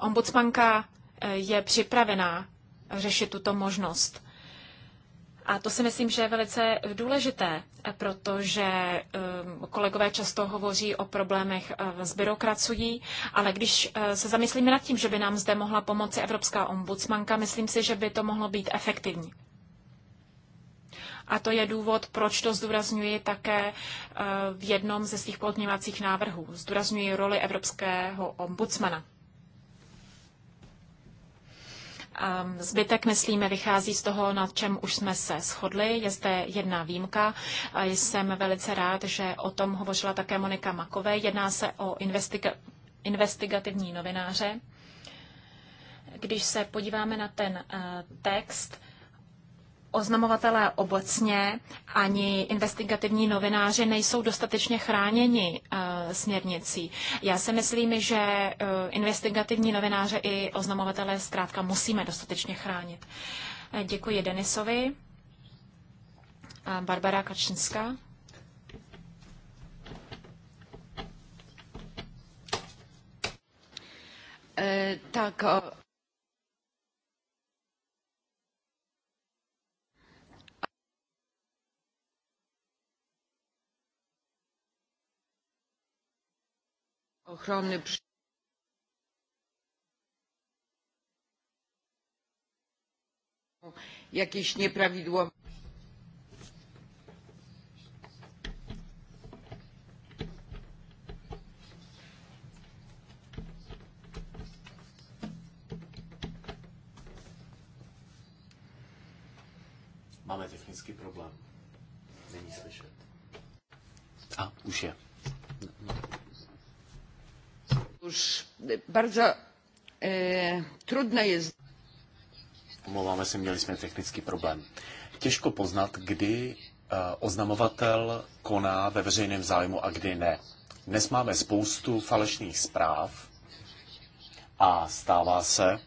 Ombudsmanka je připravená řešit tuto možnost. A to si myslím, že je velice důležité, protože um, kolegové často hovoří o problémech uh, s byrokracují, ale když uh, se zamyslíme nad tím, že by nám zde mohla pomoci Evropská ombudsmanka, myslím si, že by to mohlo být efektivní. A to je důvod, proč to zdůrazňuji také uh, v jednom ze svých podněvacích návrhů. Zdůrazňuji roli evropského ombudsmana. Zbytek, myslíme, vychází z toho, na čem už jsme se shodli. Je zde jedna výjimka. Jsem velice rád, že o tom hovořila také Monika Makové. Jedná se o investiga- investigativní novináře. Když se podíváme na ten eh, text, oznamovatelé obecně ani investigativní novináři nejsou dostatečně chráněni uh, směrnicí. Já si myslím, že uh, investigativní novináře i oznamovatelé zkrátka musíme dostatečně chránit. Eh, děkuji Denisovi. A Barbara Kačinská. Uh, tak, ochrony jakieś nieprawidłowości. Máme technický problém. Není slyšet. A, už je. Otóż eh, bardzo e, eh, trudno jest. Omlouváme se, měli jsme technický problém. Těžko poznat, kdy eh, oznamovatel koná ve veřejném zájmu a kdy ne. Dnes máme spoustu falešných zpráv a stává se,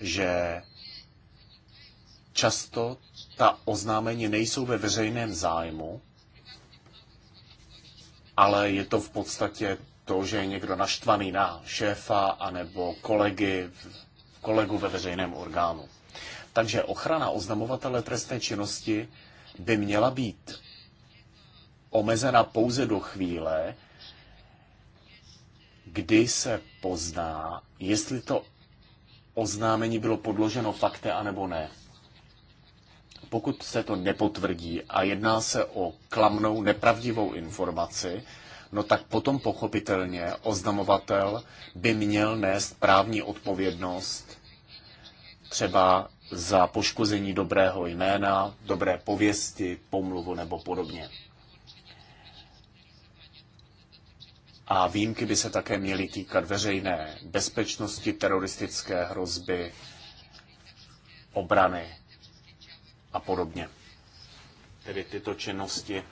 že často ta oznámení nejsou ve veřejném zájmu, ale je to v podstatě to, že je někdo naštvaný na šéfa anebo kolegy, kolegu ve veřejném orgánu. Takže ochrana oznamovatele trestné činnosti by měla být omezena pouze do chvíle, kdy se pozná, jestli to oznámení bylo podloženo fakty anebo ne. Pokud se to nepotvrdí a jedná se o klamnou, nepravdivou informaci, no tak potom pochopitelně oznamovatel by měl nést právní odpovědnost třeba za poškození dobrého jména, dobré pověsti, pomluvu nebo podobně. A výjimky by se také měly týkat veřejné bezpečnosti, teroristické hrozby, obrany a podobně. Tedy tyto činnosti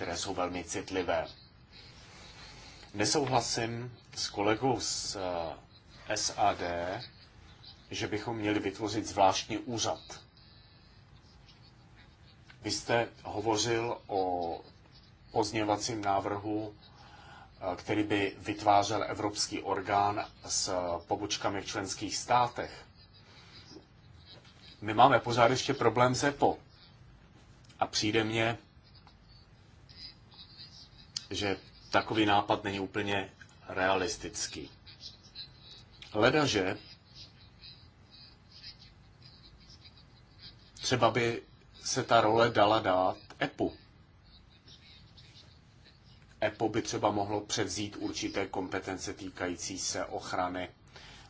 které jsou velmi citlivé. Nesouhlasím s kolegou z eh, SAD, že bychom měli vytvořit zvláštní úřad. Vy jste hovořil o pozněvacím návrhu, eh, který by vytvářel evropský orgán s pobočkami v členských státech. My máme pořád ještě problém s EPO. A přijde mně, že takový nápad není úplně realistický. Ledaže třeba by se ta role dala dát EPU. EPO by třeba mohlo převzít určité kompetence týkající se ochrany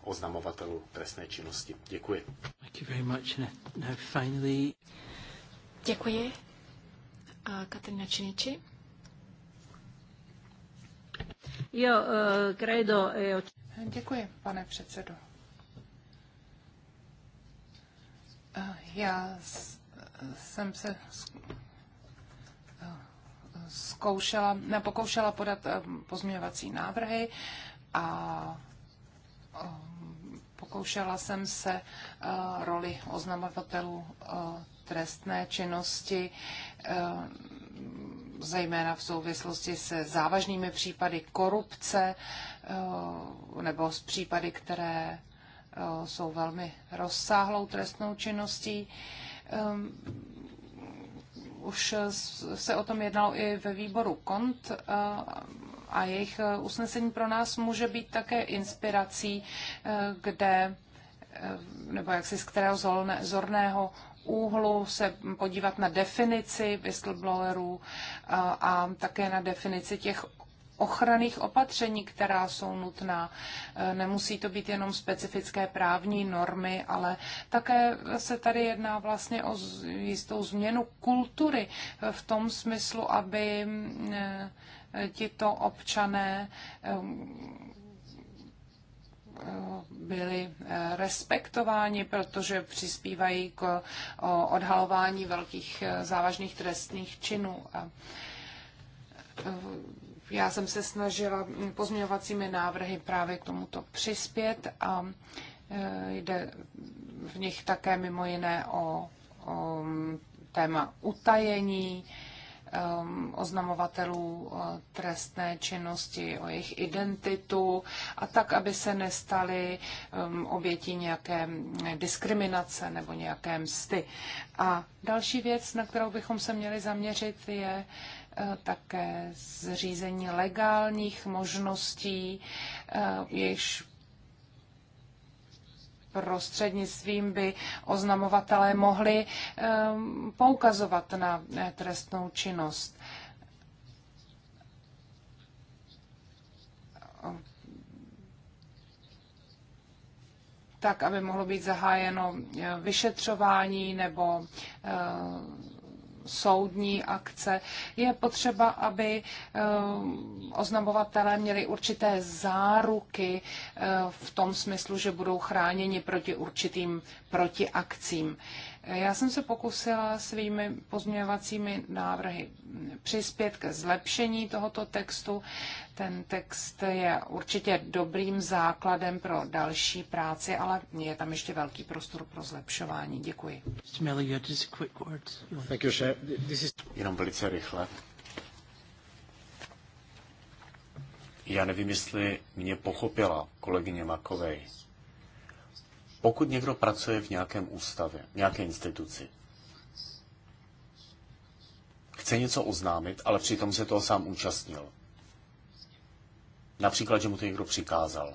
oznamovatelů trestné činnosti. Děkuji. Thank you very much. Now uh, finally... Děkuji. A Katrina Činiči. Eh, credo... Eh, Děkuji, pane předsedo. Eh, já jsem se zkoušela, ne, pokoušela podat pozměňovací návrhy a pokoušela jsem se roli oznamovatelů trestné činnosti zejména v souvislosti se závažnými případy korupce eh, nebo s případy, které eh, jsou velmi rozsáhlou trestnou činností. Eh, už se o tom jednalo i ve výboru KONT a jejich usnesení pro nás může být také inspirací, kde nebo jaksi z kterého zorného úhlu se podívat na definici whistleblowerů a, eh, a také na definici těch ochranných opatření, která jsou nutná. Eh, nemusí to být jenom specifické právní normy, ale také se tady jedná vlastně o jistou změnu kultury eh, v tom smyslu, aby mm, tito občané byli eh, respektováni, protože přispívají k odhalování velkých eh, závažných trestných činů. Eh, já jsem se snažila mm, pozměňovacími návrhy právě k tomuto přispět a jde v nich také mimo jiné o, o mm, téma utajení, Um, oznamovatelů uh, trestné činnosti, o jejich identitu a tak, aby se nestali um, obětí nějaké diskriminace nebo nějaké msty. A další věc, na kterou bychom se měli zaměřit, je uh, také zřízení legálních možností, uh, jejichž prostřednictvím by oznamovatelé mohli ehm, poukazovat na eh, trestnou činnost. tak, aby mohlo být zahájeno eh, vyšetřování nebo eh, soudní akce. Je potřeba, aby eh, oznamovatelé měli určité záruky eh, v tom smyslu, že budou chráněni proti určitým protiakcím. akcím. Já jsem se pokusila svými pozměňovacími návrhy přispět ke zlepšení tohoto textu. Ten text je určitě dobrým základem pro další práci, ale je tam ještě velký prostor pro zlepšování. Děkuji. Thank you, Jenom velice rychle. Já nevím, jestli mě pochopila kolegyně Makovej. Pokud někdo pracuje v nějakém ústavě, nějaké instituci, chce něco oznámit, ale přitom se toho sám účastnil. Například, že mu to někdo přikázal.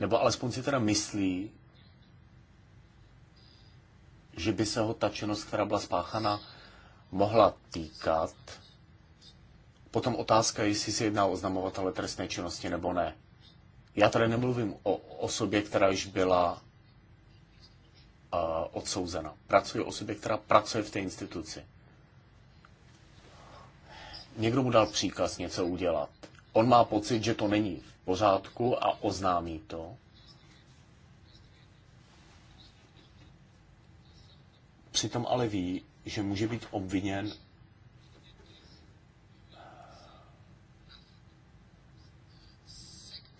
Nebo alespoň si teda myslí, že by se ho ta činnost, která byla spáchana, mohla týkat, Potom otázka, jestli se jedná o oznamovatele trestné činnosti nebo ne. Já tady nemluvím o osobě, která již byla uh, odsouzena. Pracuje osobě, která pracuje v té instituci. Někdo mu dal příkaz něco udělat. On má pocit, že to není v pořádku a oznámí to. Přitom ale ví, že může být obviněn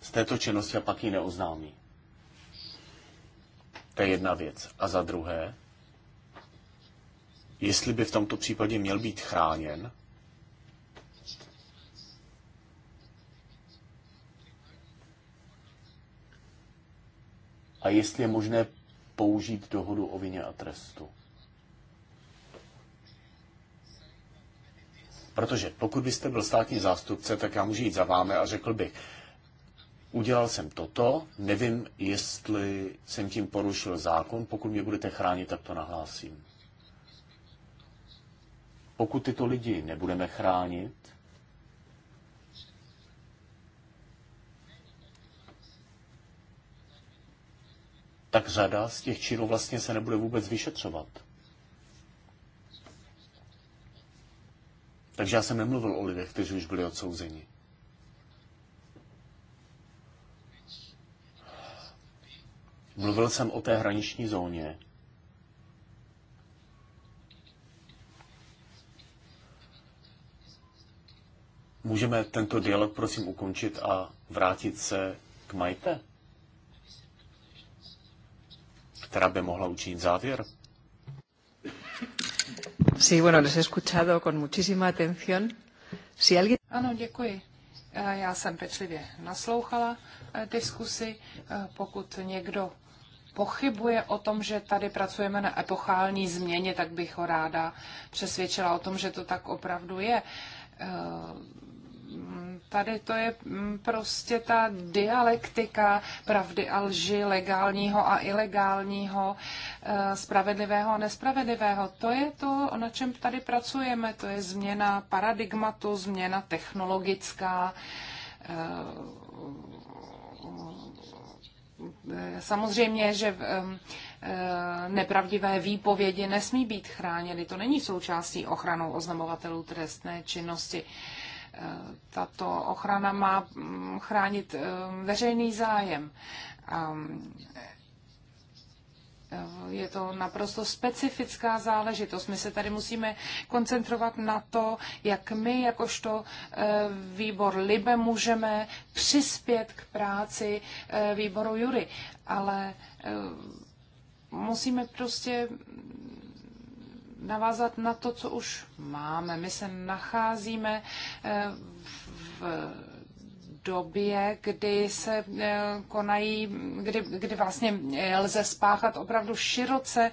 z této činnosti a pak ji neoznámí. To je jedna věc. A za druhé, jestli by v tomto případě měl být chráněn, a jestli je možné použít dohodu o vině a trestu. Protože pokud byste byl státní zástupce, tak já můžu jít za vámi a řekl bych, udělal jsem toto, nevím, jestli jsem tím porušil zákon, pokud mě budete chránit, tak to nahlásím. Pokud tyto lidi nebudeme chránit, tak řada z těch činů vlastně se nebude vůbec vyšetřovat. Takže já jsem nemluvil o lidech, kteří už byli odsouzeni. Mluvil jsem o té hraniční zóně. Můžeme tento dialog prosím ukončit a vrátit se k Majte, která by mohla učinit závěr. Sí, bueno, les he escuchado con muchísima atención. Si alguien... Ano, děkuji. Eh, já jsem pečlivě naslouchala eh, diskusi. Eh, pokud někdo pochybuje o tom, že tady pracujeme na epochální změně, tak bych ho ráda přesvědčila o tom, že to tak opravdu je. Eh, tady to je mm, prostě ta dialektika pravdy a lži, legálního a ilegálního, eh, spravedlivého a nespravedlivého. To je to, na čem tady pracujeme. To je změna paradigmatu, změna technologická eh, Eh, samozřejmě, že eh, nepravdivé výpovědi nesmí být chráněny. To není součástí ochranou oznamovatelů trestné činnosti. Eh, tato ochrana má mm, chránit veřejný zájem. Je to naprosto specifická záležitost. My se tady musíme koncentrovat na to, jak my, jakožto eh, výbor Libe, můžeme přispět k práci eh, výboru Jury. Ale eh, musíme prostě navázat na to, co už máme. My se nacházíme v době, kdy se eh, konají, kdy, kdy vlastně eh, lze spáchat opravdu široce,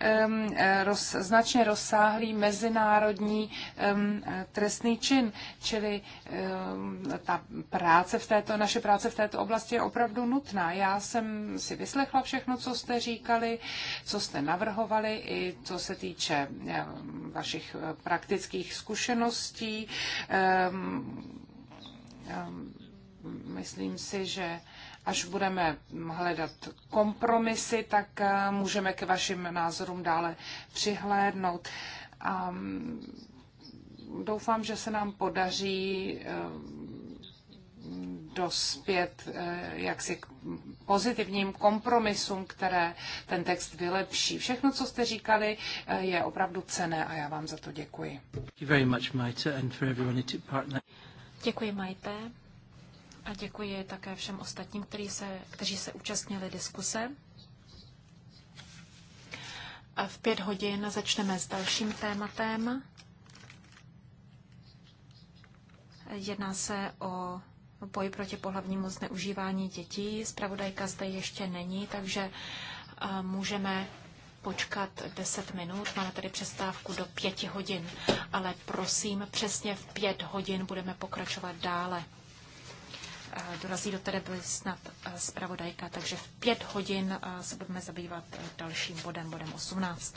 ehm, eh, roz, značně rozsáhlý mezinárodní ehm, trestný čin. Čili ehm, ta práce v této, naše práce v této oblasti je opravdu nutná. Já jsem si vyslechla všechno, co jste říkali, co jste navrhovali, i co se týče vašich praktických zkušeností um, um, Myslím si, že až budeme hledat kompromisy, tak eh, můžeme k vašim názorům dále přihlédnout. A doufám, že se nám podaří eh, dospět eh, jaksi k pozitivním kompromisům, které ten text vylepší. Všechno, co jste říkali, je opravdu cené a já vám za to děkuji. Děkuji, Majte. A děkuji také všem ostatním, který se, kteří se účastnili diskuse. A v pět hodin začneme s dalším tématem. Jedná se o boj proti pohlavnímu zneužívání dětí. Spravodajka zde ještě není, takže můžeme počkat 10 minut. Máme tady přestávku do 5 hodin, ale prosím, přesně v 5 hodin budeme pokračovat dále dorazí do tedy doby snad eh, zpravodajka, takže v pět hodin eh, se budeme zabývat dalším bodem, bodem 18.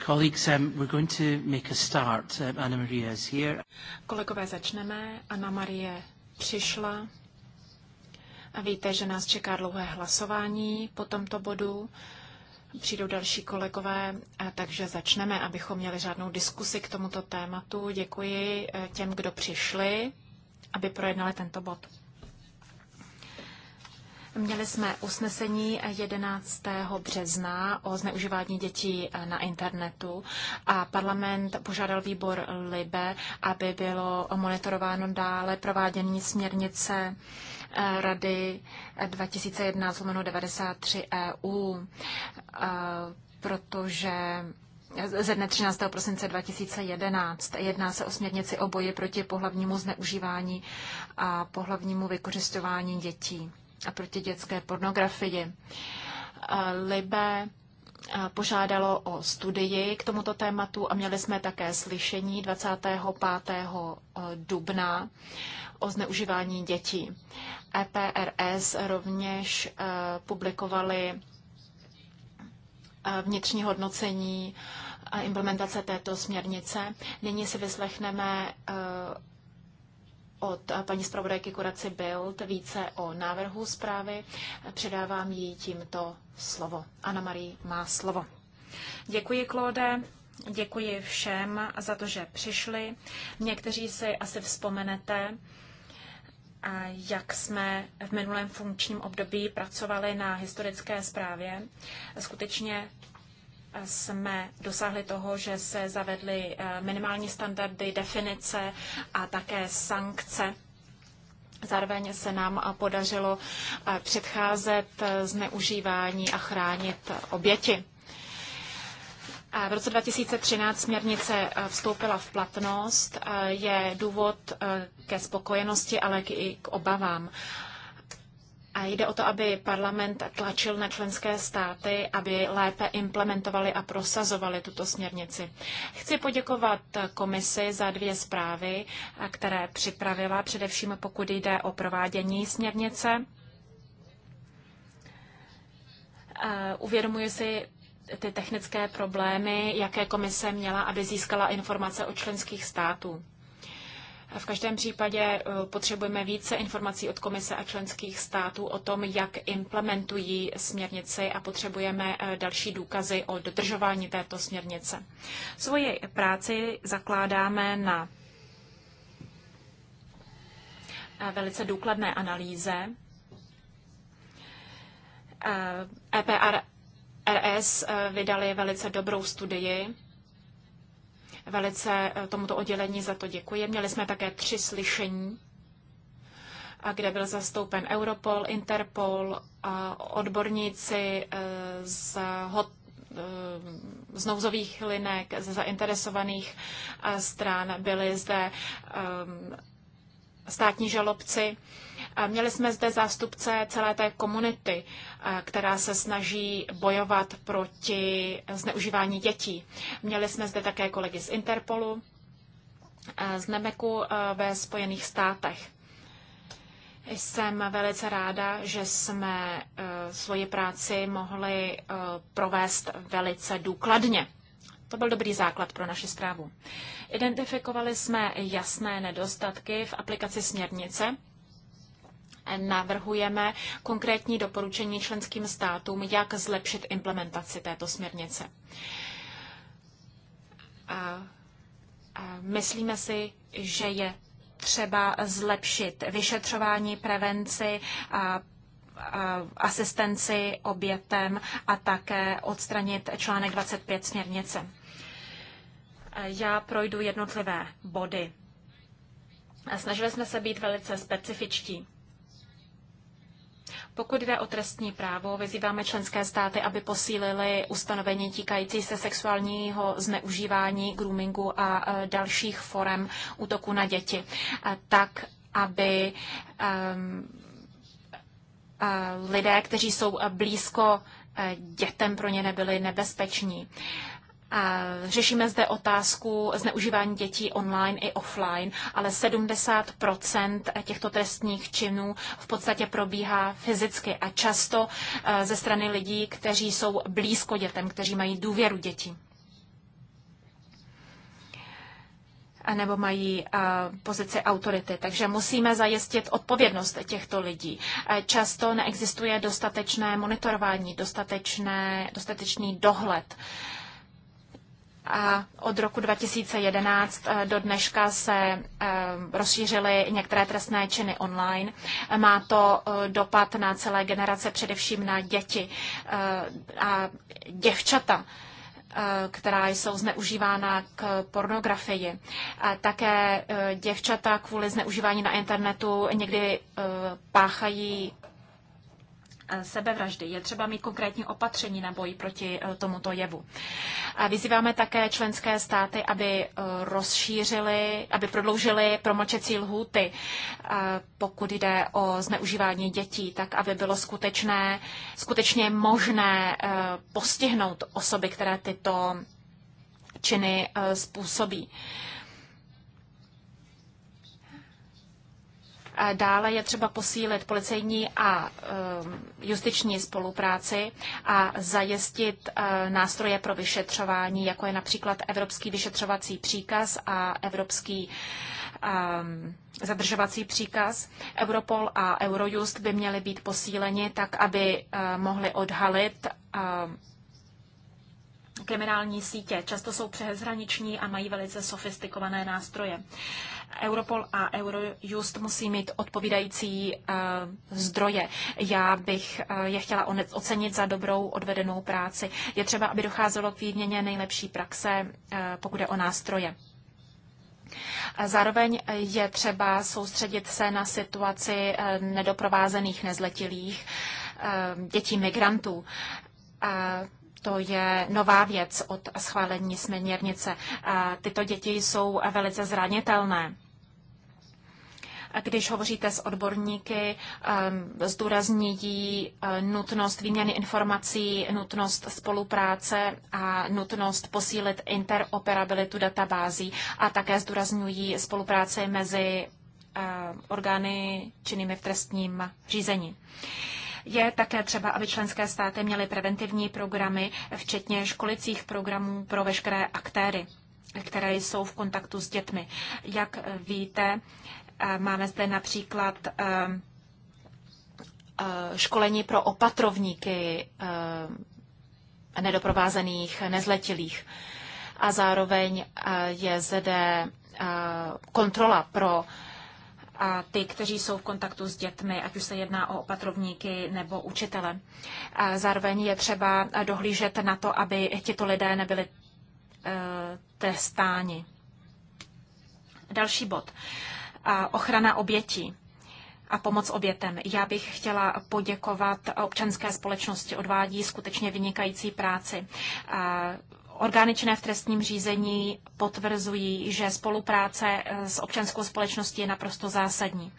Colleagues, um, we're going to make a start. Uh, Anna Maria is here. Kolegové, začneme. Anna Marie přišla. A víte, že nás čeká dlouhé hlasování po tomto bodu. Přijdou další kolegové, takže začneme, abychom měli řádnou diskusi k tomuto tématu. Děkuji eh, těm, kdo přišli, aby projednali tento bod. Měli jsme usnesení 11. března o zneužívání dětí na internetu a parlament požádal výbor LIBE, aby bylo monitorováno dále provádění směrnice eh, Rady 2001-93 EU, eh, protože ze dne 13. prosince 2011. Jedná se o směrnici o boji proti pohlavnímu zneužívání a pohlavnímu vykořišťování dětí a proti dětské pornografii. Libe požádalo o studii k tomuto tématu a měli jsme také slyšení 25. dubna o zneužívání dětí. EPRS rovněž e, publikovali e, vnitřní hodnocení implementace této směrnice. Nyní si vyslechneme e, od paní zpravodajky Kuraci Bild více o návrhu zprávy. Předávám jí tímto slovo. Ana Marie má slovo. Děkuji, Klode. Děkuji všem za to, že přišli. Někteří si asi vzpomenete, jak jsme v minulém funkčním období pracovali na historické zprávě. Skutečně jsme dosáhli toho, že se zavedly eh, minimální standardy, definice a také sankce. Zároveň se nám eh, podařilo eh, předcházet zneužívání a chránit oběti. V roce 2013 směrnice vstoupila v platnost. Je důvod ke spokojenosti, ale i k obavám. A jde o to, aby parlament tlačil na členské státy, aby lépe implementovali a prosazovali tuto směrnici. Chci poděkovat komisi za dvě zprávy, které připravila, především pokud jde o provádění směrnice. Uvědomuji si ty technické problémy, jaké komise měla, aby získala informace o členských států. V každém případě eh, potřebujeme více informací od komise a členských států o tom, jak implementují směrnici a potřebujeme eh, další důkazy o dodržování této směrnice. Svoji práci zakládáme na eh, velice důkladné analýze. EPRS e e vydali velice dobrou studii Velice eh, tomuto oddělení za to děkuji. Měli jsme také tři slyšení, kde byl zastoupen Europol, Interpol, odborníci eh, z hot eh, z nouzových linek, ze zainteresovaných stran. Byli zde ehm, státní žalobci Měli jsme zde zástupce celé té komunity, eh, která se snaží bojovat proti zneužívání dětí. Měli jsme zde také kolegy z Interpolu, eh, z Nemeku eh, ve Spojených státech. Jsem velice ráda, že jsme svoji práci mohli provést velice důkladně. To byl dobrý základ pro naši zprávu. Identifikovali jsme jasné nedostatky v aplikaci směrnice navrhujeme konkrétní doporučení členským státům, jak zlepšit implementaci této směrnice. A myslíme si, že je třeba zlepšit vyšetřování, prevenci, a asistenci obětem a také odstranit článek 25 směrnice. Já projdu jednotlivé body. Snažili jsme se být velice specifičtí. Pokud jde o trestní právo, vyzýváme členské státy, aby posílili ustanovení týkající se sexuálního zneužívání, groomingu a e, dalších forem útoku na děti, e, tak aby e, lidé, kteří jsou blízko dětem, pro ně nebyli nebezpeční. Řešíme zde otázku zneužívání dětí online i offline, ale 70 těchto trestních činů v podstatě probíhá fyzicky a často eh, ze strany lidí, kteří jsou blízko dětem, kteří mají důvěru dětí. nebo mají eh, pozici autority. Takže musíme zajistit odpovědnost těchto lidí. Eh, často neexistuje dostatečné monitorování, dostatečné, dostatečný dohled. Uh, od roku 2011 eh, do dneška se eh, rozšířily některé trestné činy online. Má to eh, dopad na celé generace, především na děti a děvčata která jsou zneužívána k pornografii. A také děvčata kvůli zneužívání na internetu někdy páchají Eh, sebevraždy. Je třeba mít konkrétní opatření na boji proti eh, tomuto jevu. A vyzýváme také členské státy, aby eh, rozšířili, aby prodloužili promlčecí lhůty, pokud jde o zneužívání dětí, tak aby bylo skutečné, skutečně možné postihnout osoby, které tyto činy způsobí. Uh, Dále je třeba posílit policejní a um, justiční spolupráci a zajistit uh, nástroje pro vyšetřování, jako je například Evropský vyšetřovací příkaz a Evropský um, zadržovací příkaz. Europol a Eurojust by měly být posíleni tak, aby uh, mohli odhalit um, kriminální sítě. Často jsou přeshraniční a mají velice sofistikované nástroje. Europol a Eurojust musí mít odpovídající eh, zdroje. Já bych eh, je chtěla ocenit za dobrou odvedenou práci. Je třeba, aby docházelo k výměně nejlepší praxe, eh, pokud je o nástroje. Zároveň je třeba soustředit se na situaci nedoprovázených nezletilých dětí migrantů. To je nová věc od schválení směrnice. Tyto děti jsou velice zranitelné když hovoříte s odborníky, ehm, zdůraznějí eh, nutnost výměny informací, nutnost spolupráce a nutnost posílit interoperabilitu databází a také zdůrazňují spolupráci mezi ehm, orgány činnými v trestním řízení. Je také třeba, aby členské státy měly preventivní programy, včetně školicích programů pro veškeré aktéry které jsou v kontaktu s dětmi. Jak víte, Eh, máme zde například eh, eh, školení pro opatrovníky nedoprovázených nezletilých. A zároveň je zde kontrola pro a ty, kteří jsou v kontaktu s dětmi, ať už se jedná o opatrovníky nebo učitele. A zároveň je třeba dohlížet na to, aby tito lidé nebyli e, trestáni. Další bod. E, ochrana obětí a pomoc obětem. Já bych chtěla poděkovat občanské společnosti, odvádí skutečně vynikající práci. Orgány činné v trestním řízení potvrzují, že spolupráce s občanskou společností je naprosto zásadní.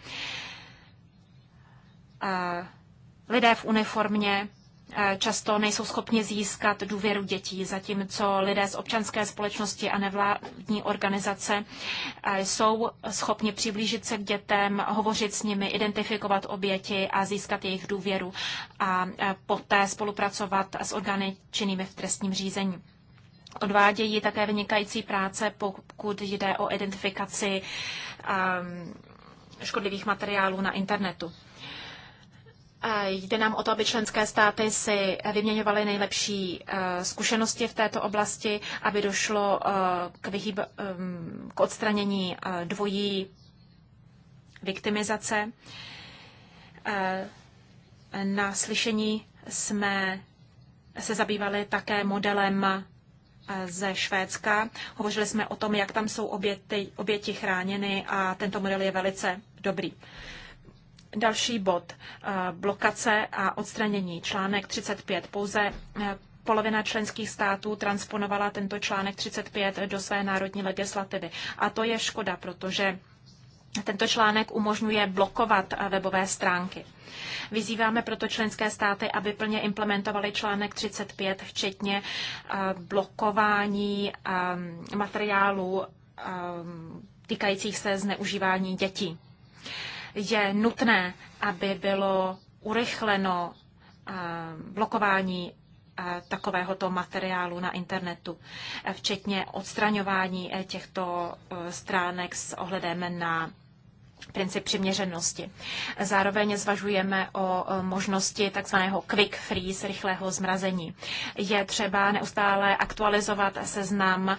Lidé v uniformě Eh, často nejsou schopni získat důvěru dětí, zatímco lidé z občanské společnosti a nevládní organizace eh, jsou schopni přiblížit se k dětem, hovořit s nimi, identifikovat oběti a získat jejich důvěru a eh, poté spolupracovat s orgány činnými v trestním řízení. Odvádějí také vynikající práce, pokud jde o identifikaci ehm, škodlivých materiálů na internetu. Jde nám o to, aby členské státy si vyměňovaly nejlepší eh, zkušenosti v této oblasti, aby došlo eh, k, vyhýb, ehm, k odstranění eh, dvojí viktimizace. Na slyšení jsme se zabývali také modelem ze Švédska. Hovořili jsme o tom, jak tam jsou oběty, oběti chráněny a tento model je velice dobrý. Další bod, eh, blokace a odstranění, článek 35. Pouze eh, polovina členských států transponovala tento článek 35 do své národní legislativy. A to je škoda, protože tento článek umožňuje blokovat eh, webové stránky. Vyzýváme proto členské státy, aby plně implementovali článek 35, včetně blokování materiálů týkajících se zneužívání dětí je nutné, aby bylo urychleno eh, blokování eh, takovéhoto materiálu na internetu, eh, včetně odstraňování těchto stránek s ohledem na princip přiměřenosti. Zároveň zvažujeme o možnosti takzvaného quick freeze, rychlého zmrazení. Je třeba neustále aktualizovat seznam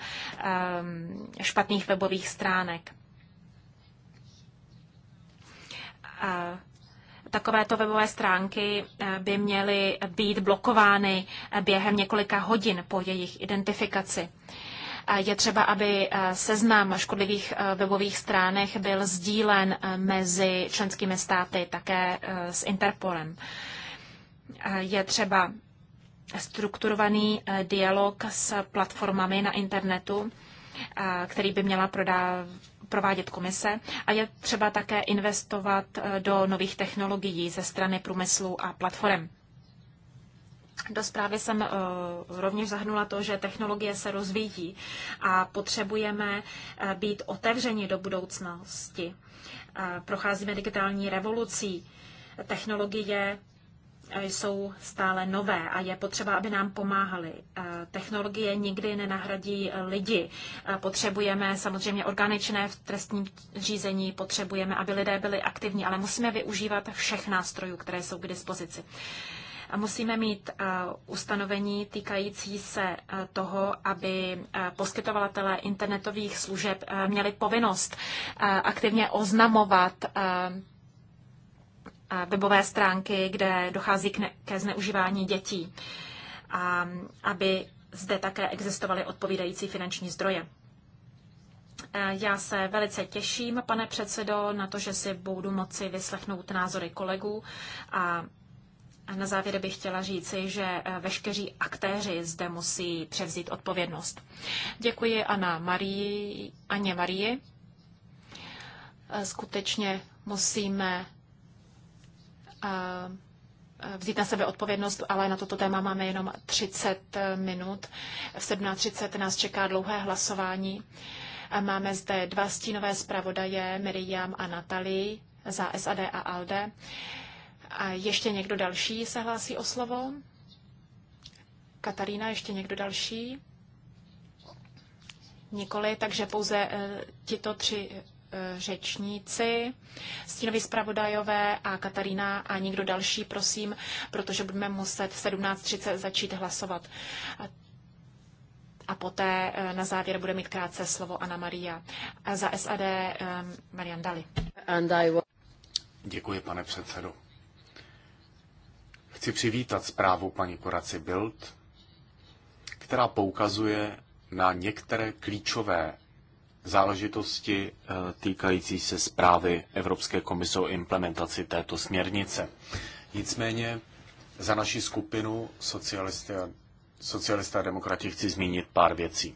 špatných webových stránek. takovéto webové stránky eh, by měly být blokovány eh, během několika hodin po jejich identifikaci. Je třeba, aby eh, seznam škodlivých webových stránek byl sdílen mezi členskými státy, také s Interpolem. Je třeba strukturovaný dialog s platformami na internetu, který by měla prodávat provádět komise a je třeba také investovat eh, do nových technologií ze strany průmyslu a platform. Do zprávy jsem eh, rovněž zahnula to, že technologie se rozvíjí a potřebujeme eh, být otevřeni do budoucnosti. Procházíme digitální revolucí. Technologie jsou stále nové a je potřeba, aby nám pomáhali. Eh, technologie nikdy nenahradí lidi. Eh, potřebujeme samozřejmě organičné v trestním řízení, potřebujeme, aby lidé byli aktivní, ale musíme využívat všech nástrojů, které jsou k dispozici. A musíme mít eh, ustanovení týkající se toho, aby poskytovatelé internetových služeb měli povinnost aktivně oznamovat webové stránky, kde dochází k ne- ke zneužívání dětí, a aby zde také existovaly odpovídající finanční zdroje. E, já se velice těším, pane předsedo, na to, že si budu moci vyslechnout názory kolegů a a na závěr bych chtěla říci, že e, veškeří aktéři zde musí převzít odpovědnost. Děkuji Anna Marii, Aně Marii. E, skutečně musíme vzít na sebe odpovědnost, ale na toto téma máme jenom 30 minut. V 17.30 nás čeká dlouhé hlasování. Máme zde dva stínové zpravodaje, Miriam a Natalie za SAD a ALDE. A ještě někdo další se hlásí o slovo? Katarína, ještě někdo další? Nikoli, takže pouze eh, tito tři Eh, řečníci, stínoví zpravodajové a Katarína a nikdo další, prosím, protože budeme muset v 17.30 začít hlasovat. A poté eh, na závěr bude mít krátce slovo Ana Maria. A za SAD eh, Marian Dali. Děkuji, pane předsedo. Chci přivítat zprávu paní poradci Bild, která poukazuje na některé klíčové záležitosti eh, týkající se zprávy Evropské komise o implementaci této směrnice. Nicméně za naši skupinu socialisté socialisté a demokrati chci zmínit pár věcí.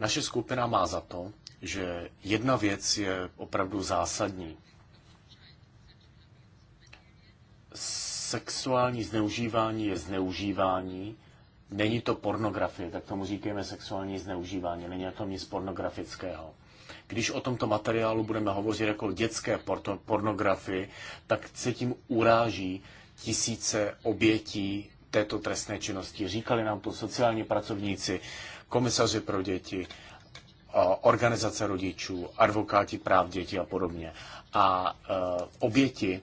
Naše skupina má za to, že jedna věc je opravdu zásadní. Sexuální zneužívání je zneužívání Není to pornografie, tak tomu říkáme sexuální zneužívání, není to nic pornografického. Když o tomto materiálu budeme hovořit jako dětské pornografii, tak se tím uráží tisíce obětí této trestné činnosti. Říkali nám to sociální pracovníci, komisaři pro děti, organizace rodičů, advokáti práv dětí a podobně. A e, oběti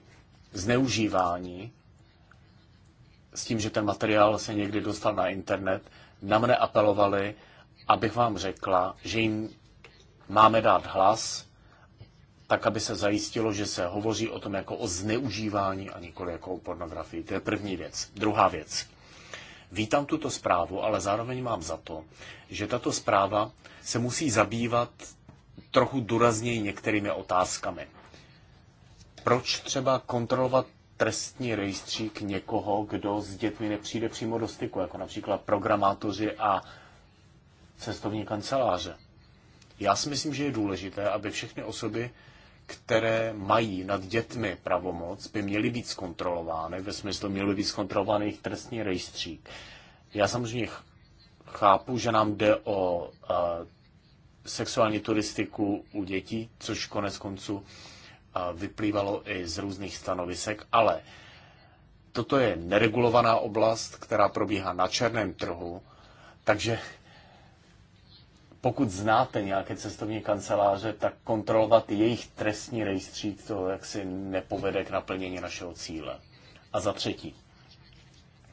zneužívání s tím, že ten materiál se někdy dostal na internet, na mne apelovali, abych vám řekla, že jim máme dát hlas, tak, aby se zajistilo, že se hovoří o tom jako o zneužívání a nikoli jako o pornografii. To je první věc. Druhá věc. Vítám tuto zprávu, ale zároveň mám za to, že tato zpráva se musí zabývat trochu důrazněji některými otázkami. Proč třeba kontrolovat trestní rejstřík někoho, kdo s dětmi nepřijde přímo do styku, jako například programátoři a cestovní kanceláře. Já si myslím, že je důležité, aby všechny osoby, které mají nad dětmi pravomoc, by měly být zkontrolovány, ve smyslu měly být zkontrolovány jejich trestní rejstřík. Já samozřejmě chápu, že nám jde o uh, sexuální turistiku u dětí, což konec konců vyplývalo i z různých stanovisek, ale toto je neregulovaná oblast, která probíhá na černém trhu, takže pokud znáte nějaké cestovní kanceláře, tak kontrolovat jejich trestní rejstřík to jaksi nepovede k naplnění našeho cíle. A za třetí,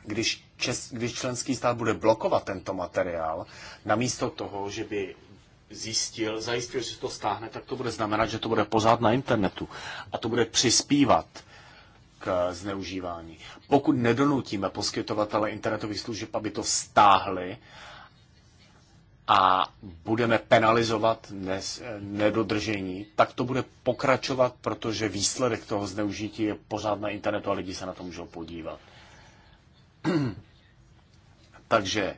když, čes, když členský stát bude blokovat tento materiál, namísto toho, že by zjistil, zajistil, že to stáhne, tak to bude znamenat, že to bude pořád na internetu. A to bude přispívat k zneužívání. Pokud nedonutíme poskytovatele internetových služeb, aby to stáhli a budeme penalizovat nes, nedodržení, tak to bude pokračovat, protože výsledek toho zneužití je pořád na internetu a lidi se na to můžou podívat. *clears throat* Takže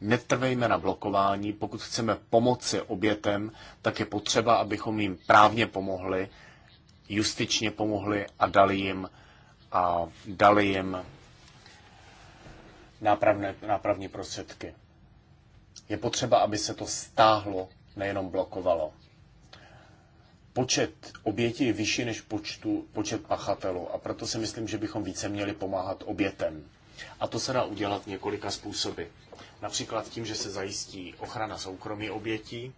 netrvejme na blokování. Pokud chceme pomoci obětem, tak je potřeba, abychom jim právně pomohli, justičně pomohli a dali jim, a dali jim nápravné, nápravní prostředky. Je potřeba, aby se to stáhlo, nejenom blokovalo. Počet obětí je vyšší než počtu, počet pachatelů a proto si myslím, že bychom více měli pomáhat obětem. A to se dá udělat několika způsoby. Například tím, že se zajistí ochrana soukromí obětí,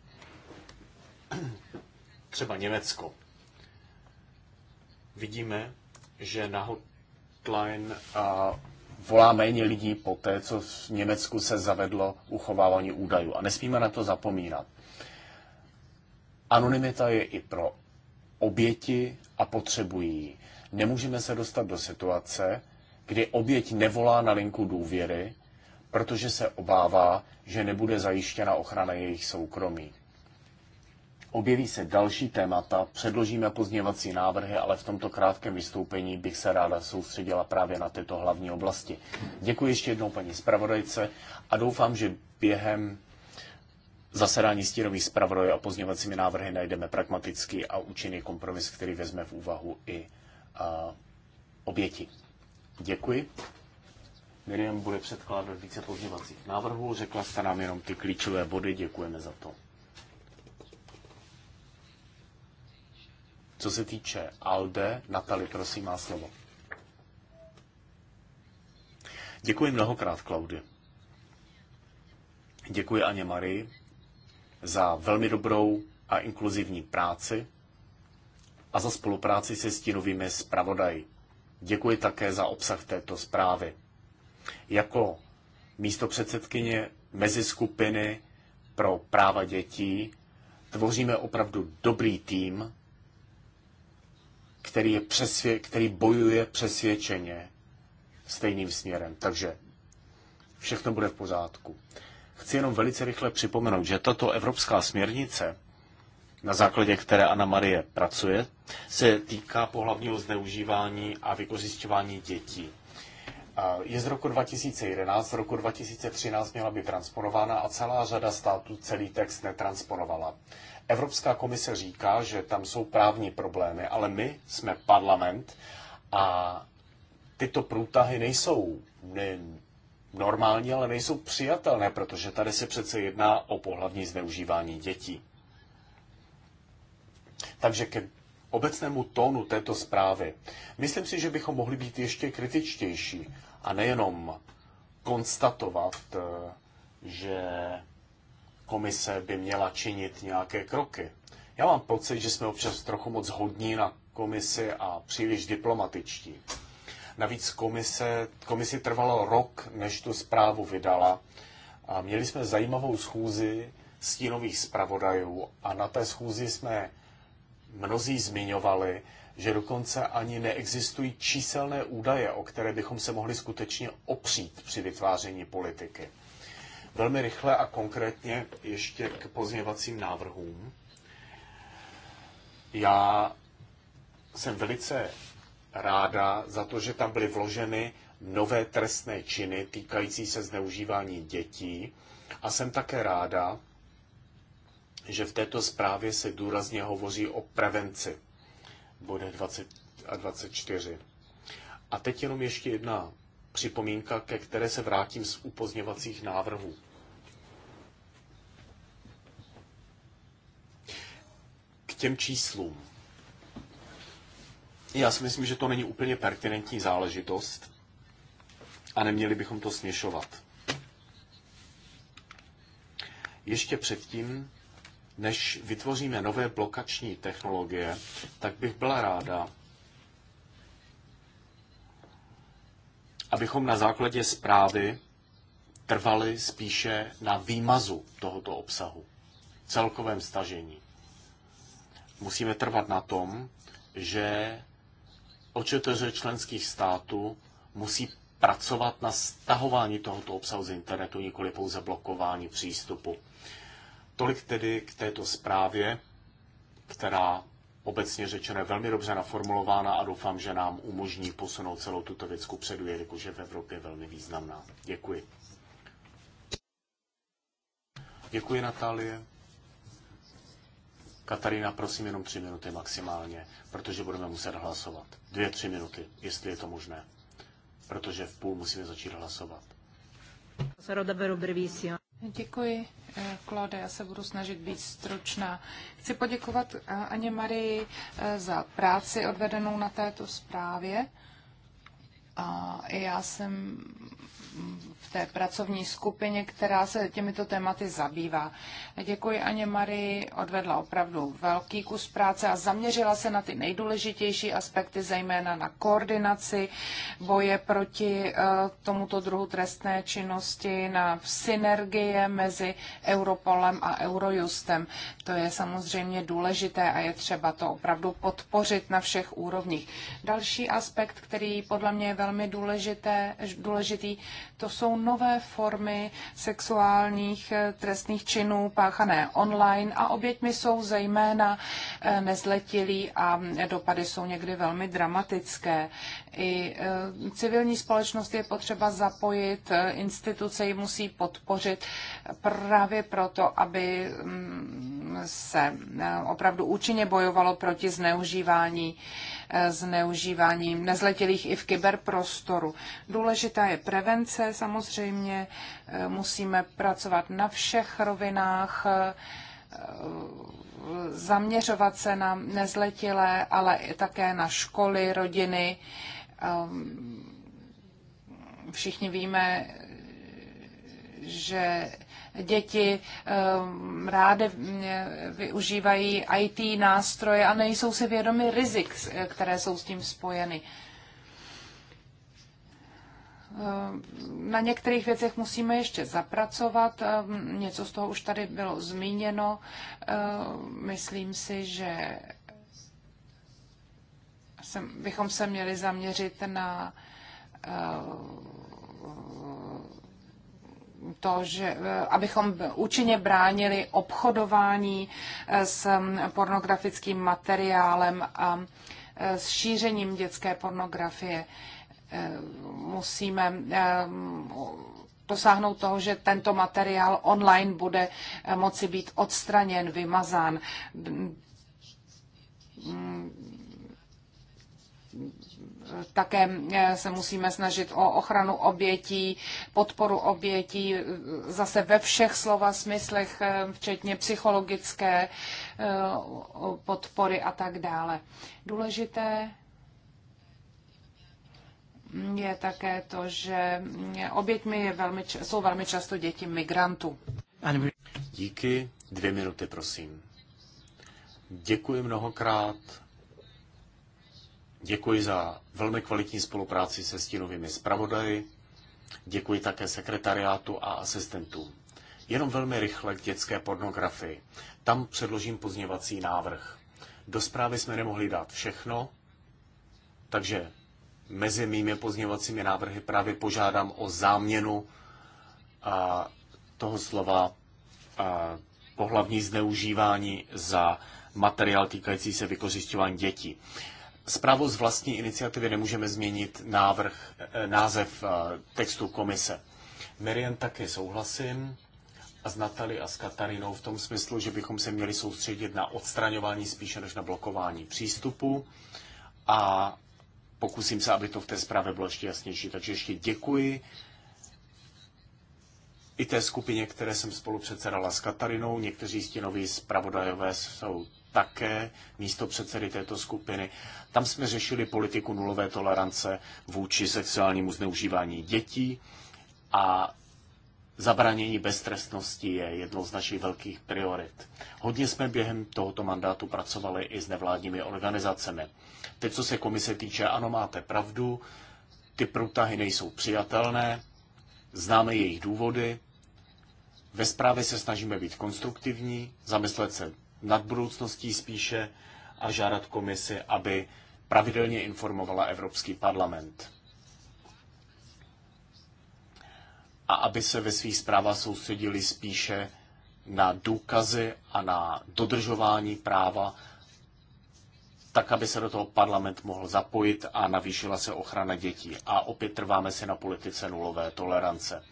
třeba Německo. Vidíme, že na hotline a volá méně lidí po té, co v Německu se zavedlo uchovávání údajů. A nesmíme na to zapomínat. Anonymita je i pro oběti a potřebují. Nemůžeme se dostat do situace, kdy oběť nevolá na linku důvěry, protože se obává, že nebude zajištěna ochrana jejich soukromí. Objeví se další témata, předložíme pozněvací návrhy, ale v tomto krátkém vystoupení bych se ráda soustředila právě na tyto hlavní oblasti. Děkuji ještě jednou paní zpravodajce a doufám, že během zasedání stírových zpravodajů a pozněvacími návrhy najdeme pragmatický a účinný kompromis, který vezme v úvahu i a, oběti. Děkuji. Miriam bude předkládat více pozměňovacích návrhů. Řekla jste nám jenom ty klíčové body, děkujeme za to. Co se týče ALDE, Natali, prosím, má slovo. Děkuji mnohokrát, Klaudy. Děkuji Aně Marii za velmi dobrou a inkluzivní práci a za spolupráci se stínovými zpravodaji. Děkuji také za obsah této zprávy. Jako místo předsedkyně mezi skupiny pro práva dětí tvoříme opravdu dobrý tým, který, je přesvě, který bojuje přesvědčeně stejným směrem. Takže všechno bude v pořádku. Chci jenom velice rychle připomenout, že tato evropská směrnice, na základě které Anna Marie pracuje, se týká pohlavního zneužívání a vykořišťování dětí. Je z roku 2011, z roku 2013 měla být transponována a celá řada států celý text netransponovala. Evropská komise říká, že tam jsou právní problémy, ale my jsme parlament a tyto průtahy nejsou ne, normální, ale nejsou přijatelné, protože tady se přece jedná o pohlavní zneužívání dětí. Takže ke obecnému tónu této zprávy. Myslím si, že bychom mohli být ještě kritičtější a nejenom konstatovat, eh, že komise by měla činit nějaké kroky. Já mám pocit, že jsme občas trochu moc hodní na komisi a příliš diplomatičtí. Navíc komise, komisi trvalo rok, než tu zprávu vydala. A měli jsme zajímavou schůzi stínových zpravodajů a na té schůzi jsme mnozí zmiňovali, že dokonce ani neexistují číselné údaje, o které bychom se mohli skutečně opřít při vytváření politiky. Velmi rychle a konkrétně ještě k pozměvacím návrhům. Já jsem velice ráda za to, že tam byly vloženy nové trestné činy týkající se zneužívání dětí. A jsem také ráda, že v této zprávě se důrazně hovoří o prevenci bude 20 a 24. A teď jenom ještě jedna připomínka, ke které se vrátím z upozněvacích návrhů. K těm číslům. Já si myslím, že to není úplně pertinentní záležitost a neměli bychom to směšovat. Ještě předtím, než vytvoříme nové blokační technologie, tak bych byla ráda, abychom na základě zprávy trvali spíše na výmazu tohoto obsahu, celkovém stažení. Musíme trvat na tom, že očeteře členských států musí pracovat na stahování tohoto obsahu z internetu, nikoli pouze blokování přístupu. Tolik tedy k této zprávě, která obecně řečeno je velmi dobře naformulována a doufám, že nám umožní posunout celou tuto věc ku předu, jelikož je v Evropě velmi významná. Děkuji. Děkuji, Natálie. Katarína, prosím jenom tři minuty maximálně, protože budeme muset hlasovat. Dvě, tři minuty, jestli je to možné. Protože v půl musíme začít hlasovat. Děkuji, Klode. Eh, já se budu snažit být stručná. Chci poděkovat eh, Aně Marii eh, za práci odvedenou na této zprávě já jsem v té pracovní skupině, která se těmito tématy zabývá. Děkuji Aně Marii, odvedla opravdu velký kus práce a zaměřila se na ty nejdůležitější aspekty, zejména na koordinaci boje proti eh, tomuto druhu trestné činnosti, na synergie mezi Europolem a Eurojustem. To je samozřejmě důležité a je třeba to opravdu podpořit na všech úrovních. Další aspekt, který podle mě je velmi velmi důležité, důležitý. To jsou nové formy sexuálních eh, trestných činů páchané online a oběťmi jsou zejména eh, nezletilí a eh, dopady jsou někdy velmi dramatické. I civilní společnost je potřeba zapojit, instituce ji musí podpořit právě proto, aby mm, se opravdu účinně bojovalo proti zneužívání zneužíváním nezletilých i v kyberprostoru. Důležitá je prevence samozřejmě, eh, musíme pracovat na všech rovinách, eh, zaměřovat se na nezletilé, ale i také na školy, rodiny. Ehm, všichni víme, že děti ehm, ráde mm, využívají IT nástroje a nejsou si vědomi rizik, které jsou s tím spojeny. Ehm, na některých věcech musíme ještě zapracovat. Ehm, něco z toho už tady bylo zmíněno. Myslím si, že bychom se měli zaměřit na to, že, eh, abychom účinně bránili obchodování eh, s mm, pornografickým materiálem a eh, s šířením dětské pornografie. Musíme dosáhnout toho, že tento materiál online bude moci být odstraněn, vymazán mm, také eh, se musíme snažit o ochranu obětí, podporu obětí, eh, zase ve všech slova smyslech, eh, včetně psychologické podpory a tak dále. Důležité je také to, že oběťmi je velmi, jsou velmi často děti migrantů. Díky. Dvě minuty, prosím. Děkuji mnohokrát. Děkuji za velmi kvalitní spolupráci se stínovými zpravodaji. Děkuji také sekretariátu a asistentům. Jenom velmi rychle k dětské pornografii. Tam předložím pozněvací návrh. Do zprávy jsme nemohli dát všechno, takže mezi mými pozněvacími návrhy právě požádám o záměnu a, toho slova a, pohlavní zneužívání za materiál týkající se vykořišťování dětí zprávu z vlastní iniciativy nemůžeme změnit návrh, eh, název eh, textu komise. Merian taky souhlasím a s Natali a s Katarinou v tom smyslu, že bychom se měli soustředit na odstraňování spíše než na blokování přístupu a pokusím se, aby to v té zprávě bylo ještě jasnější. Takže ještě děkuji i té skupině, které jsem spolu předsedala s Katarinou. Někteří stěnoví zpravodajové jsou také místo předsedy této skupiny. Tam jsme řešili politiku nulové tolerance vůči sexuálnímu zneužívání dětí a zabranění beztrestnosti je jednou z našich velkých priorit. Hodně jsme během tohoto mandátu pracovali i s nevládními organizacemi. Teď, co se komise týče, ano, máte pravdu, ty průtahy nejsou přijatelné, známe jejich důvody, ve zprávě se snažíme být konstruktivní, zamyslet se nad budoucností spíše a žádat komisi, aby pravidelně informovala Evropský parlament. A aby se ve svých zprávách soustředili spíše na důkazy a na dodržování práva, tak, aby se do toho parlament mohl zapojit a navýšila se ochrana dětí. A opět trváme si na politice nulové tolerance.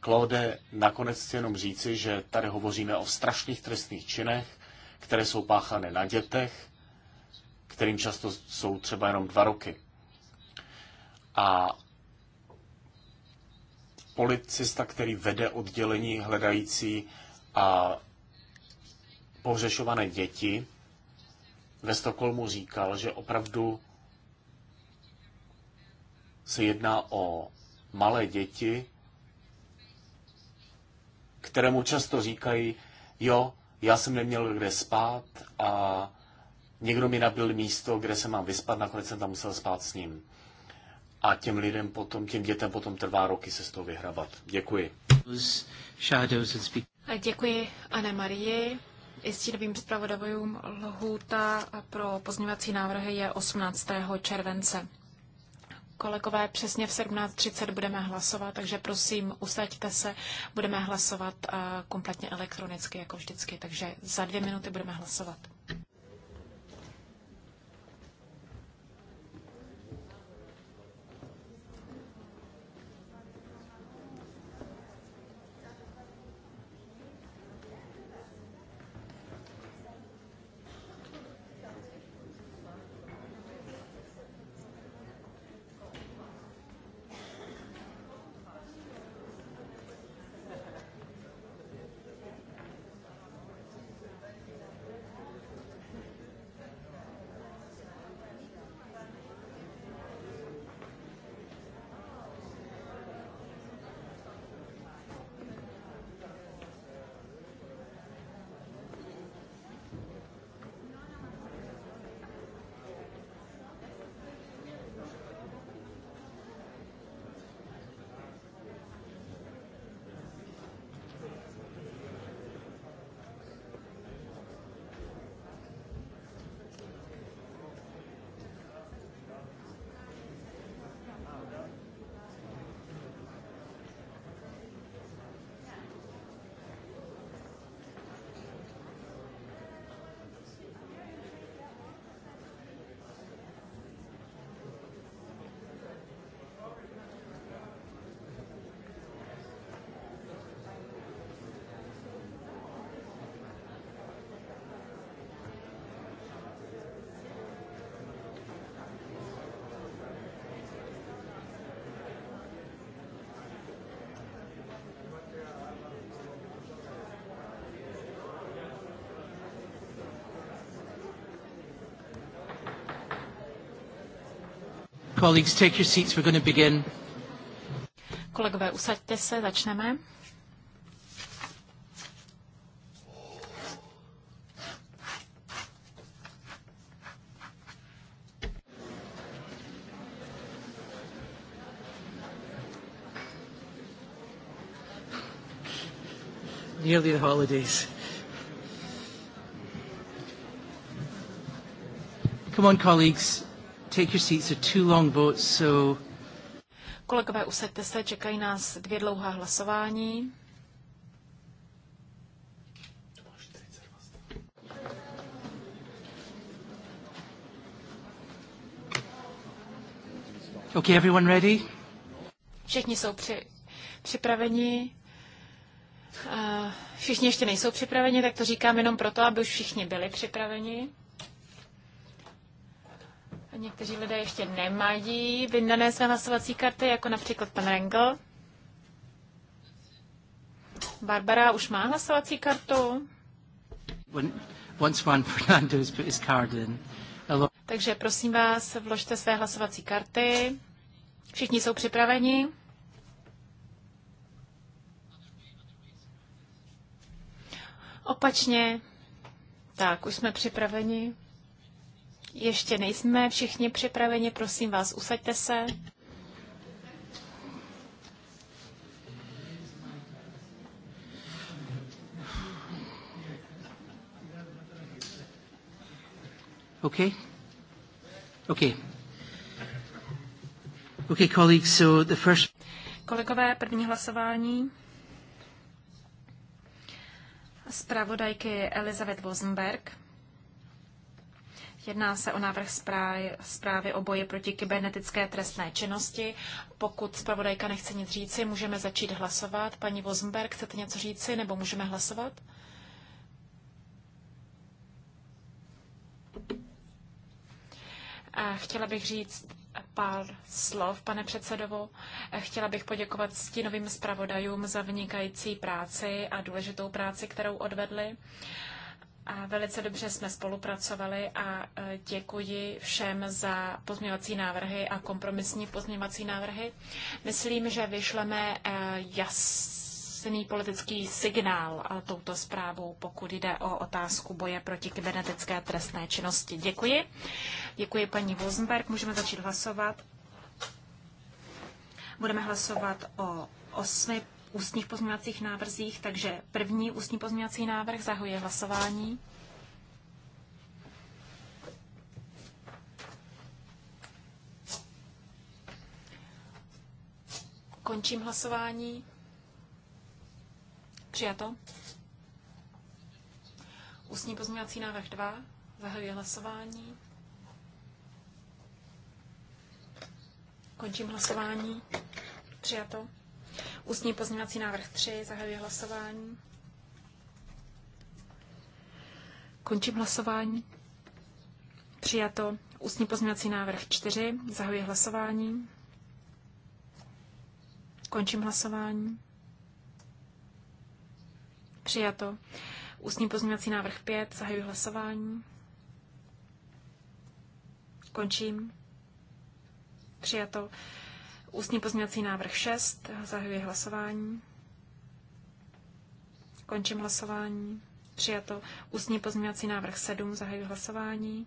Claude, nakonec chci jenom říci, že tady hovoříme o strašných trestných činech, které jsou páchané na dětech, kterým často jsou třeba jenom dva roky. A policista, který vede oddělení hledající a pohřešované děti, ve Stokholmu říkal, že opravdu se jedná o malé děti, kterému často říkají, jo, já jsem neměl kde spát a někdo mi nabil místo, kde se mám vyspat, nakonec jsem tam musel spát s ním. A těm lidem potom, těm dětem potom trvá roky se z toho vyhrabat. Děkuji. děkuji Anne Marie. I s novým zpravodavům lhůta pro pozměňovací návrhy je 18. července. Kolegové, přesně v 17.30 budeme hlasovat, takže prosím, usaďte se. Budeme hlasovat eh, kompletně elektronicky, jako vždycky, takže za dvě minuty budeme hlasovat. Colleagues, take your seats. We're going to begin. Kolegové, usaďte se, začneme. Nearly the holidays. Come on, colleagues take your seats, are two long votes, so... Kolegové, usaďte se, čekají nás dvě dlouhá hlasování. Okay, everyone ready? Všichni jsou při, připraveni. Uh, všichni ještě nejsou připraveni, tak to říkám jenom proto, aby už všichni byli připraveni. Někteří lidé ještě nemají vyndané své hlasovací karty, jako například pan Rengel. Barbara už má hlasovací kartu. Once put his card in. Takže prosím vás, vložte své hlasovací karty. Všichni jsou připraveni. Opačně. Tak, už jsme připraveni. Ještě nejsme všichni připraveni, prosím vás, usaďte se. Okay? Okay. Okay, colleagues, so the first... Kolegové, první hlasování. Zpravodajky Elizabeth Vosenberg. Jedná se o návrh zprávy, zprávy o boji proti kybernetické trestné činnosti. Pokud zpravodajka nechce nic říci, můžeme začít hlasovat. Paní Vozenberg, chcete něco říci nebo můžeme hlasovat? A eh, chtěla bych říct pár slov, pane předsedovo. Eh, chtěla bych poděkovat stínovým zpravodajům za vynikající práci a důležitou práci, kterou odvedli. A velice dobře jsme spolupracovali a e, děkuji všem za pozměňovací návrhy a kompromisní pozměňovací návrhy. Myslím, že vyšleme e, jasný politický signál e, touto zprávou, pokud jde o otázku boje proti kybernetické trestné činnosti. Děkuji. Děkuji paní Wozenberg. Můžeme začít hlasovat. Budeme hlasovat o osmi ústních pozměňovacích návrzích, takže první ústní pozměňovací návrh zahuje hlasování. Končím hlasování. Přijato. Ústní pozměňovací návrh 2. Zahajuji hlasování. Končím hlasování. Přijato. Ústní pozměňovací návrh 3. Zahajuji hlasování. Končím hlasování. Přijato. Ústní pozměňovací návrh 4. Zahajuji hlasování. Končím hlasování. Přijato. Ústní pozměňovací návrh 5. Zahajuji hlasování. Končím. Přijato. Ústní pozměňovací návrh 6. Zahajuji hlasování. Končím hlasování. Přijato. Ústní pozměňovací návrh 7. Zahajuji hlasování.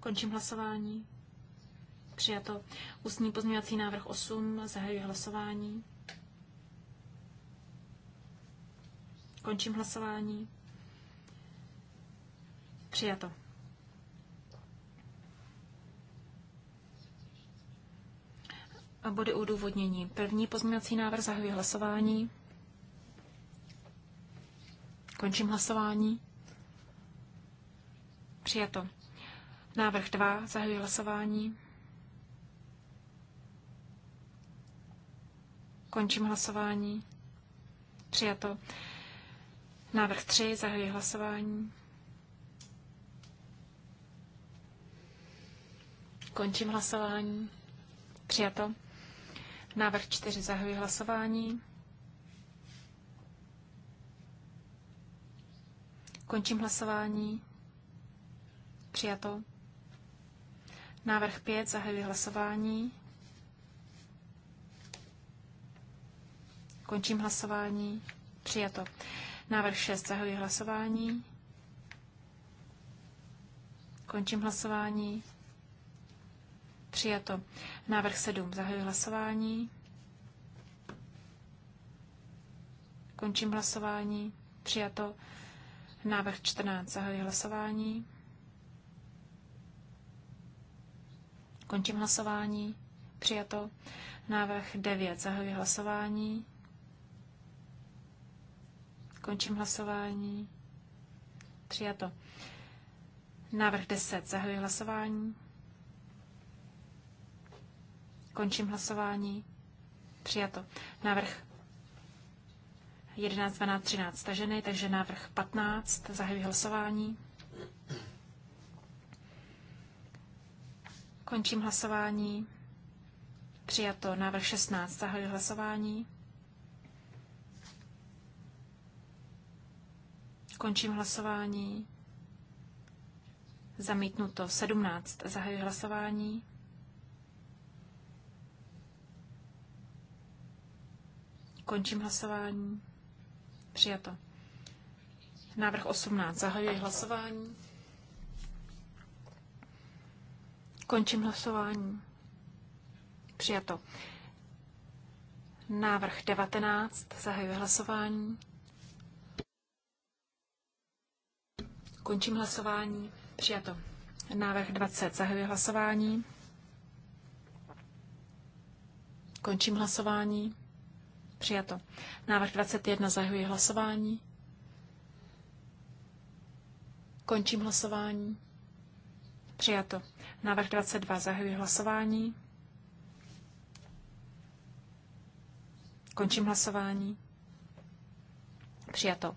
Končím hlasování. Přijato. Ústní pozměňovací návrh 8. Zahajuji hlasování. Končím hlasování. Přijato. A body odůvodnění. První pozměňovací návrh zahajuje hlasování. Končím hlasování. Přijato. Návrh 2. Zahajuji hlasování. Končím hlasování. Přijato. Návrh 3. Zahajuji hlasování. Končím hlasování. Přijato. Návrh 4 zahajuji hlasování. Končím hlasování. Přijato. Návrh 5 zahajuji hlasování. Končím hlasování. Přijato. Návrh 6 zahajuji hlasování. Končím hlasování. Přijato. Návrh 7. Zahajuji hlasování. Končím hlasování. Přijato. Návrh 14. Zahajuji hlasování. Končím hlasování. Přijato. Návrh 9. Zahajuji hlasování. Končím hlasování. Přijato. Návrh 10. Zahajuji hlasování. Končím hlasování. Přijato. Návrh 11, 12, 13 staženy, takže návrh 15, zahajuji hlasování. Končím hlasování. Přijato návrh 16, zahajuji hlasování. Končím hlasování. Zamítnuto 17, zahajuji hlasování. Končím hlasování. Přijato. Návrh 18. Zahajuji hlasování. Končím hlasování. Přijato. Návrh 19. Zahajuji hlasování. Končím hlasování. Přijato. Návrh 20. Zahajuji hlasování. Končím hlasování. Přijato. Návrh 21. Zahajuji hlasování. Končím hlasování. Přijato. Návrh 22. Zahajuji hlasování. Končím hlasování. Přijato.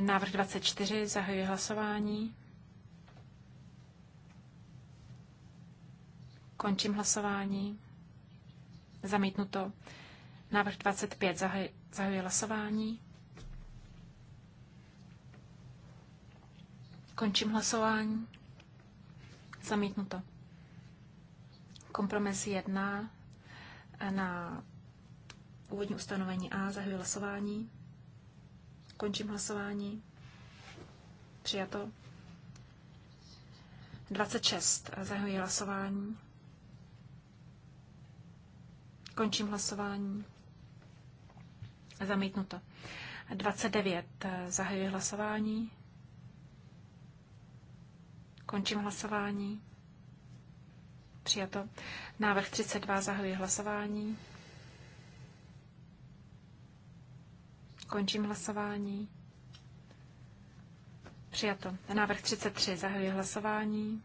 Návrh 24. Zahajuji hlasování. Končím hlasování. Zamítnuto. Návrh 25. zahajuje hlasování. Končím hlasování. Zamítnuto. Kompromis 1 na úvodní ustanovení A. zahajuje hlasování. Končím hlasování. Přijato. 26. zahajuje hlasování. Končím hlasování. Zamítnuto. 29. Zahajuji hlasování. Končím hlasování. Přijato. Návrh 32. Zahajuji hlasování. Končím hlasování. Přijato. Návrh 33. Zahajuji hlasování.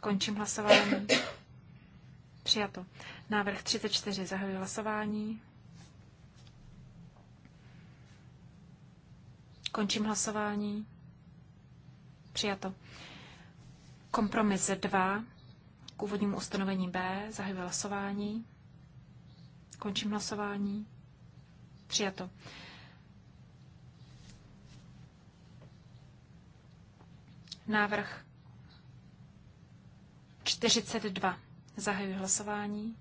Končím hlasování. Přijato. Návrh 34. Zahajuji hlasování. Končím hlasování. Přijato. Kompromis 2 k úvodnímu ustanovení B. Zahajuji hlasování. Končím hlasování. Přijato. Návrh 42. Zahajuji hlasování.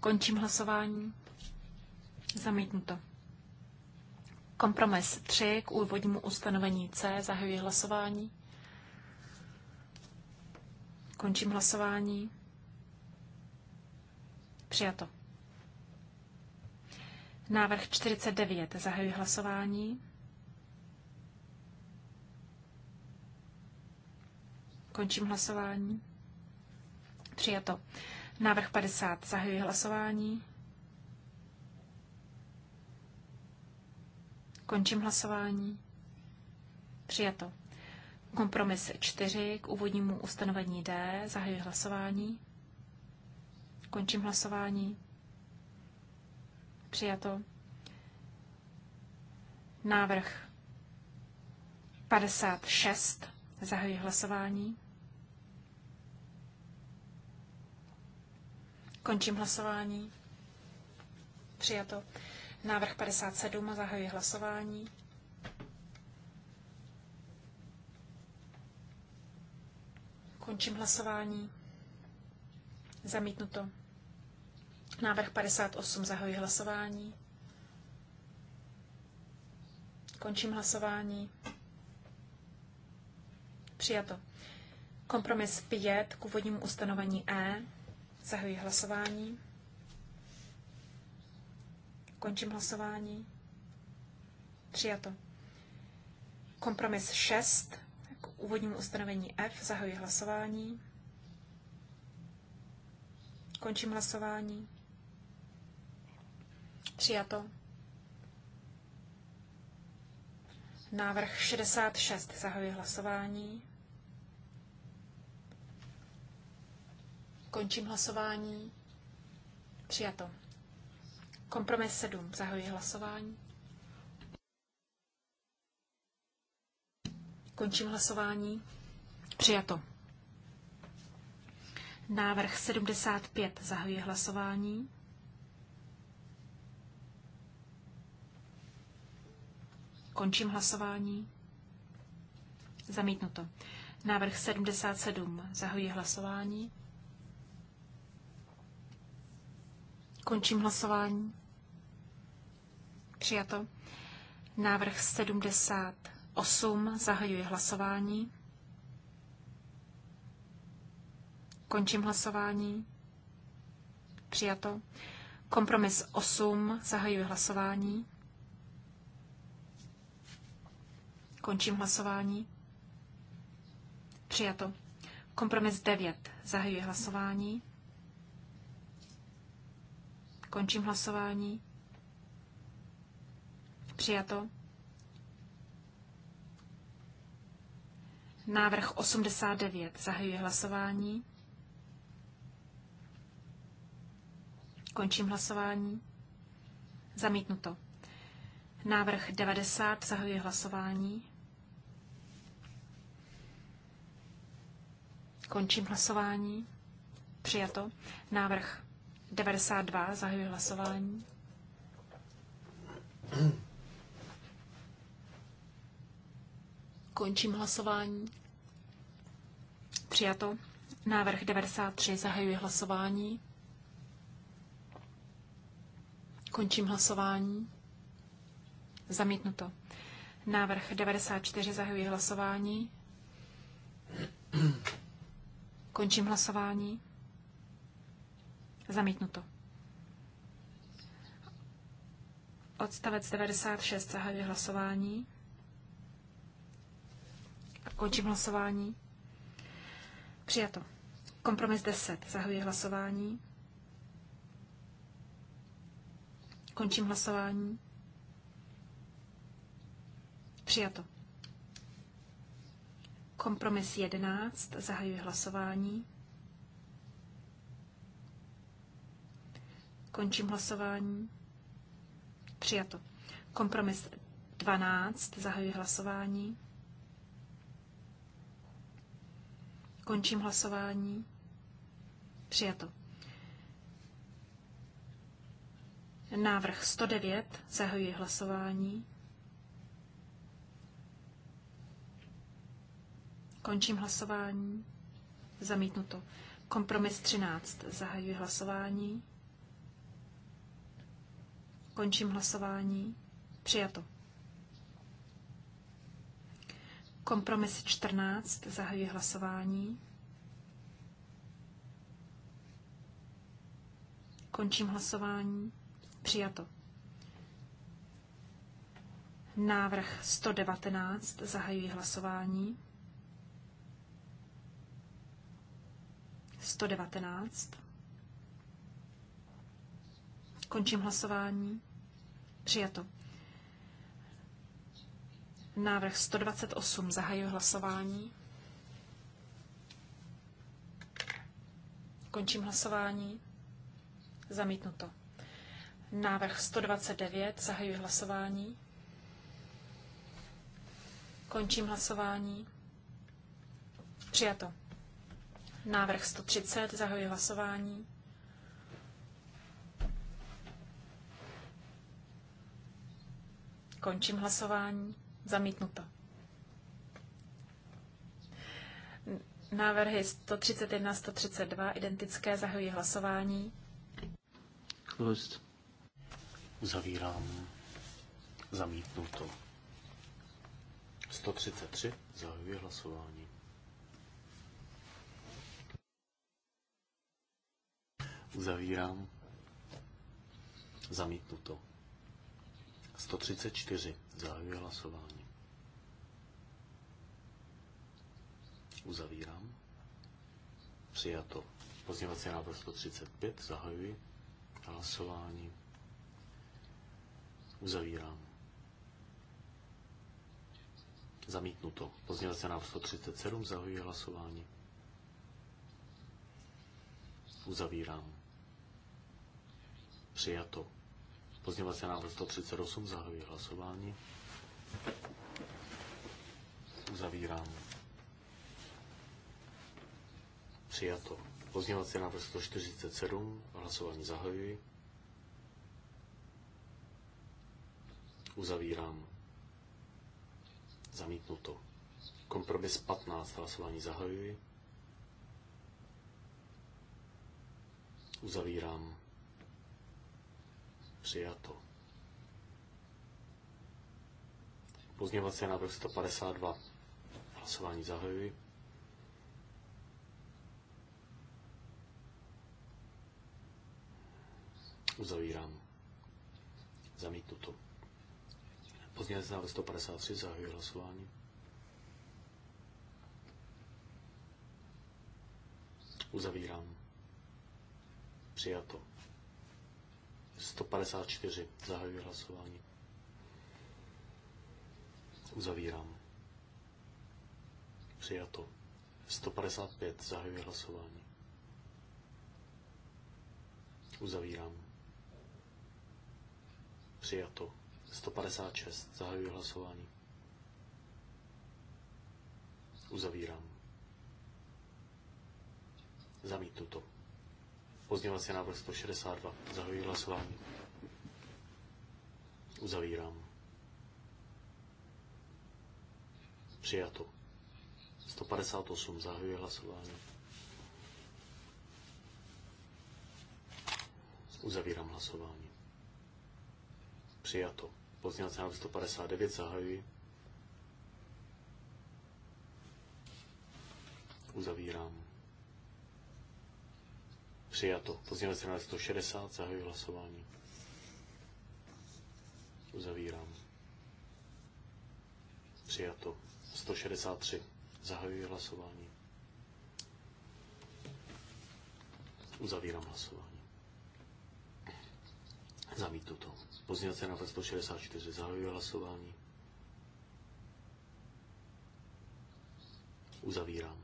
Končím hlasování. Zamítnuto. Kompromis 3 k úvodnímu ustanovení C. Zahajuji hlasování. Končím hlasování. Přijato. Návrh 49. Zahajuji hlasování. Končím hlasování. Přijato. Návrh 50. Zahajuji hlasování. Končím hlasování. Přijato. Kompromis 4 k úvodnímu ustanovení D. Zahajuji hlasování. Končím hlasování. Přijato. Návrh 56. Zahajuji hlasování. Končím hlasování. Přijato. Návrh 57. Zahajuji hlasování. Končím hlasování. Zamítnuto. Návrh 58. Zahajuji hlasování. Končím hlasování. Přijato. Kompromis 5 k úvodnímu ustanovení E. Zahajuji hlasování. Končím hlasování. Přijato. Kompromis 6 k úvodnímu ustanovení F. Zahajuji hlasování. Končím hlasování. Přijato. Návrh 66. Zahajuji hlasování. Končím hlasování. Přijato. Kompromis 7. Zahajuji hlasování. Končím hlasování. Přijato. Návrh 75. Zahajuji hlasování. Končím hlasování. Zamítnuto. Návrh 77. Zahajuji hlasování. Končím hlasování. Přijato. Návrh 78. Zahajuji hlasování. Končím hlasování. Přijato. Kompromis 8. Zahajuji hlasování. Končím hlasování. Přijato. Kompromis 9. Zahajuji hlasování. Končím hlasování. Přijato. Návrh 89. Zahajuji hlasování. Končím hlasování. Zamítnuto. Návrh 90. Zahajuji hlasování. Končím hlasování. Přijato. Návrh 92, zahajuji hlasování. Končím hlasování. Přijato. Návrh 93, zahajuji hlasování. Končím hlasování. Zamítnuto. Návrh 94, zahajuji hlasování. Končím hlasování. Zamítnuto. Odstavec 96. Zahajuji hlasování. Končím hlasování. Přijato. Kompromis 10. Zahajuji hlasování. Končím hlasování. Přijato. Kompromis 11. Zahajuji hlasování. Končím hlasování. Přijato. Kompromis 12. Zahajuji hlasování. Končím hlasování. Přijato. Návrh 109. Zahajuji hlasování. Končím hlasování. Zamítnuto. Kompromis 13. Zahajuji hlasování. Končím hlasování. Přijato. Kompromis 14. Zahajuji hlasování. Končím hlasování. Přijato. Návrh 119. Zahajuji hlasování. 119. Končím hlasování. Přijato. Návrh 128. Zahajuji hlasování. Končím hlasování. Zamítnuto. Návrh 129. Zahajuji hlasování. Končím hlasování. Přijato. Návrh 130. Zahajuji hlasování. Končím hlasování. Zamítnuto. Návrhy 131, 132, identické, zahajuji hlasování. Closed. Zavírám. Zamítnuto. 133, zahajuji hlasování. Uzavírám. Zamítnuto. 134. Zahajuji hlasování. Uzavírám. Přijato. Pozněvací návrh 135. Zahajuji hlasování. Uzavírám. Zamítnuto. Pozněvací návrh 137. Zahajuji hlasování. Uzavírám. Přijato. Pozněvací návrh 138, zahajuji hlasování. Uzavírám. Přijato. Pozněvací návrh 147, hlasování zahajuji. Uzavírám. Zamítnuto. Kompromis 15, hlasování zahajuji. Uzavírám. Přijato. Pozměňovací návrh 152. Hlasování zahajuji. Uzavírám. Zamítnuto. Pozměňovací návrh 153. Zahajuji hlasování. Uzavírám. Přijato. 154. Zahajuji hlasování. Uzavírám. Přijato. 155. Zahajuji hlasování. Uzavírám. Přijato. 156. Zahajuji hlasování. Uzavírám. Zamítnuto. Pozdělací návrh 162. Zahajuji hlasování. Uzavírám. Přijato. 158. Zahajuji hlasování. Uzavírám hlasování. Přijato. Pozdělací návrh 159. Zahajuji. Uzavírám. Přijato. na 160. Zahajuji hlasování. Uzavírám. Přijato. 163. Zahajuji hlasování. Uzavírám hlasování. Zamítnu to. Pozdělce na 164. Zahajuji hlasování. Uzavírám.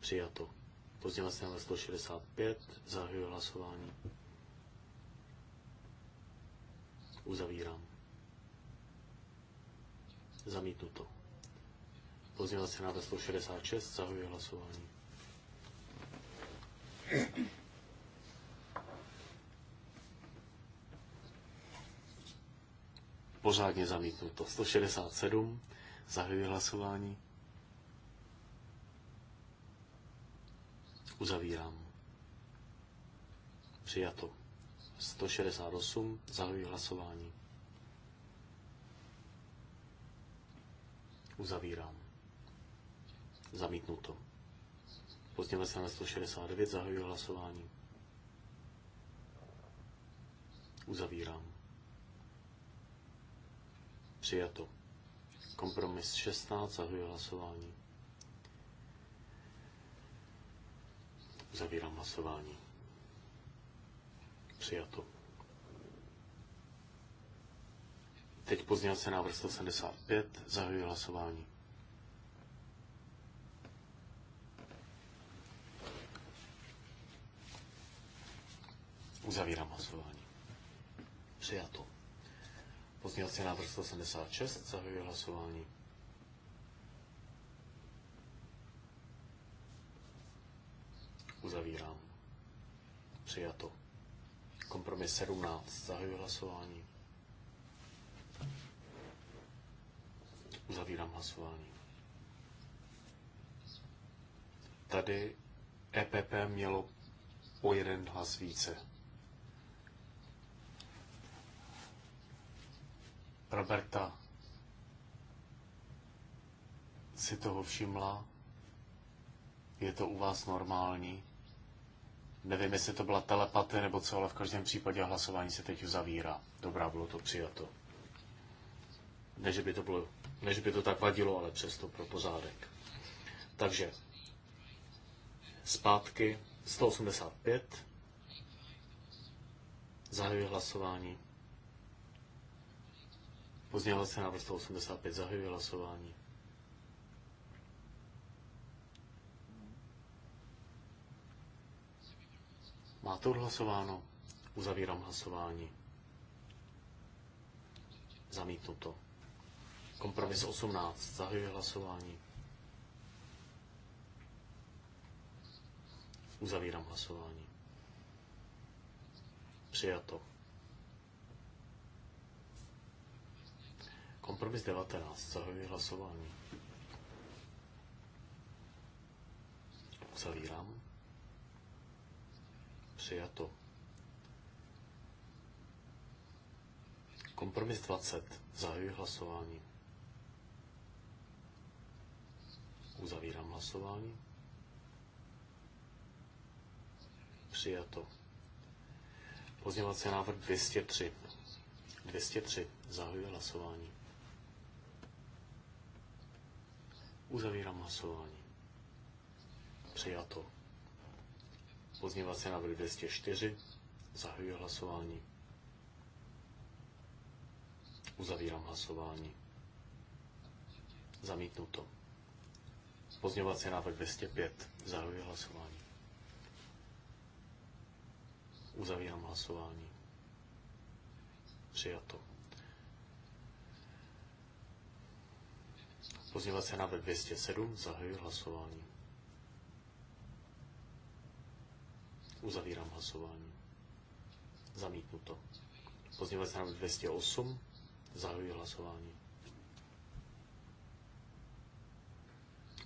Přijato. Pozdělací návrh 165. Zahajuji hlasování. Uzavírám. Zamítnuto. Pozdělací návrh 166. Zahajuji hlasování. Pořádně zamítnuto. 167. Zahajuji hlasování. Uzavírám. Přijato. 168. Zahajuji hlasování. Uzavírám. Zamítnuto. Pozděme se na 169. Zahajuji hlasování. Uzavírám. Přijato. Kompromis 16. Zahajuji hlasování. Zavírám hlasování. Přijato. Teď se návrh 175. Zahajuji hlasování. Uzavírám hlasování. Přijato. se návrh 176. Zahajuji hlasování. Uzavírám. Přijato. Kompromis 17. Zahajuji hlasování. Uzavírám hlasování. Tady EPP mělo o jeden hlas více. Roberta si toho všimla. Je to u vás normální? Nevím, jestli to byla telepatie nebo co, ale v každém případě hlasování se teď uzavírá. Dobrá, bylo to přijato. Než by to, bylo, než by to tak vadilo, ale přesto pro pozádek. Takže zpátky 185. Zahajuji hlasování. Pozdějovací návrh 185. Zahajuji hlasování. Máte odhlasováno? Uzavírám hlasování. Zamítnuto. Kompromis 18. Zahajuje hlasování. Uzavírám hlasování. Přijato. Kompromis 19. Zahajuji hlasování. Uzavírám. Přijato. Kompromis 20. Zahajuji hlasování. Uzavírám hlasování. Přijato. Pozměňovací návrh 203. 203. Zahajuji hlasování. Uzavírám hlasování. Přijato. Pozměňovací návrh 204. Zahajuji hlasování. Uzavírám hlasování. Zamítnuto. Pozměňovací návrh 205. Zahajuji hlasování. Uzavírám hlasování. Přijato. Pozměňovací návrh 207. Zahajuji hlasování. Uzavírám hlasování. Zamítnuto. Pozměňovací nám 208. Zahajuji hlasování.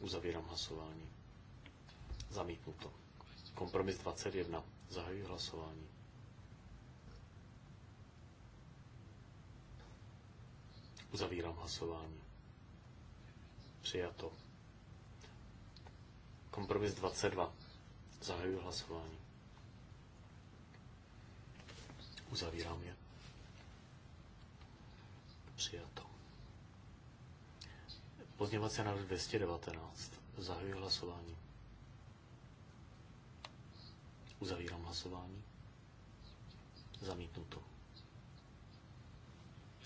Uzavírám hlasování. Zamítnuto. Kompromis 21. Zahajuji hlasování. Uzavírám hlasování. Přijato. Kompromis 22. Zahajuji hlasování. Uzavírám je. Přijato. Pozněvací návrh 219. Zahajuji hlasování. Uzavírám hlasování. Zamítnuto.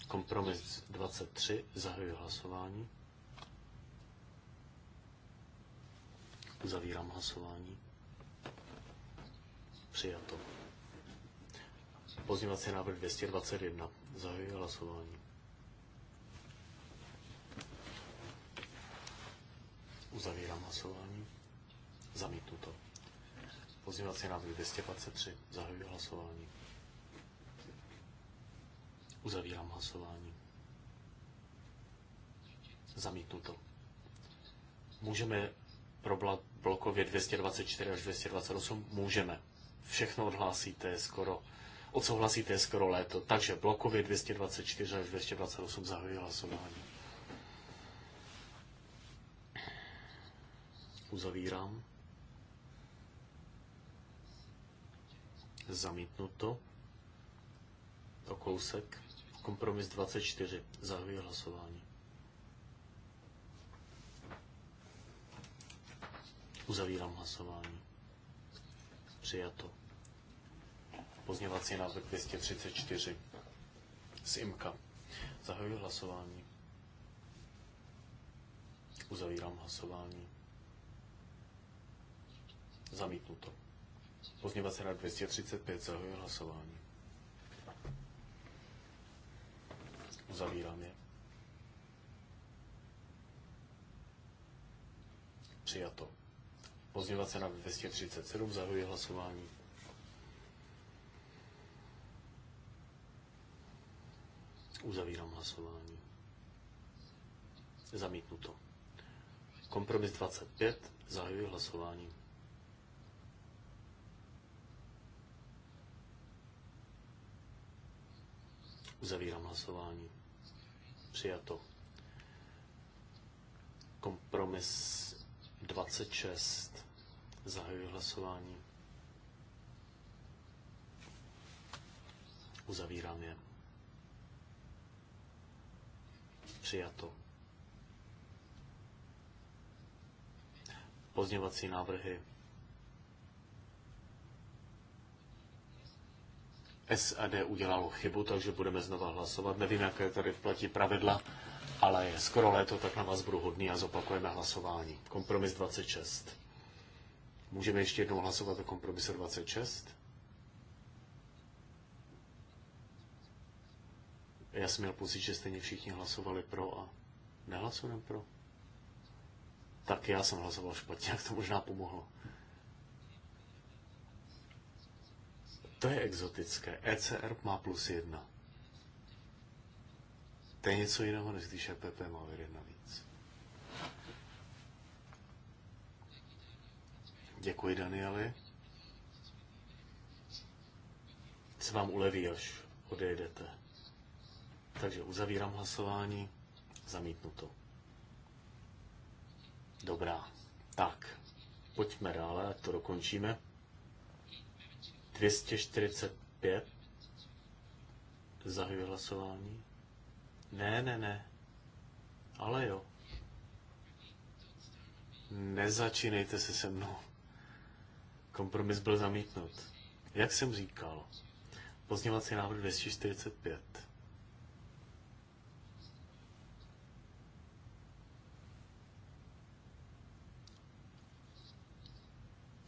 Kompromis 23. Zahajuji hlasování. Uzavírám hlasování. Přijato. Pozněvací návrh 221. Zahajuji hlasování. Uzavírám hlasování. Zamítnu to. Pozněvací návrh 223. Zahajuji hlasování. Uzavírám hlasování. Zamítnu to. Můžeme problat blokově 224 až 228? Můžeme. Všechno odhlásíte skoro odsouhlasíte skoro léto. Takže blokově 224 až 228 zahajuji hlasování. Uzavírám. Zamítnuto. O kousek. Kompromis 24. Zahajuji hlasování. Uzavírám hlasování. Přijato pozněvací návrh 234 z IMKA. Zahajuji hlasování. Uzavírám hlasování. Zamítnuto. Pozněvací návrh 235. Zahajuji hlasování. Uzavírám je. Přijato. Pozněvací návrh 237. Zahajuji hlasování. Uzavírám hlasování. Zamítnuto. Kompromis 25. Zahajuji hlasování. Uzavírám hlasování. Přijato. Kompromis 26. Zahajuji hlasování. Uzavírám je. přijato. Pozněvací návrhy SAD udělalo chybu, takže budeme znova hlasovat. Nevím, jaké tady platí pravidla, ale je skoro léto, tak na vás budu hodný a zopakujeme hlasování. Kompromis 26. Můžeme ještě jednou hlasovat o kompromisu 26? Já jsem měl pocit, že stejně všichni hlasovali pro a nehlasujem pro. Tak já jsem hlasoval špatně, jak to možná pomohlo. To je exotické. ECR má plus jedna. To je něco jiného, než když EPP má vědět navíc. Děkuji, Danieli. Se vám uleví, až odejdete. Takže uzavírám hlasování. Zamítnuto. Dobrá. Tak, pojďme dále, ať to dokončíme. 245. Zahajuji hlasování. Ne, ne, ne. Ale jo. Nezačínejte se se mnou. Kompromis byl zamítnut. Jak jsem říkal, pozněvací návrh 245.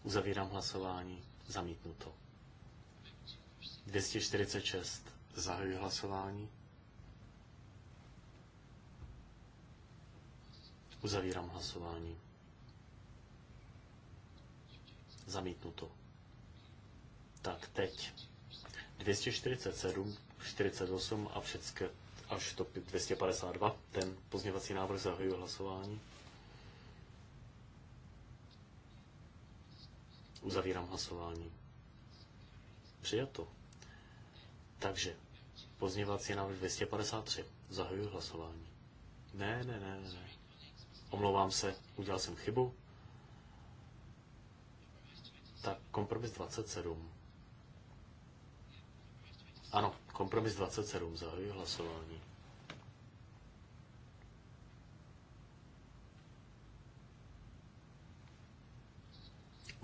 Uzavírám hlasování. Zamítnuto. 246. Zahajuji hlasování. Uzavírám hlasování. Zamítnuto. Tak teď 247, 48 a všechny až to 252, ten pozměvací návrh zahajuje hlasování. Uzavírám hlasování. Přijato. Takže pozněvací návrh 253. Zahajuji hlasování. Ne, ne, ne, ne. Omlouvám se, udělal jsem chybu. Tak kompromis 27. Ano, kompromis 27. Zahajuji hlasování.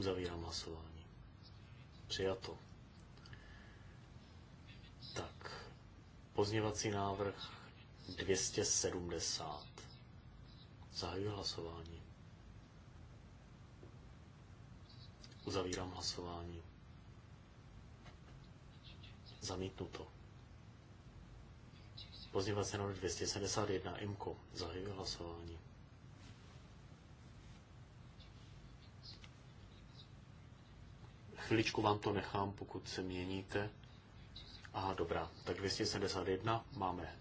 Uzavírám hlasování. Přijato. Tak, pozněvací návrh 270. Zahajuji hlasování. Uzavírám hlasování. Zamítnuto. Pozněvací návrh 271 IMKO. Zahajuji hlasování. Chviličku vám to nechám, pokud se měníte. Aha, dobrá. Tak 271 máme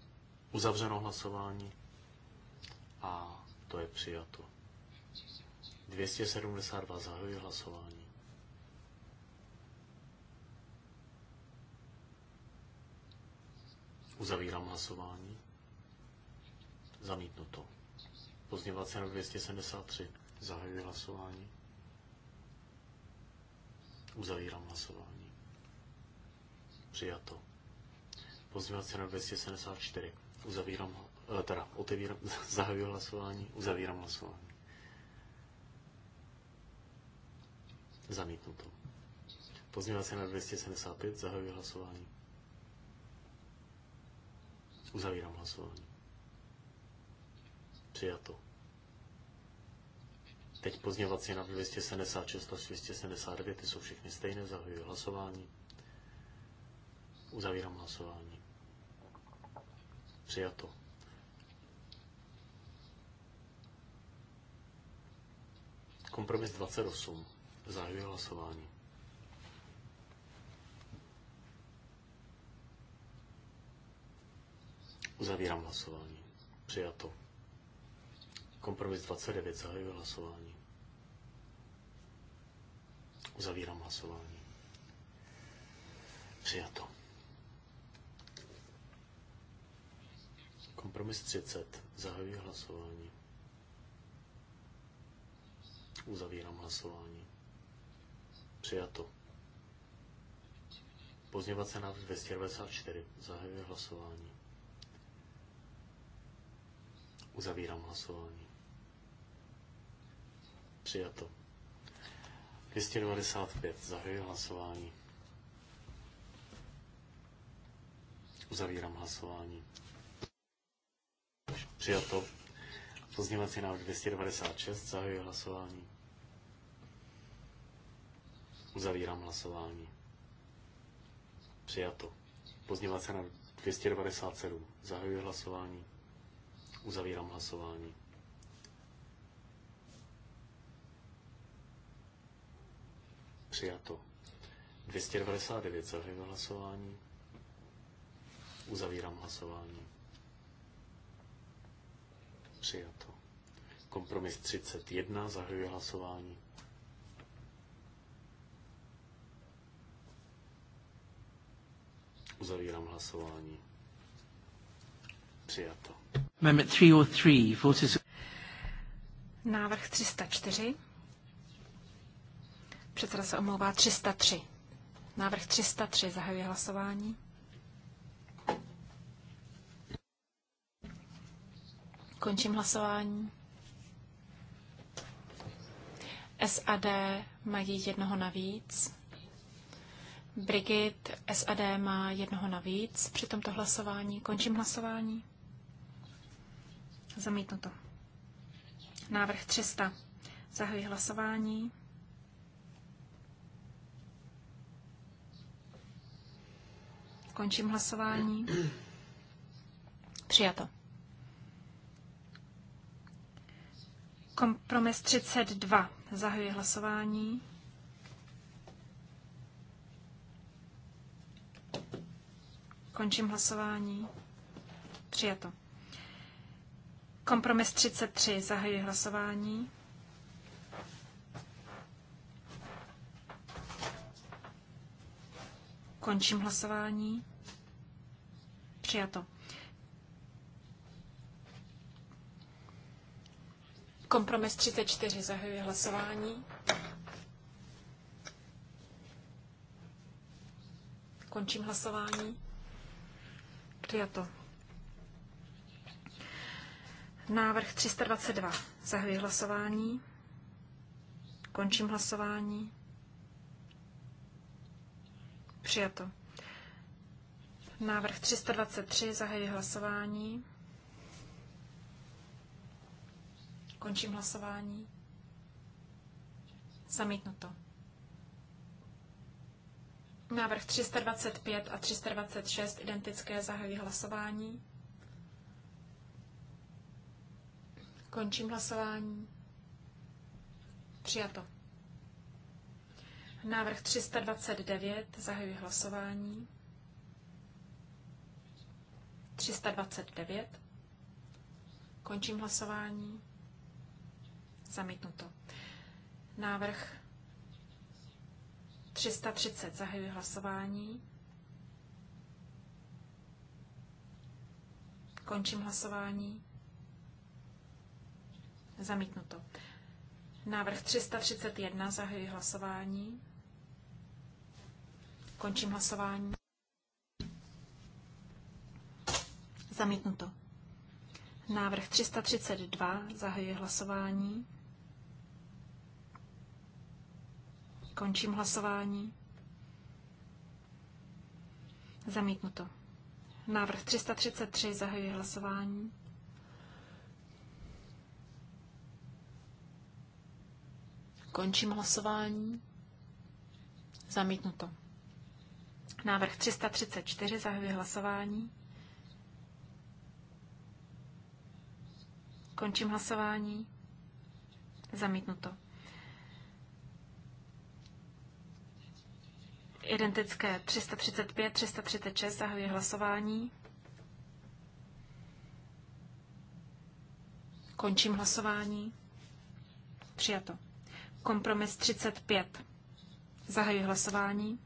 uzavřeno hlasování a to je přijato. 272 zahajuje hlasování. Uzavírám hlasování. Zamítnuto. Pozněvací na 273. Zahajuji hlasování. Uzavírám hlasování. Přijato. Pozměňovací na 274. Uzavírám, eh, teda otevírám, *laughs* zahajuji hlasování, uzavírám hlasování. Zamítnuto. Pozměňovací na 275. Zahajuji hlasování. Uzavírám hlasování. Přijato. Teď pozněvací na 276 a 279, ty jsou všechny stejné, zahajuji hlasování. Uzavírám hlasování. Přijato. Kompromis 28. Zahajuji hlasování. Uzavírám hlasování. Přijato. Kompromis 29. Zahajuji hlasování. Uzavírám hlasování. Přijato. Kompromis 30. Zahajuji hlasování. Uzavírám hlasování. Přijato. Pozněvací návrh 294. Zahajuji hlasování. Uzavírám hlasování. Přijato. 295. Zahajuji hlasování. Uzavírám hlasování. Přijato. Pozněvací návrh 296. Zahajuji hlasování. Uzavírám hlasování. Přijato. Pozněvací návrh 297. Zahajuji hlasování. Uzavírám hlasování. Přijato. 299 zahajuji hlasování. Uzavírám hlasování. Přijato. Kompromis 31 zahajuji hlasování. Uzavírám hlasování. Přijato. Amendment 303. Návrh 304. Předseda se omlouvá 303. Návrh 303 zahajuje hlasování. Končím hlasování. SAD mají jednoho navíc. Brigit SAD má jednoho navíc při tomto hlasování. Končím hlasování. Zamítnuto. Návrh 300. Zahajuji hlasování. Končím hlasování. Přijato. Kompromis 32. Zahajuji hlasování. Končím hlasování. Přijato. Kompromis 33. Zahajuji hlasování. Končím hlasování. Přijato. Kompromis 34 zahajuje hlasování. Končím hlasování. Přijato. Návrh 322. Zahajuji hlasování. Končím hlasování. Přijato. Návrh 323, zahají hlasování. Končím hlasování. Zamítnuto. Návrh 325 a 326 identické zahají hlasování. Končím hlasování. Přijato. Návrh 329, zahajuji hlasování. 329. Končím hlasování. Zamítnuto. Návrh 330. Zahajuji hlasování. Končím hlasování. Zamítnuto. Návrh 331. Zahajuji hlasování. Končím hlasování. Zamítnuto. Návrh 332. Zahajuji hlasování. Končím hlasování. Zamítnuto. Návrh 333. Zahajuji hlasování. Končím hlasování. Zamítnuto. Návrh 334, zahajuji hlasování. Končím hlasování. Zamítnuto. Identické 335, 336, zahajuji hlasování. Končím hlasování. Přijato. Kompromis 35. Zahajuji hlasování.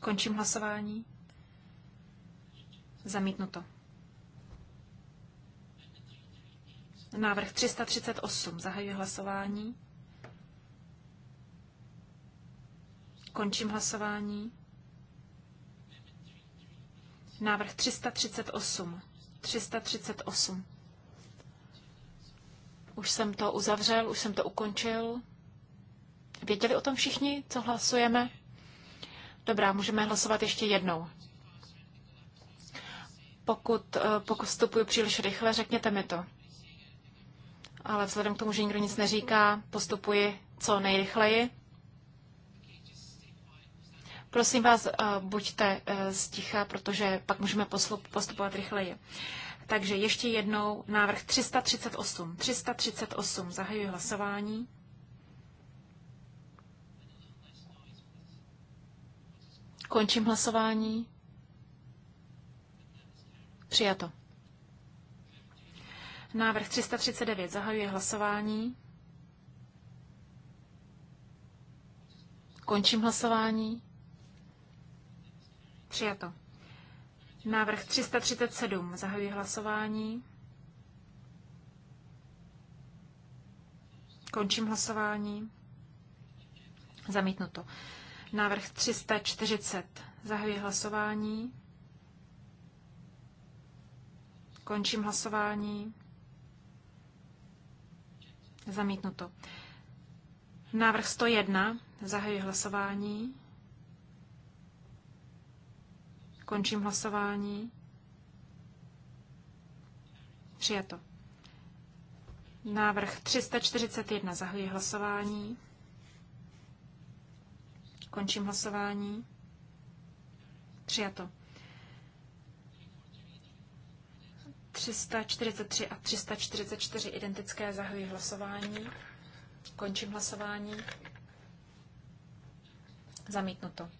Končím hlasování. Zamítnuto. Návrh 338. Zahajuji hlasování. Končím hlasování. Návrh 338. 338. Už jsem to uzavřel, už jsem to ukončil. Věděli o tom všichni, co hlasujeme? Dobrá, můžeme hlasovat ještě jednou. Pokud, eh, postupuji příliš rychle, řekněte mi to. Ale vzhledem k tomu, že nikdo nic neříká, postupuji co nejrychleji. Prosím vás, eh, buďte sticha, eh, protože pak můžeme postupovat rychleji. Takže ještě jednou návrh 338. 338. Zahajuji hlasování. Končím hlasování. Přijato. Návrh 339 zahajuje hlasování. Končím hlasování. Přijato. Návrh 337 zahajuje hlasování. Končím hlasování. Zamítnuto. Návrh 340. Zahajuji hlasování. Končím hlasování. Zamítnuto. Návrh 101. Zahajuji hlasování. Končím hlasování. Přijato. Návrh 341. Zahajuji hlasování. Končím hlasování. Přijato. 343 a 344 identické zahojí hlasování. Končím hlasování. Zamítnuto.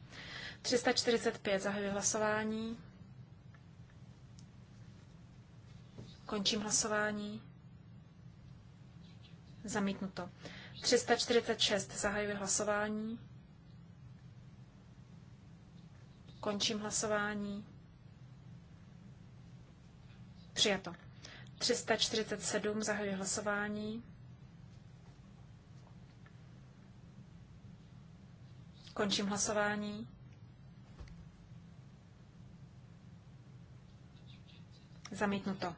345 zahajuji hlasování. Končím hlasování. Zamítnuto. 346 zahajuji hlasování. Končím hlasování. Přijato. 347 zahajuji hlasování. Končím hlasování. Zamítnuto.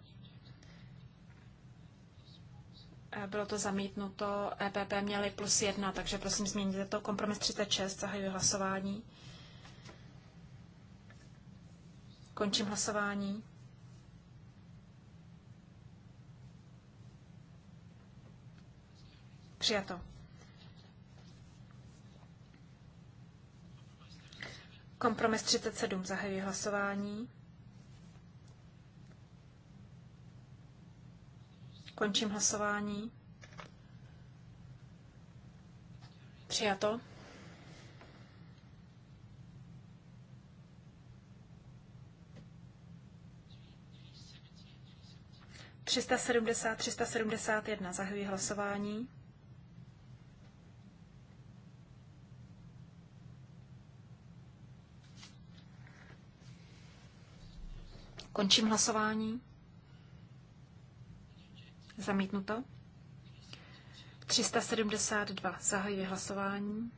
Eh, bylo to zamítnuto, EPP měli plus jedna, takže prosím změníte to. Kompromis 36, zahajuji hlasování. Končím hlasování. Přijato. Kompromis 37. Zahajuji hlasování. Končím hlasování. Přijato. 370, 371. Zahajuji hlasování. Končím hlasování. Zamítnuto. 372. Zahajuji hlasování.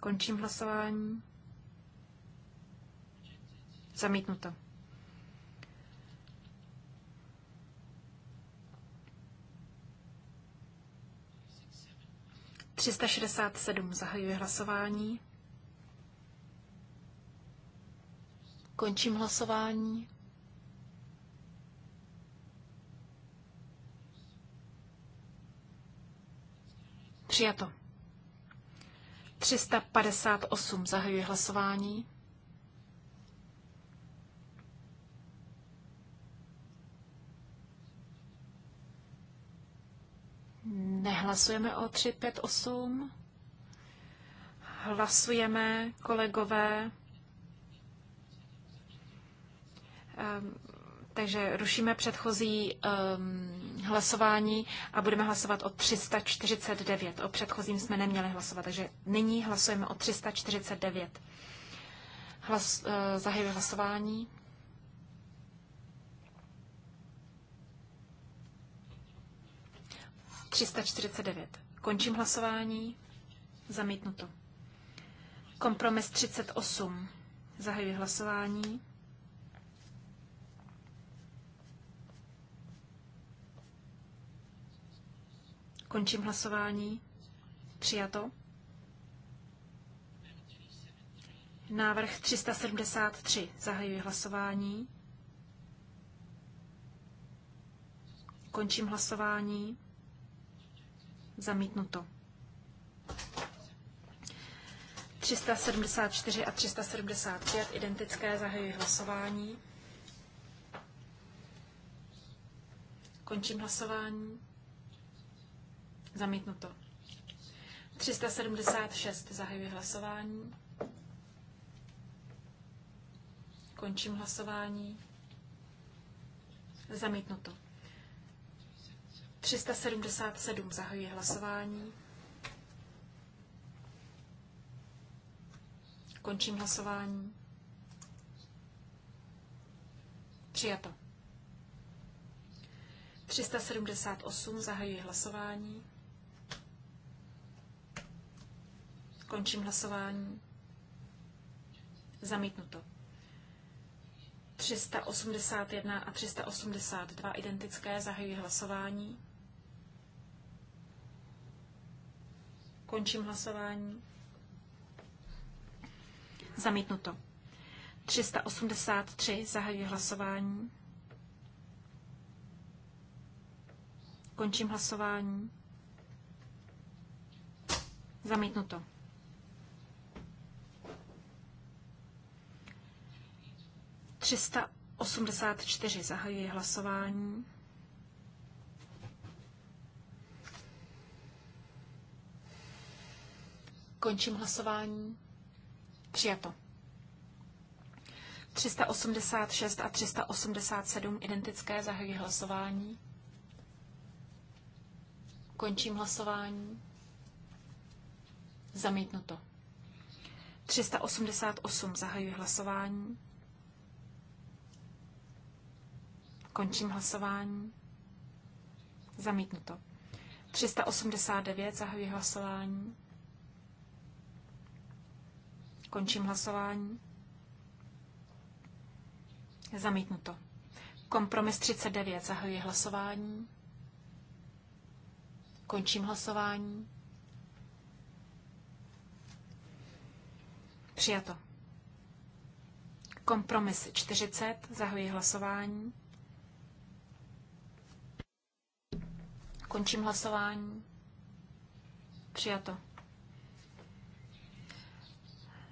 Končím hlasování. Zamítnuto. Třista šedesát sedm. zahajuje hlasování. Končím hlasování. Přijato. Třista padesát osm zahajuje hlasování. Nehlasujeme o 358. Hlasujeme, kolegové. Um, takže rušíme předchozí um, hlasování a budeme hlasovat o 349. O předchozím jsme neměli hlasovat, takže nyní hlasujeme o 349. Hlas, uh, zahajuji hlasování. 349. Končím hlasování. Zamítnuto. Kompromis 38. Zahajuji hlasování. Končím hlasování. Přijato. Návrh 373. Zahajuji hlasování. Končím hlasování. Zamítnuto. 374 a 375 identické zahajuji hlasování. Končím hlasování. Zamítnuto. 376 zahajuji hlasování. Končím hlasování. Zamítnuto. 377 zahajuji hlasování. Končím hlasování. Přijato. 378 zahajuji hlasování. Končím hlasování. Zamítnuto. 381 a 382 identické zahajuji hlasování. Končím hlasování. Zamítnuto. 383. Zahajuji hlasování. Končím hlasování. Zamítnuto. 384 osmdesát Zahajuji hlasování. Končím hlasování. Přijato. 386 a 387 identické zahají hlasování. Končím hlasování. Zamítnuto. 388 zahajuji hlasování. Končím hlasování. Zamítnuto. 389 zahajuji hlasování. Končím hlasování. Zamítnuto. Kompromis 39. Zahajuji hlasování. Končím hlasování. Přijato. Kompromis 40. Zahajuji hlasování. Končím hlasování. Přijato.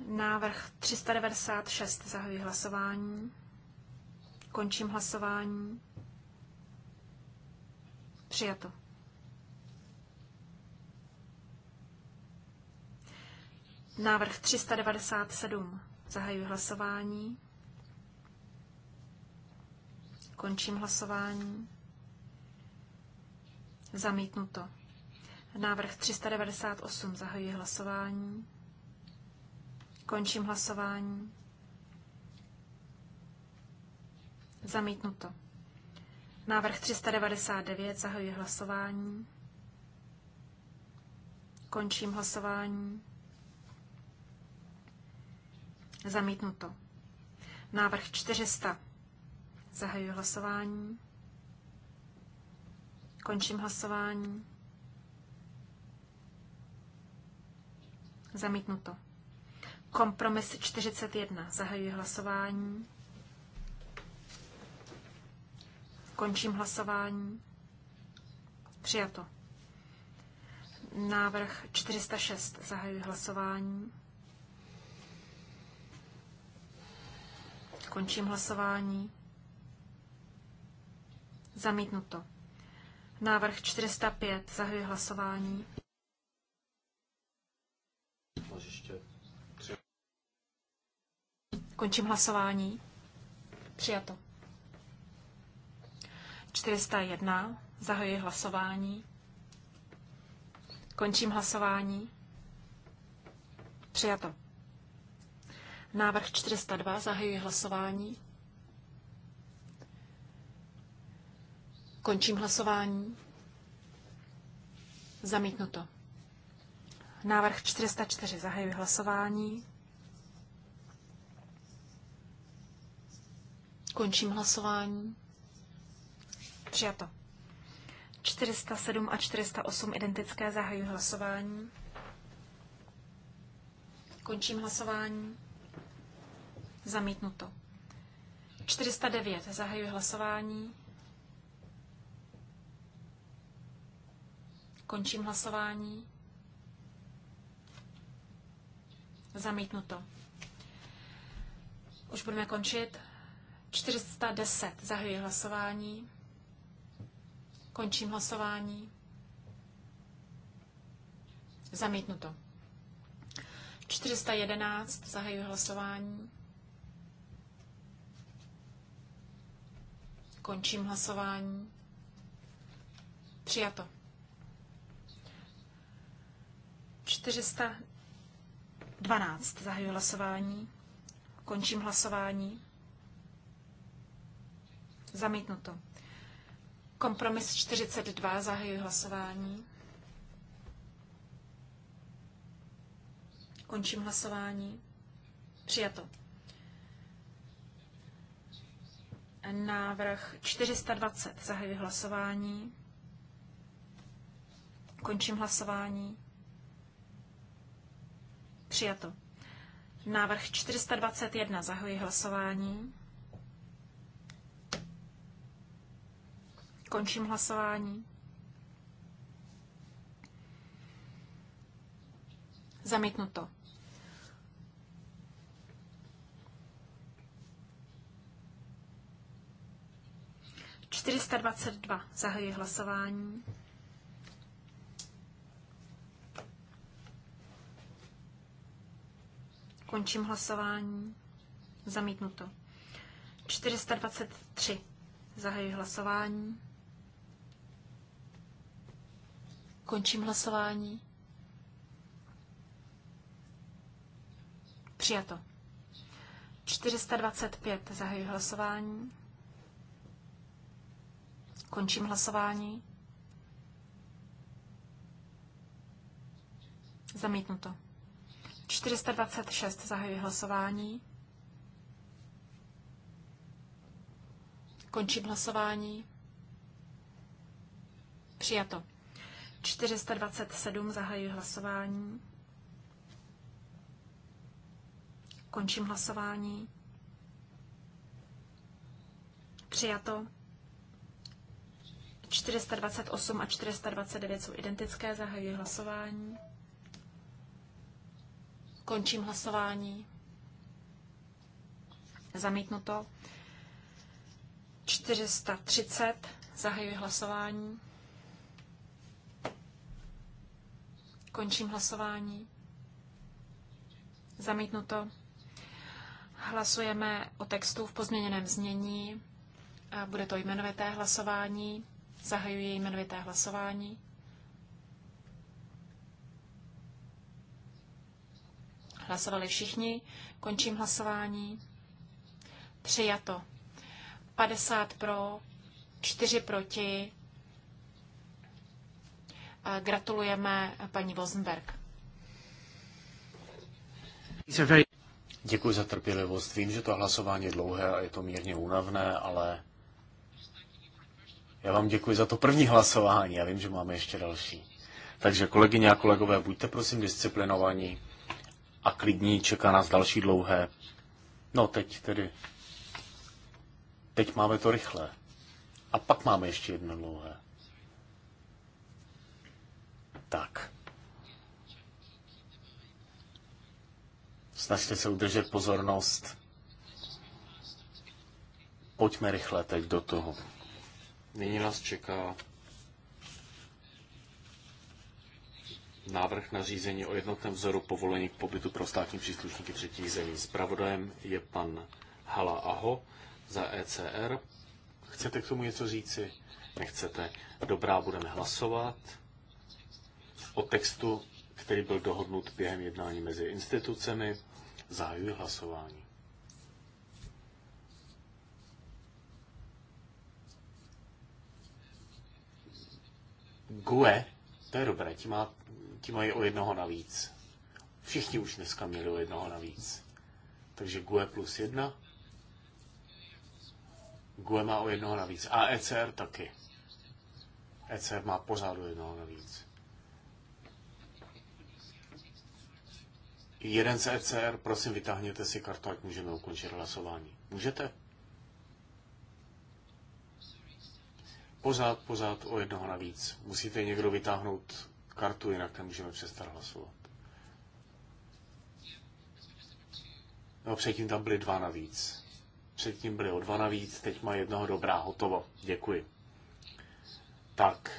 Návrh 396. Zahajuji hlasování. Končím hlasování. Přijato. Návrh 397. Zahajuji hlasování. Končím hlasování. Zamítnuto. Návrh 398. Zahajuji hlasování. Končím hlasování. Zamítnuto. Návrh 399 zahajuji hlasování. Končím hlasování. Zamítnuto. Návrh 400. Zahajuji hlasování. Končím hlasování. Zamítnuto. Kompromis 41. Zahajuji hlasování. Končím hlasování. Přijato. Návrh 406. Zahajuji hlasování. Končím hlasování. Zamítnuto. Návrh 405. Zahajuji hlasování. Můžeš Končím hlasování. Přijato. 401. Zahajuji hlasování. Končím hlasování. Přijato. Návrh 402. Zahajuji hlasování. Končím hlasování. Zamítnuto. Návrh 404. Zahajuji hlasování. Končím hlasování. Přijato. 407 a 408 identické zahajuji hlasování. Končím hlasování. Zamítnuto. 409 zahajuji hlasování. Končím hlasování. Zamítnuto. Už budeme končit. 410. Zahajuji hlasování. Končím hlasování. Zamítnuto. 411. Zahajuji hlasování. Končím hlasování. Přijato. 412. Zahajuji hlasování. Končím hlasování. Zamítnuto. Kompromis 42, zahajuji hlasování. Končím hlasování. Přijato. Návrh 420, zahajuji hlasování. Končím hlasování. Přijato. Návrh 421, zahajuji hlasování. Končím hlasování. Zamítnuto. Čtyřista dvacet dva. Zahajuji hlasování. Končím hlasování. Zamítnuto. 423. Zahajuji hlasování. Končím hlasování. Přijato. 425. Zahajuji hlasování. Končím hlasování. Zamítnuto. 426. Zahajuji hlasování. Končím hlasování. Přijato. 427 zahajuji hlasování. Končím hlasování. Přijato. 428 a 429 jsou identické, zahajuji hlasování. Končím hlasování. Zamítnuto. 430, zahajuji hlasování. Končím hlasování. Zamítnuto. Hlasujeme o textu v pozměněném znění. Bude to jmenovité hlasování. Zahajuji jmenovité hlasování. Hlasovali všichni. Končím hlasování. Přijato. 50 pro, 4 proti, Gratulujeme paní Vosenberg. Děkuji za trpělivost. Vím, že to hlasování je dlouhé a je to mírně únavné, ale já vám děkuji za to první hlasování. Já vím, že máme ještě další. Takže kolegyně a kolegové, buďte prosím disciplinovaní a klidní, čeká nás další dlouhé. No teď tedy. Teď máme to rychlé. A pak máme ještě jedno dlouhé tak. Snažte se udržet pozornost. Pojďme rychle teď do toho. Nyní nás čeká návrh na řízení o jednotném vzoru povolení k pobytu pro státní příslušníky třetích zemí. Zpravodajem je pan Hala Aho za ECR. Chcete k tomu něco říci? Nechcete. Dobrá, budeme hlasovat o textu, který byl dohodnut během jednání mezi institucemi. Zahajuji hlasování. GUE, to je dobré, ti, má, ti mají o jednoho navíc. Všichni už dneska měli o jednoho navíc. Takže GUE plus jedna. GUE má o jednoho navíc. A ECR taky. ECR má pořád o jednoho navíc. Jeden z ECR, prosím, vytáhněte si kartu, ať můžeme ukončit hlasování. Můžete? Pořád, pořád o jednoho navíc. Musíte někdo vytáhnout kartu, jinak nemůžeme přestat hlasovat. No, předtím tam byly dva navíc. Předtím byly o dva navíc, teď má jednoho dobrá, hotovo. Děkuji. Tak,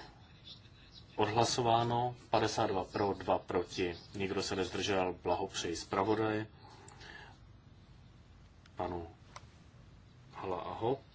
Odhlasováno 52 pro, 2 proti. Nikdo se nezdržel. Blahopřeji zpravodaj. Panu Hala Hop.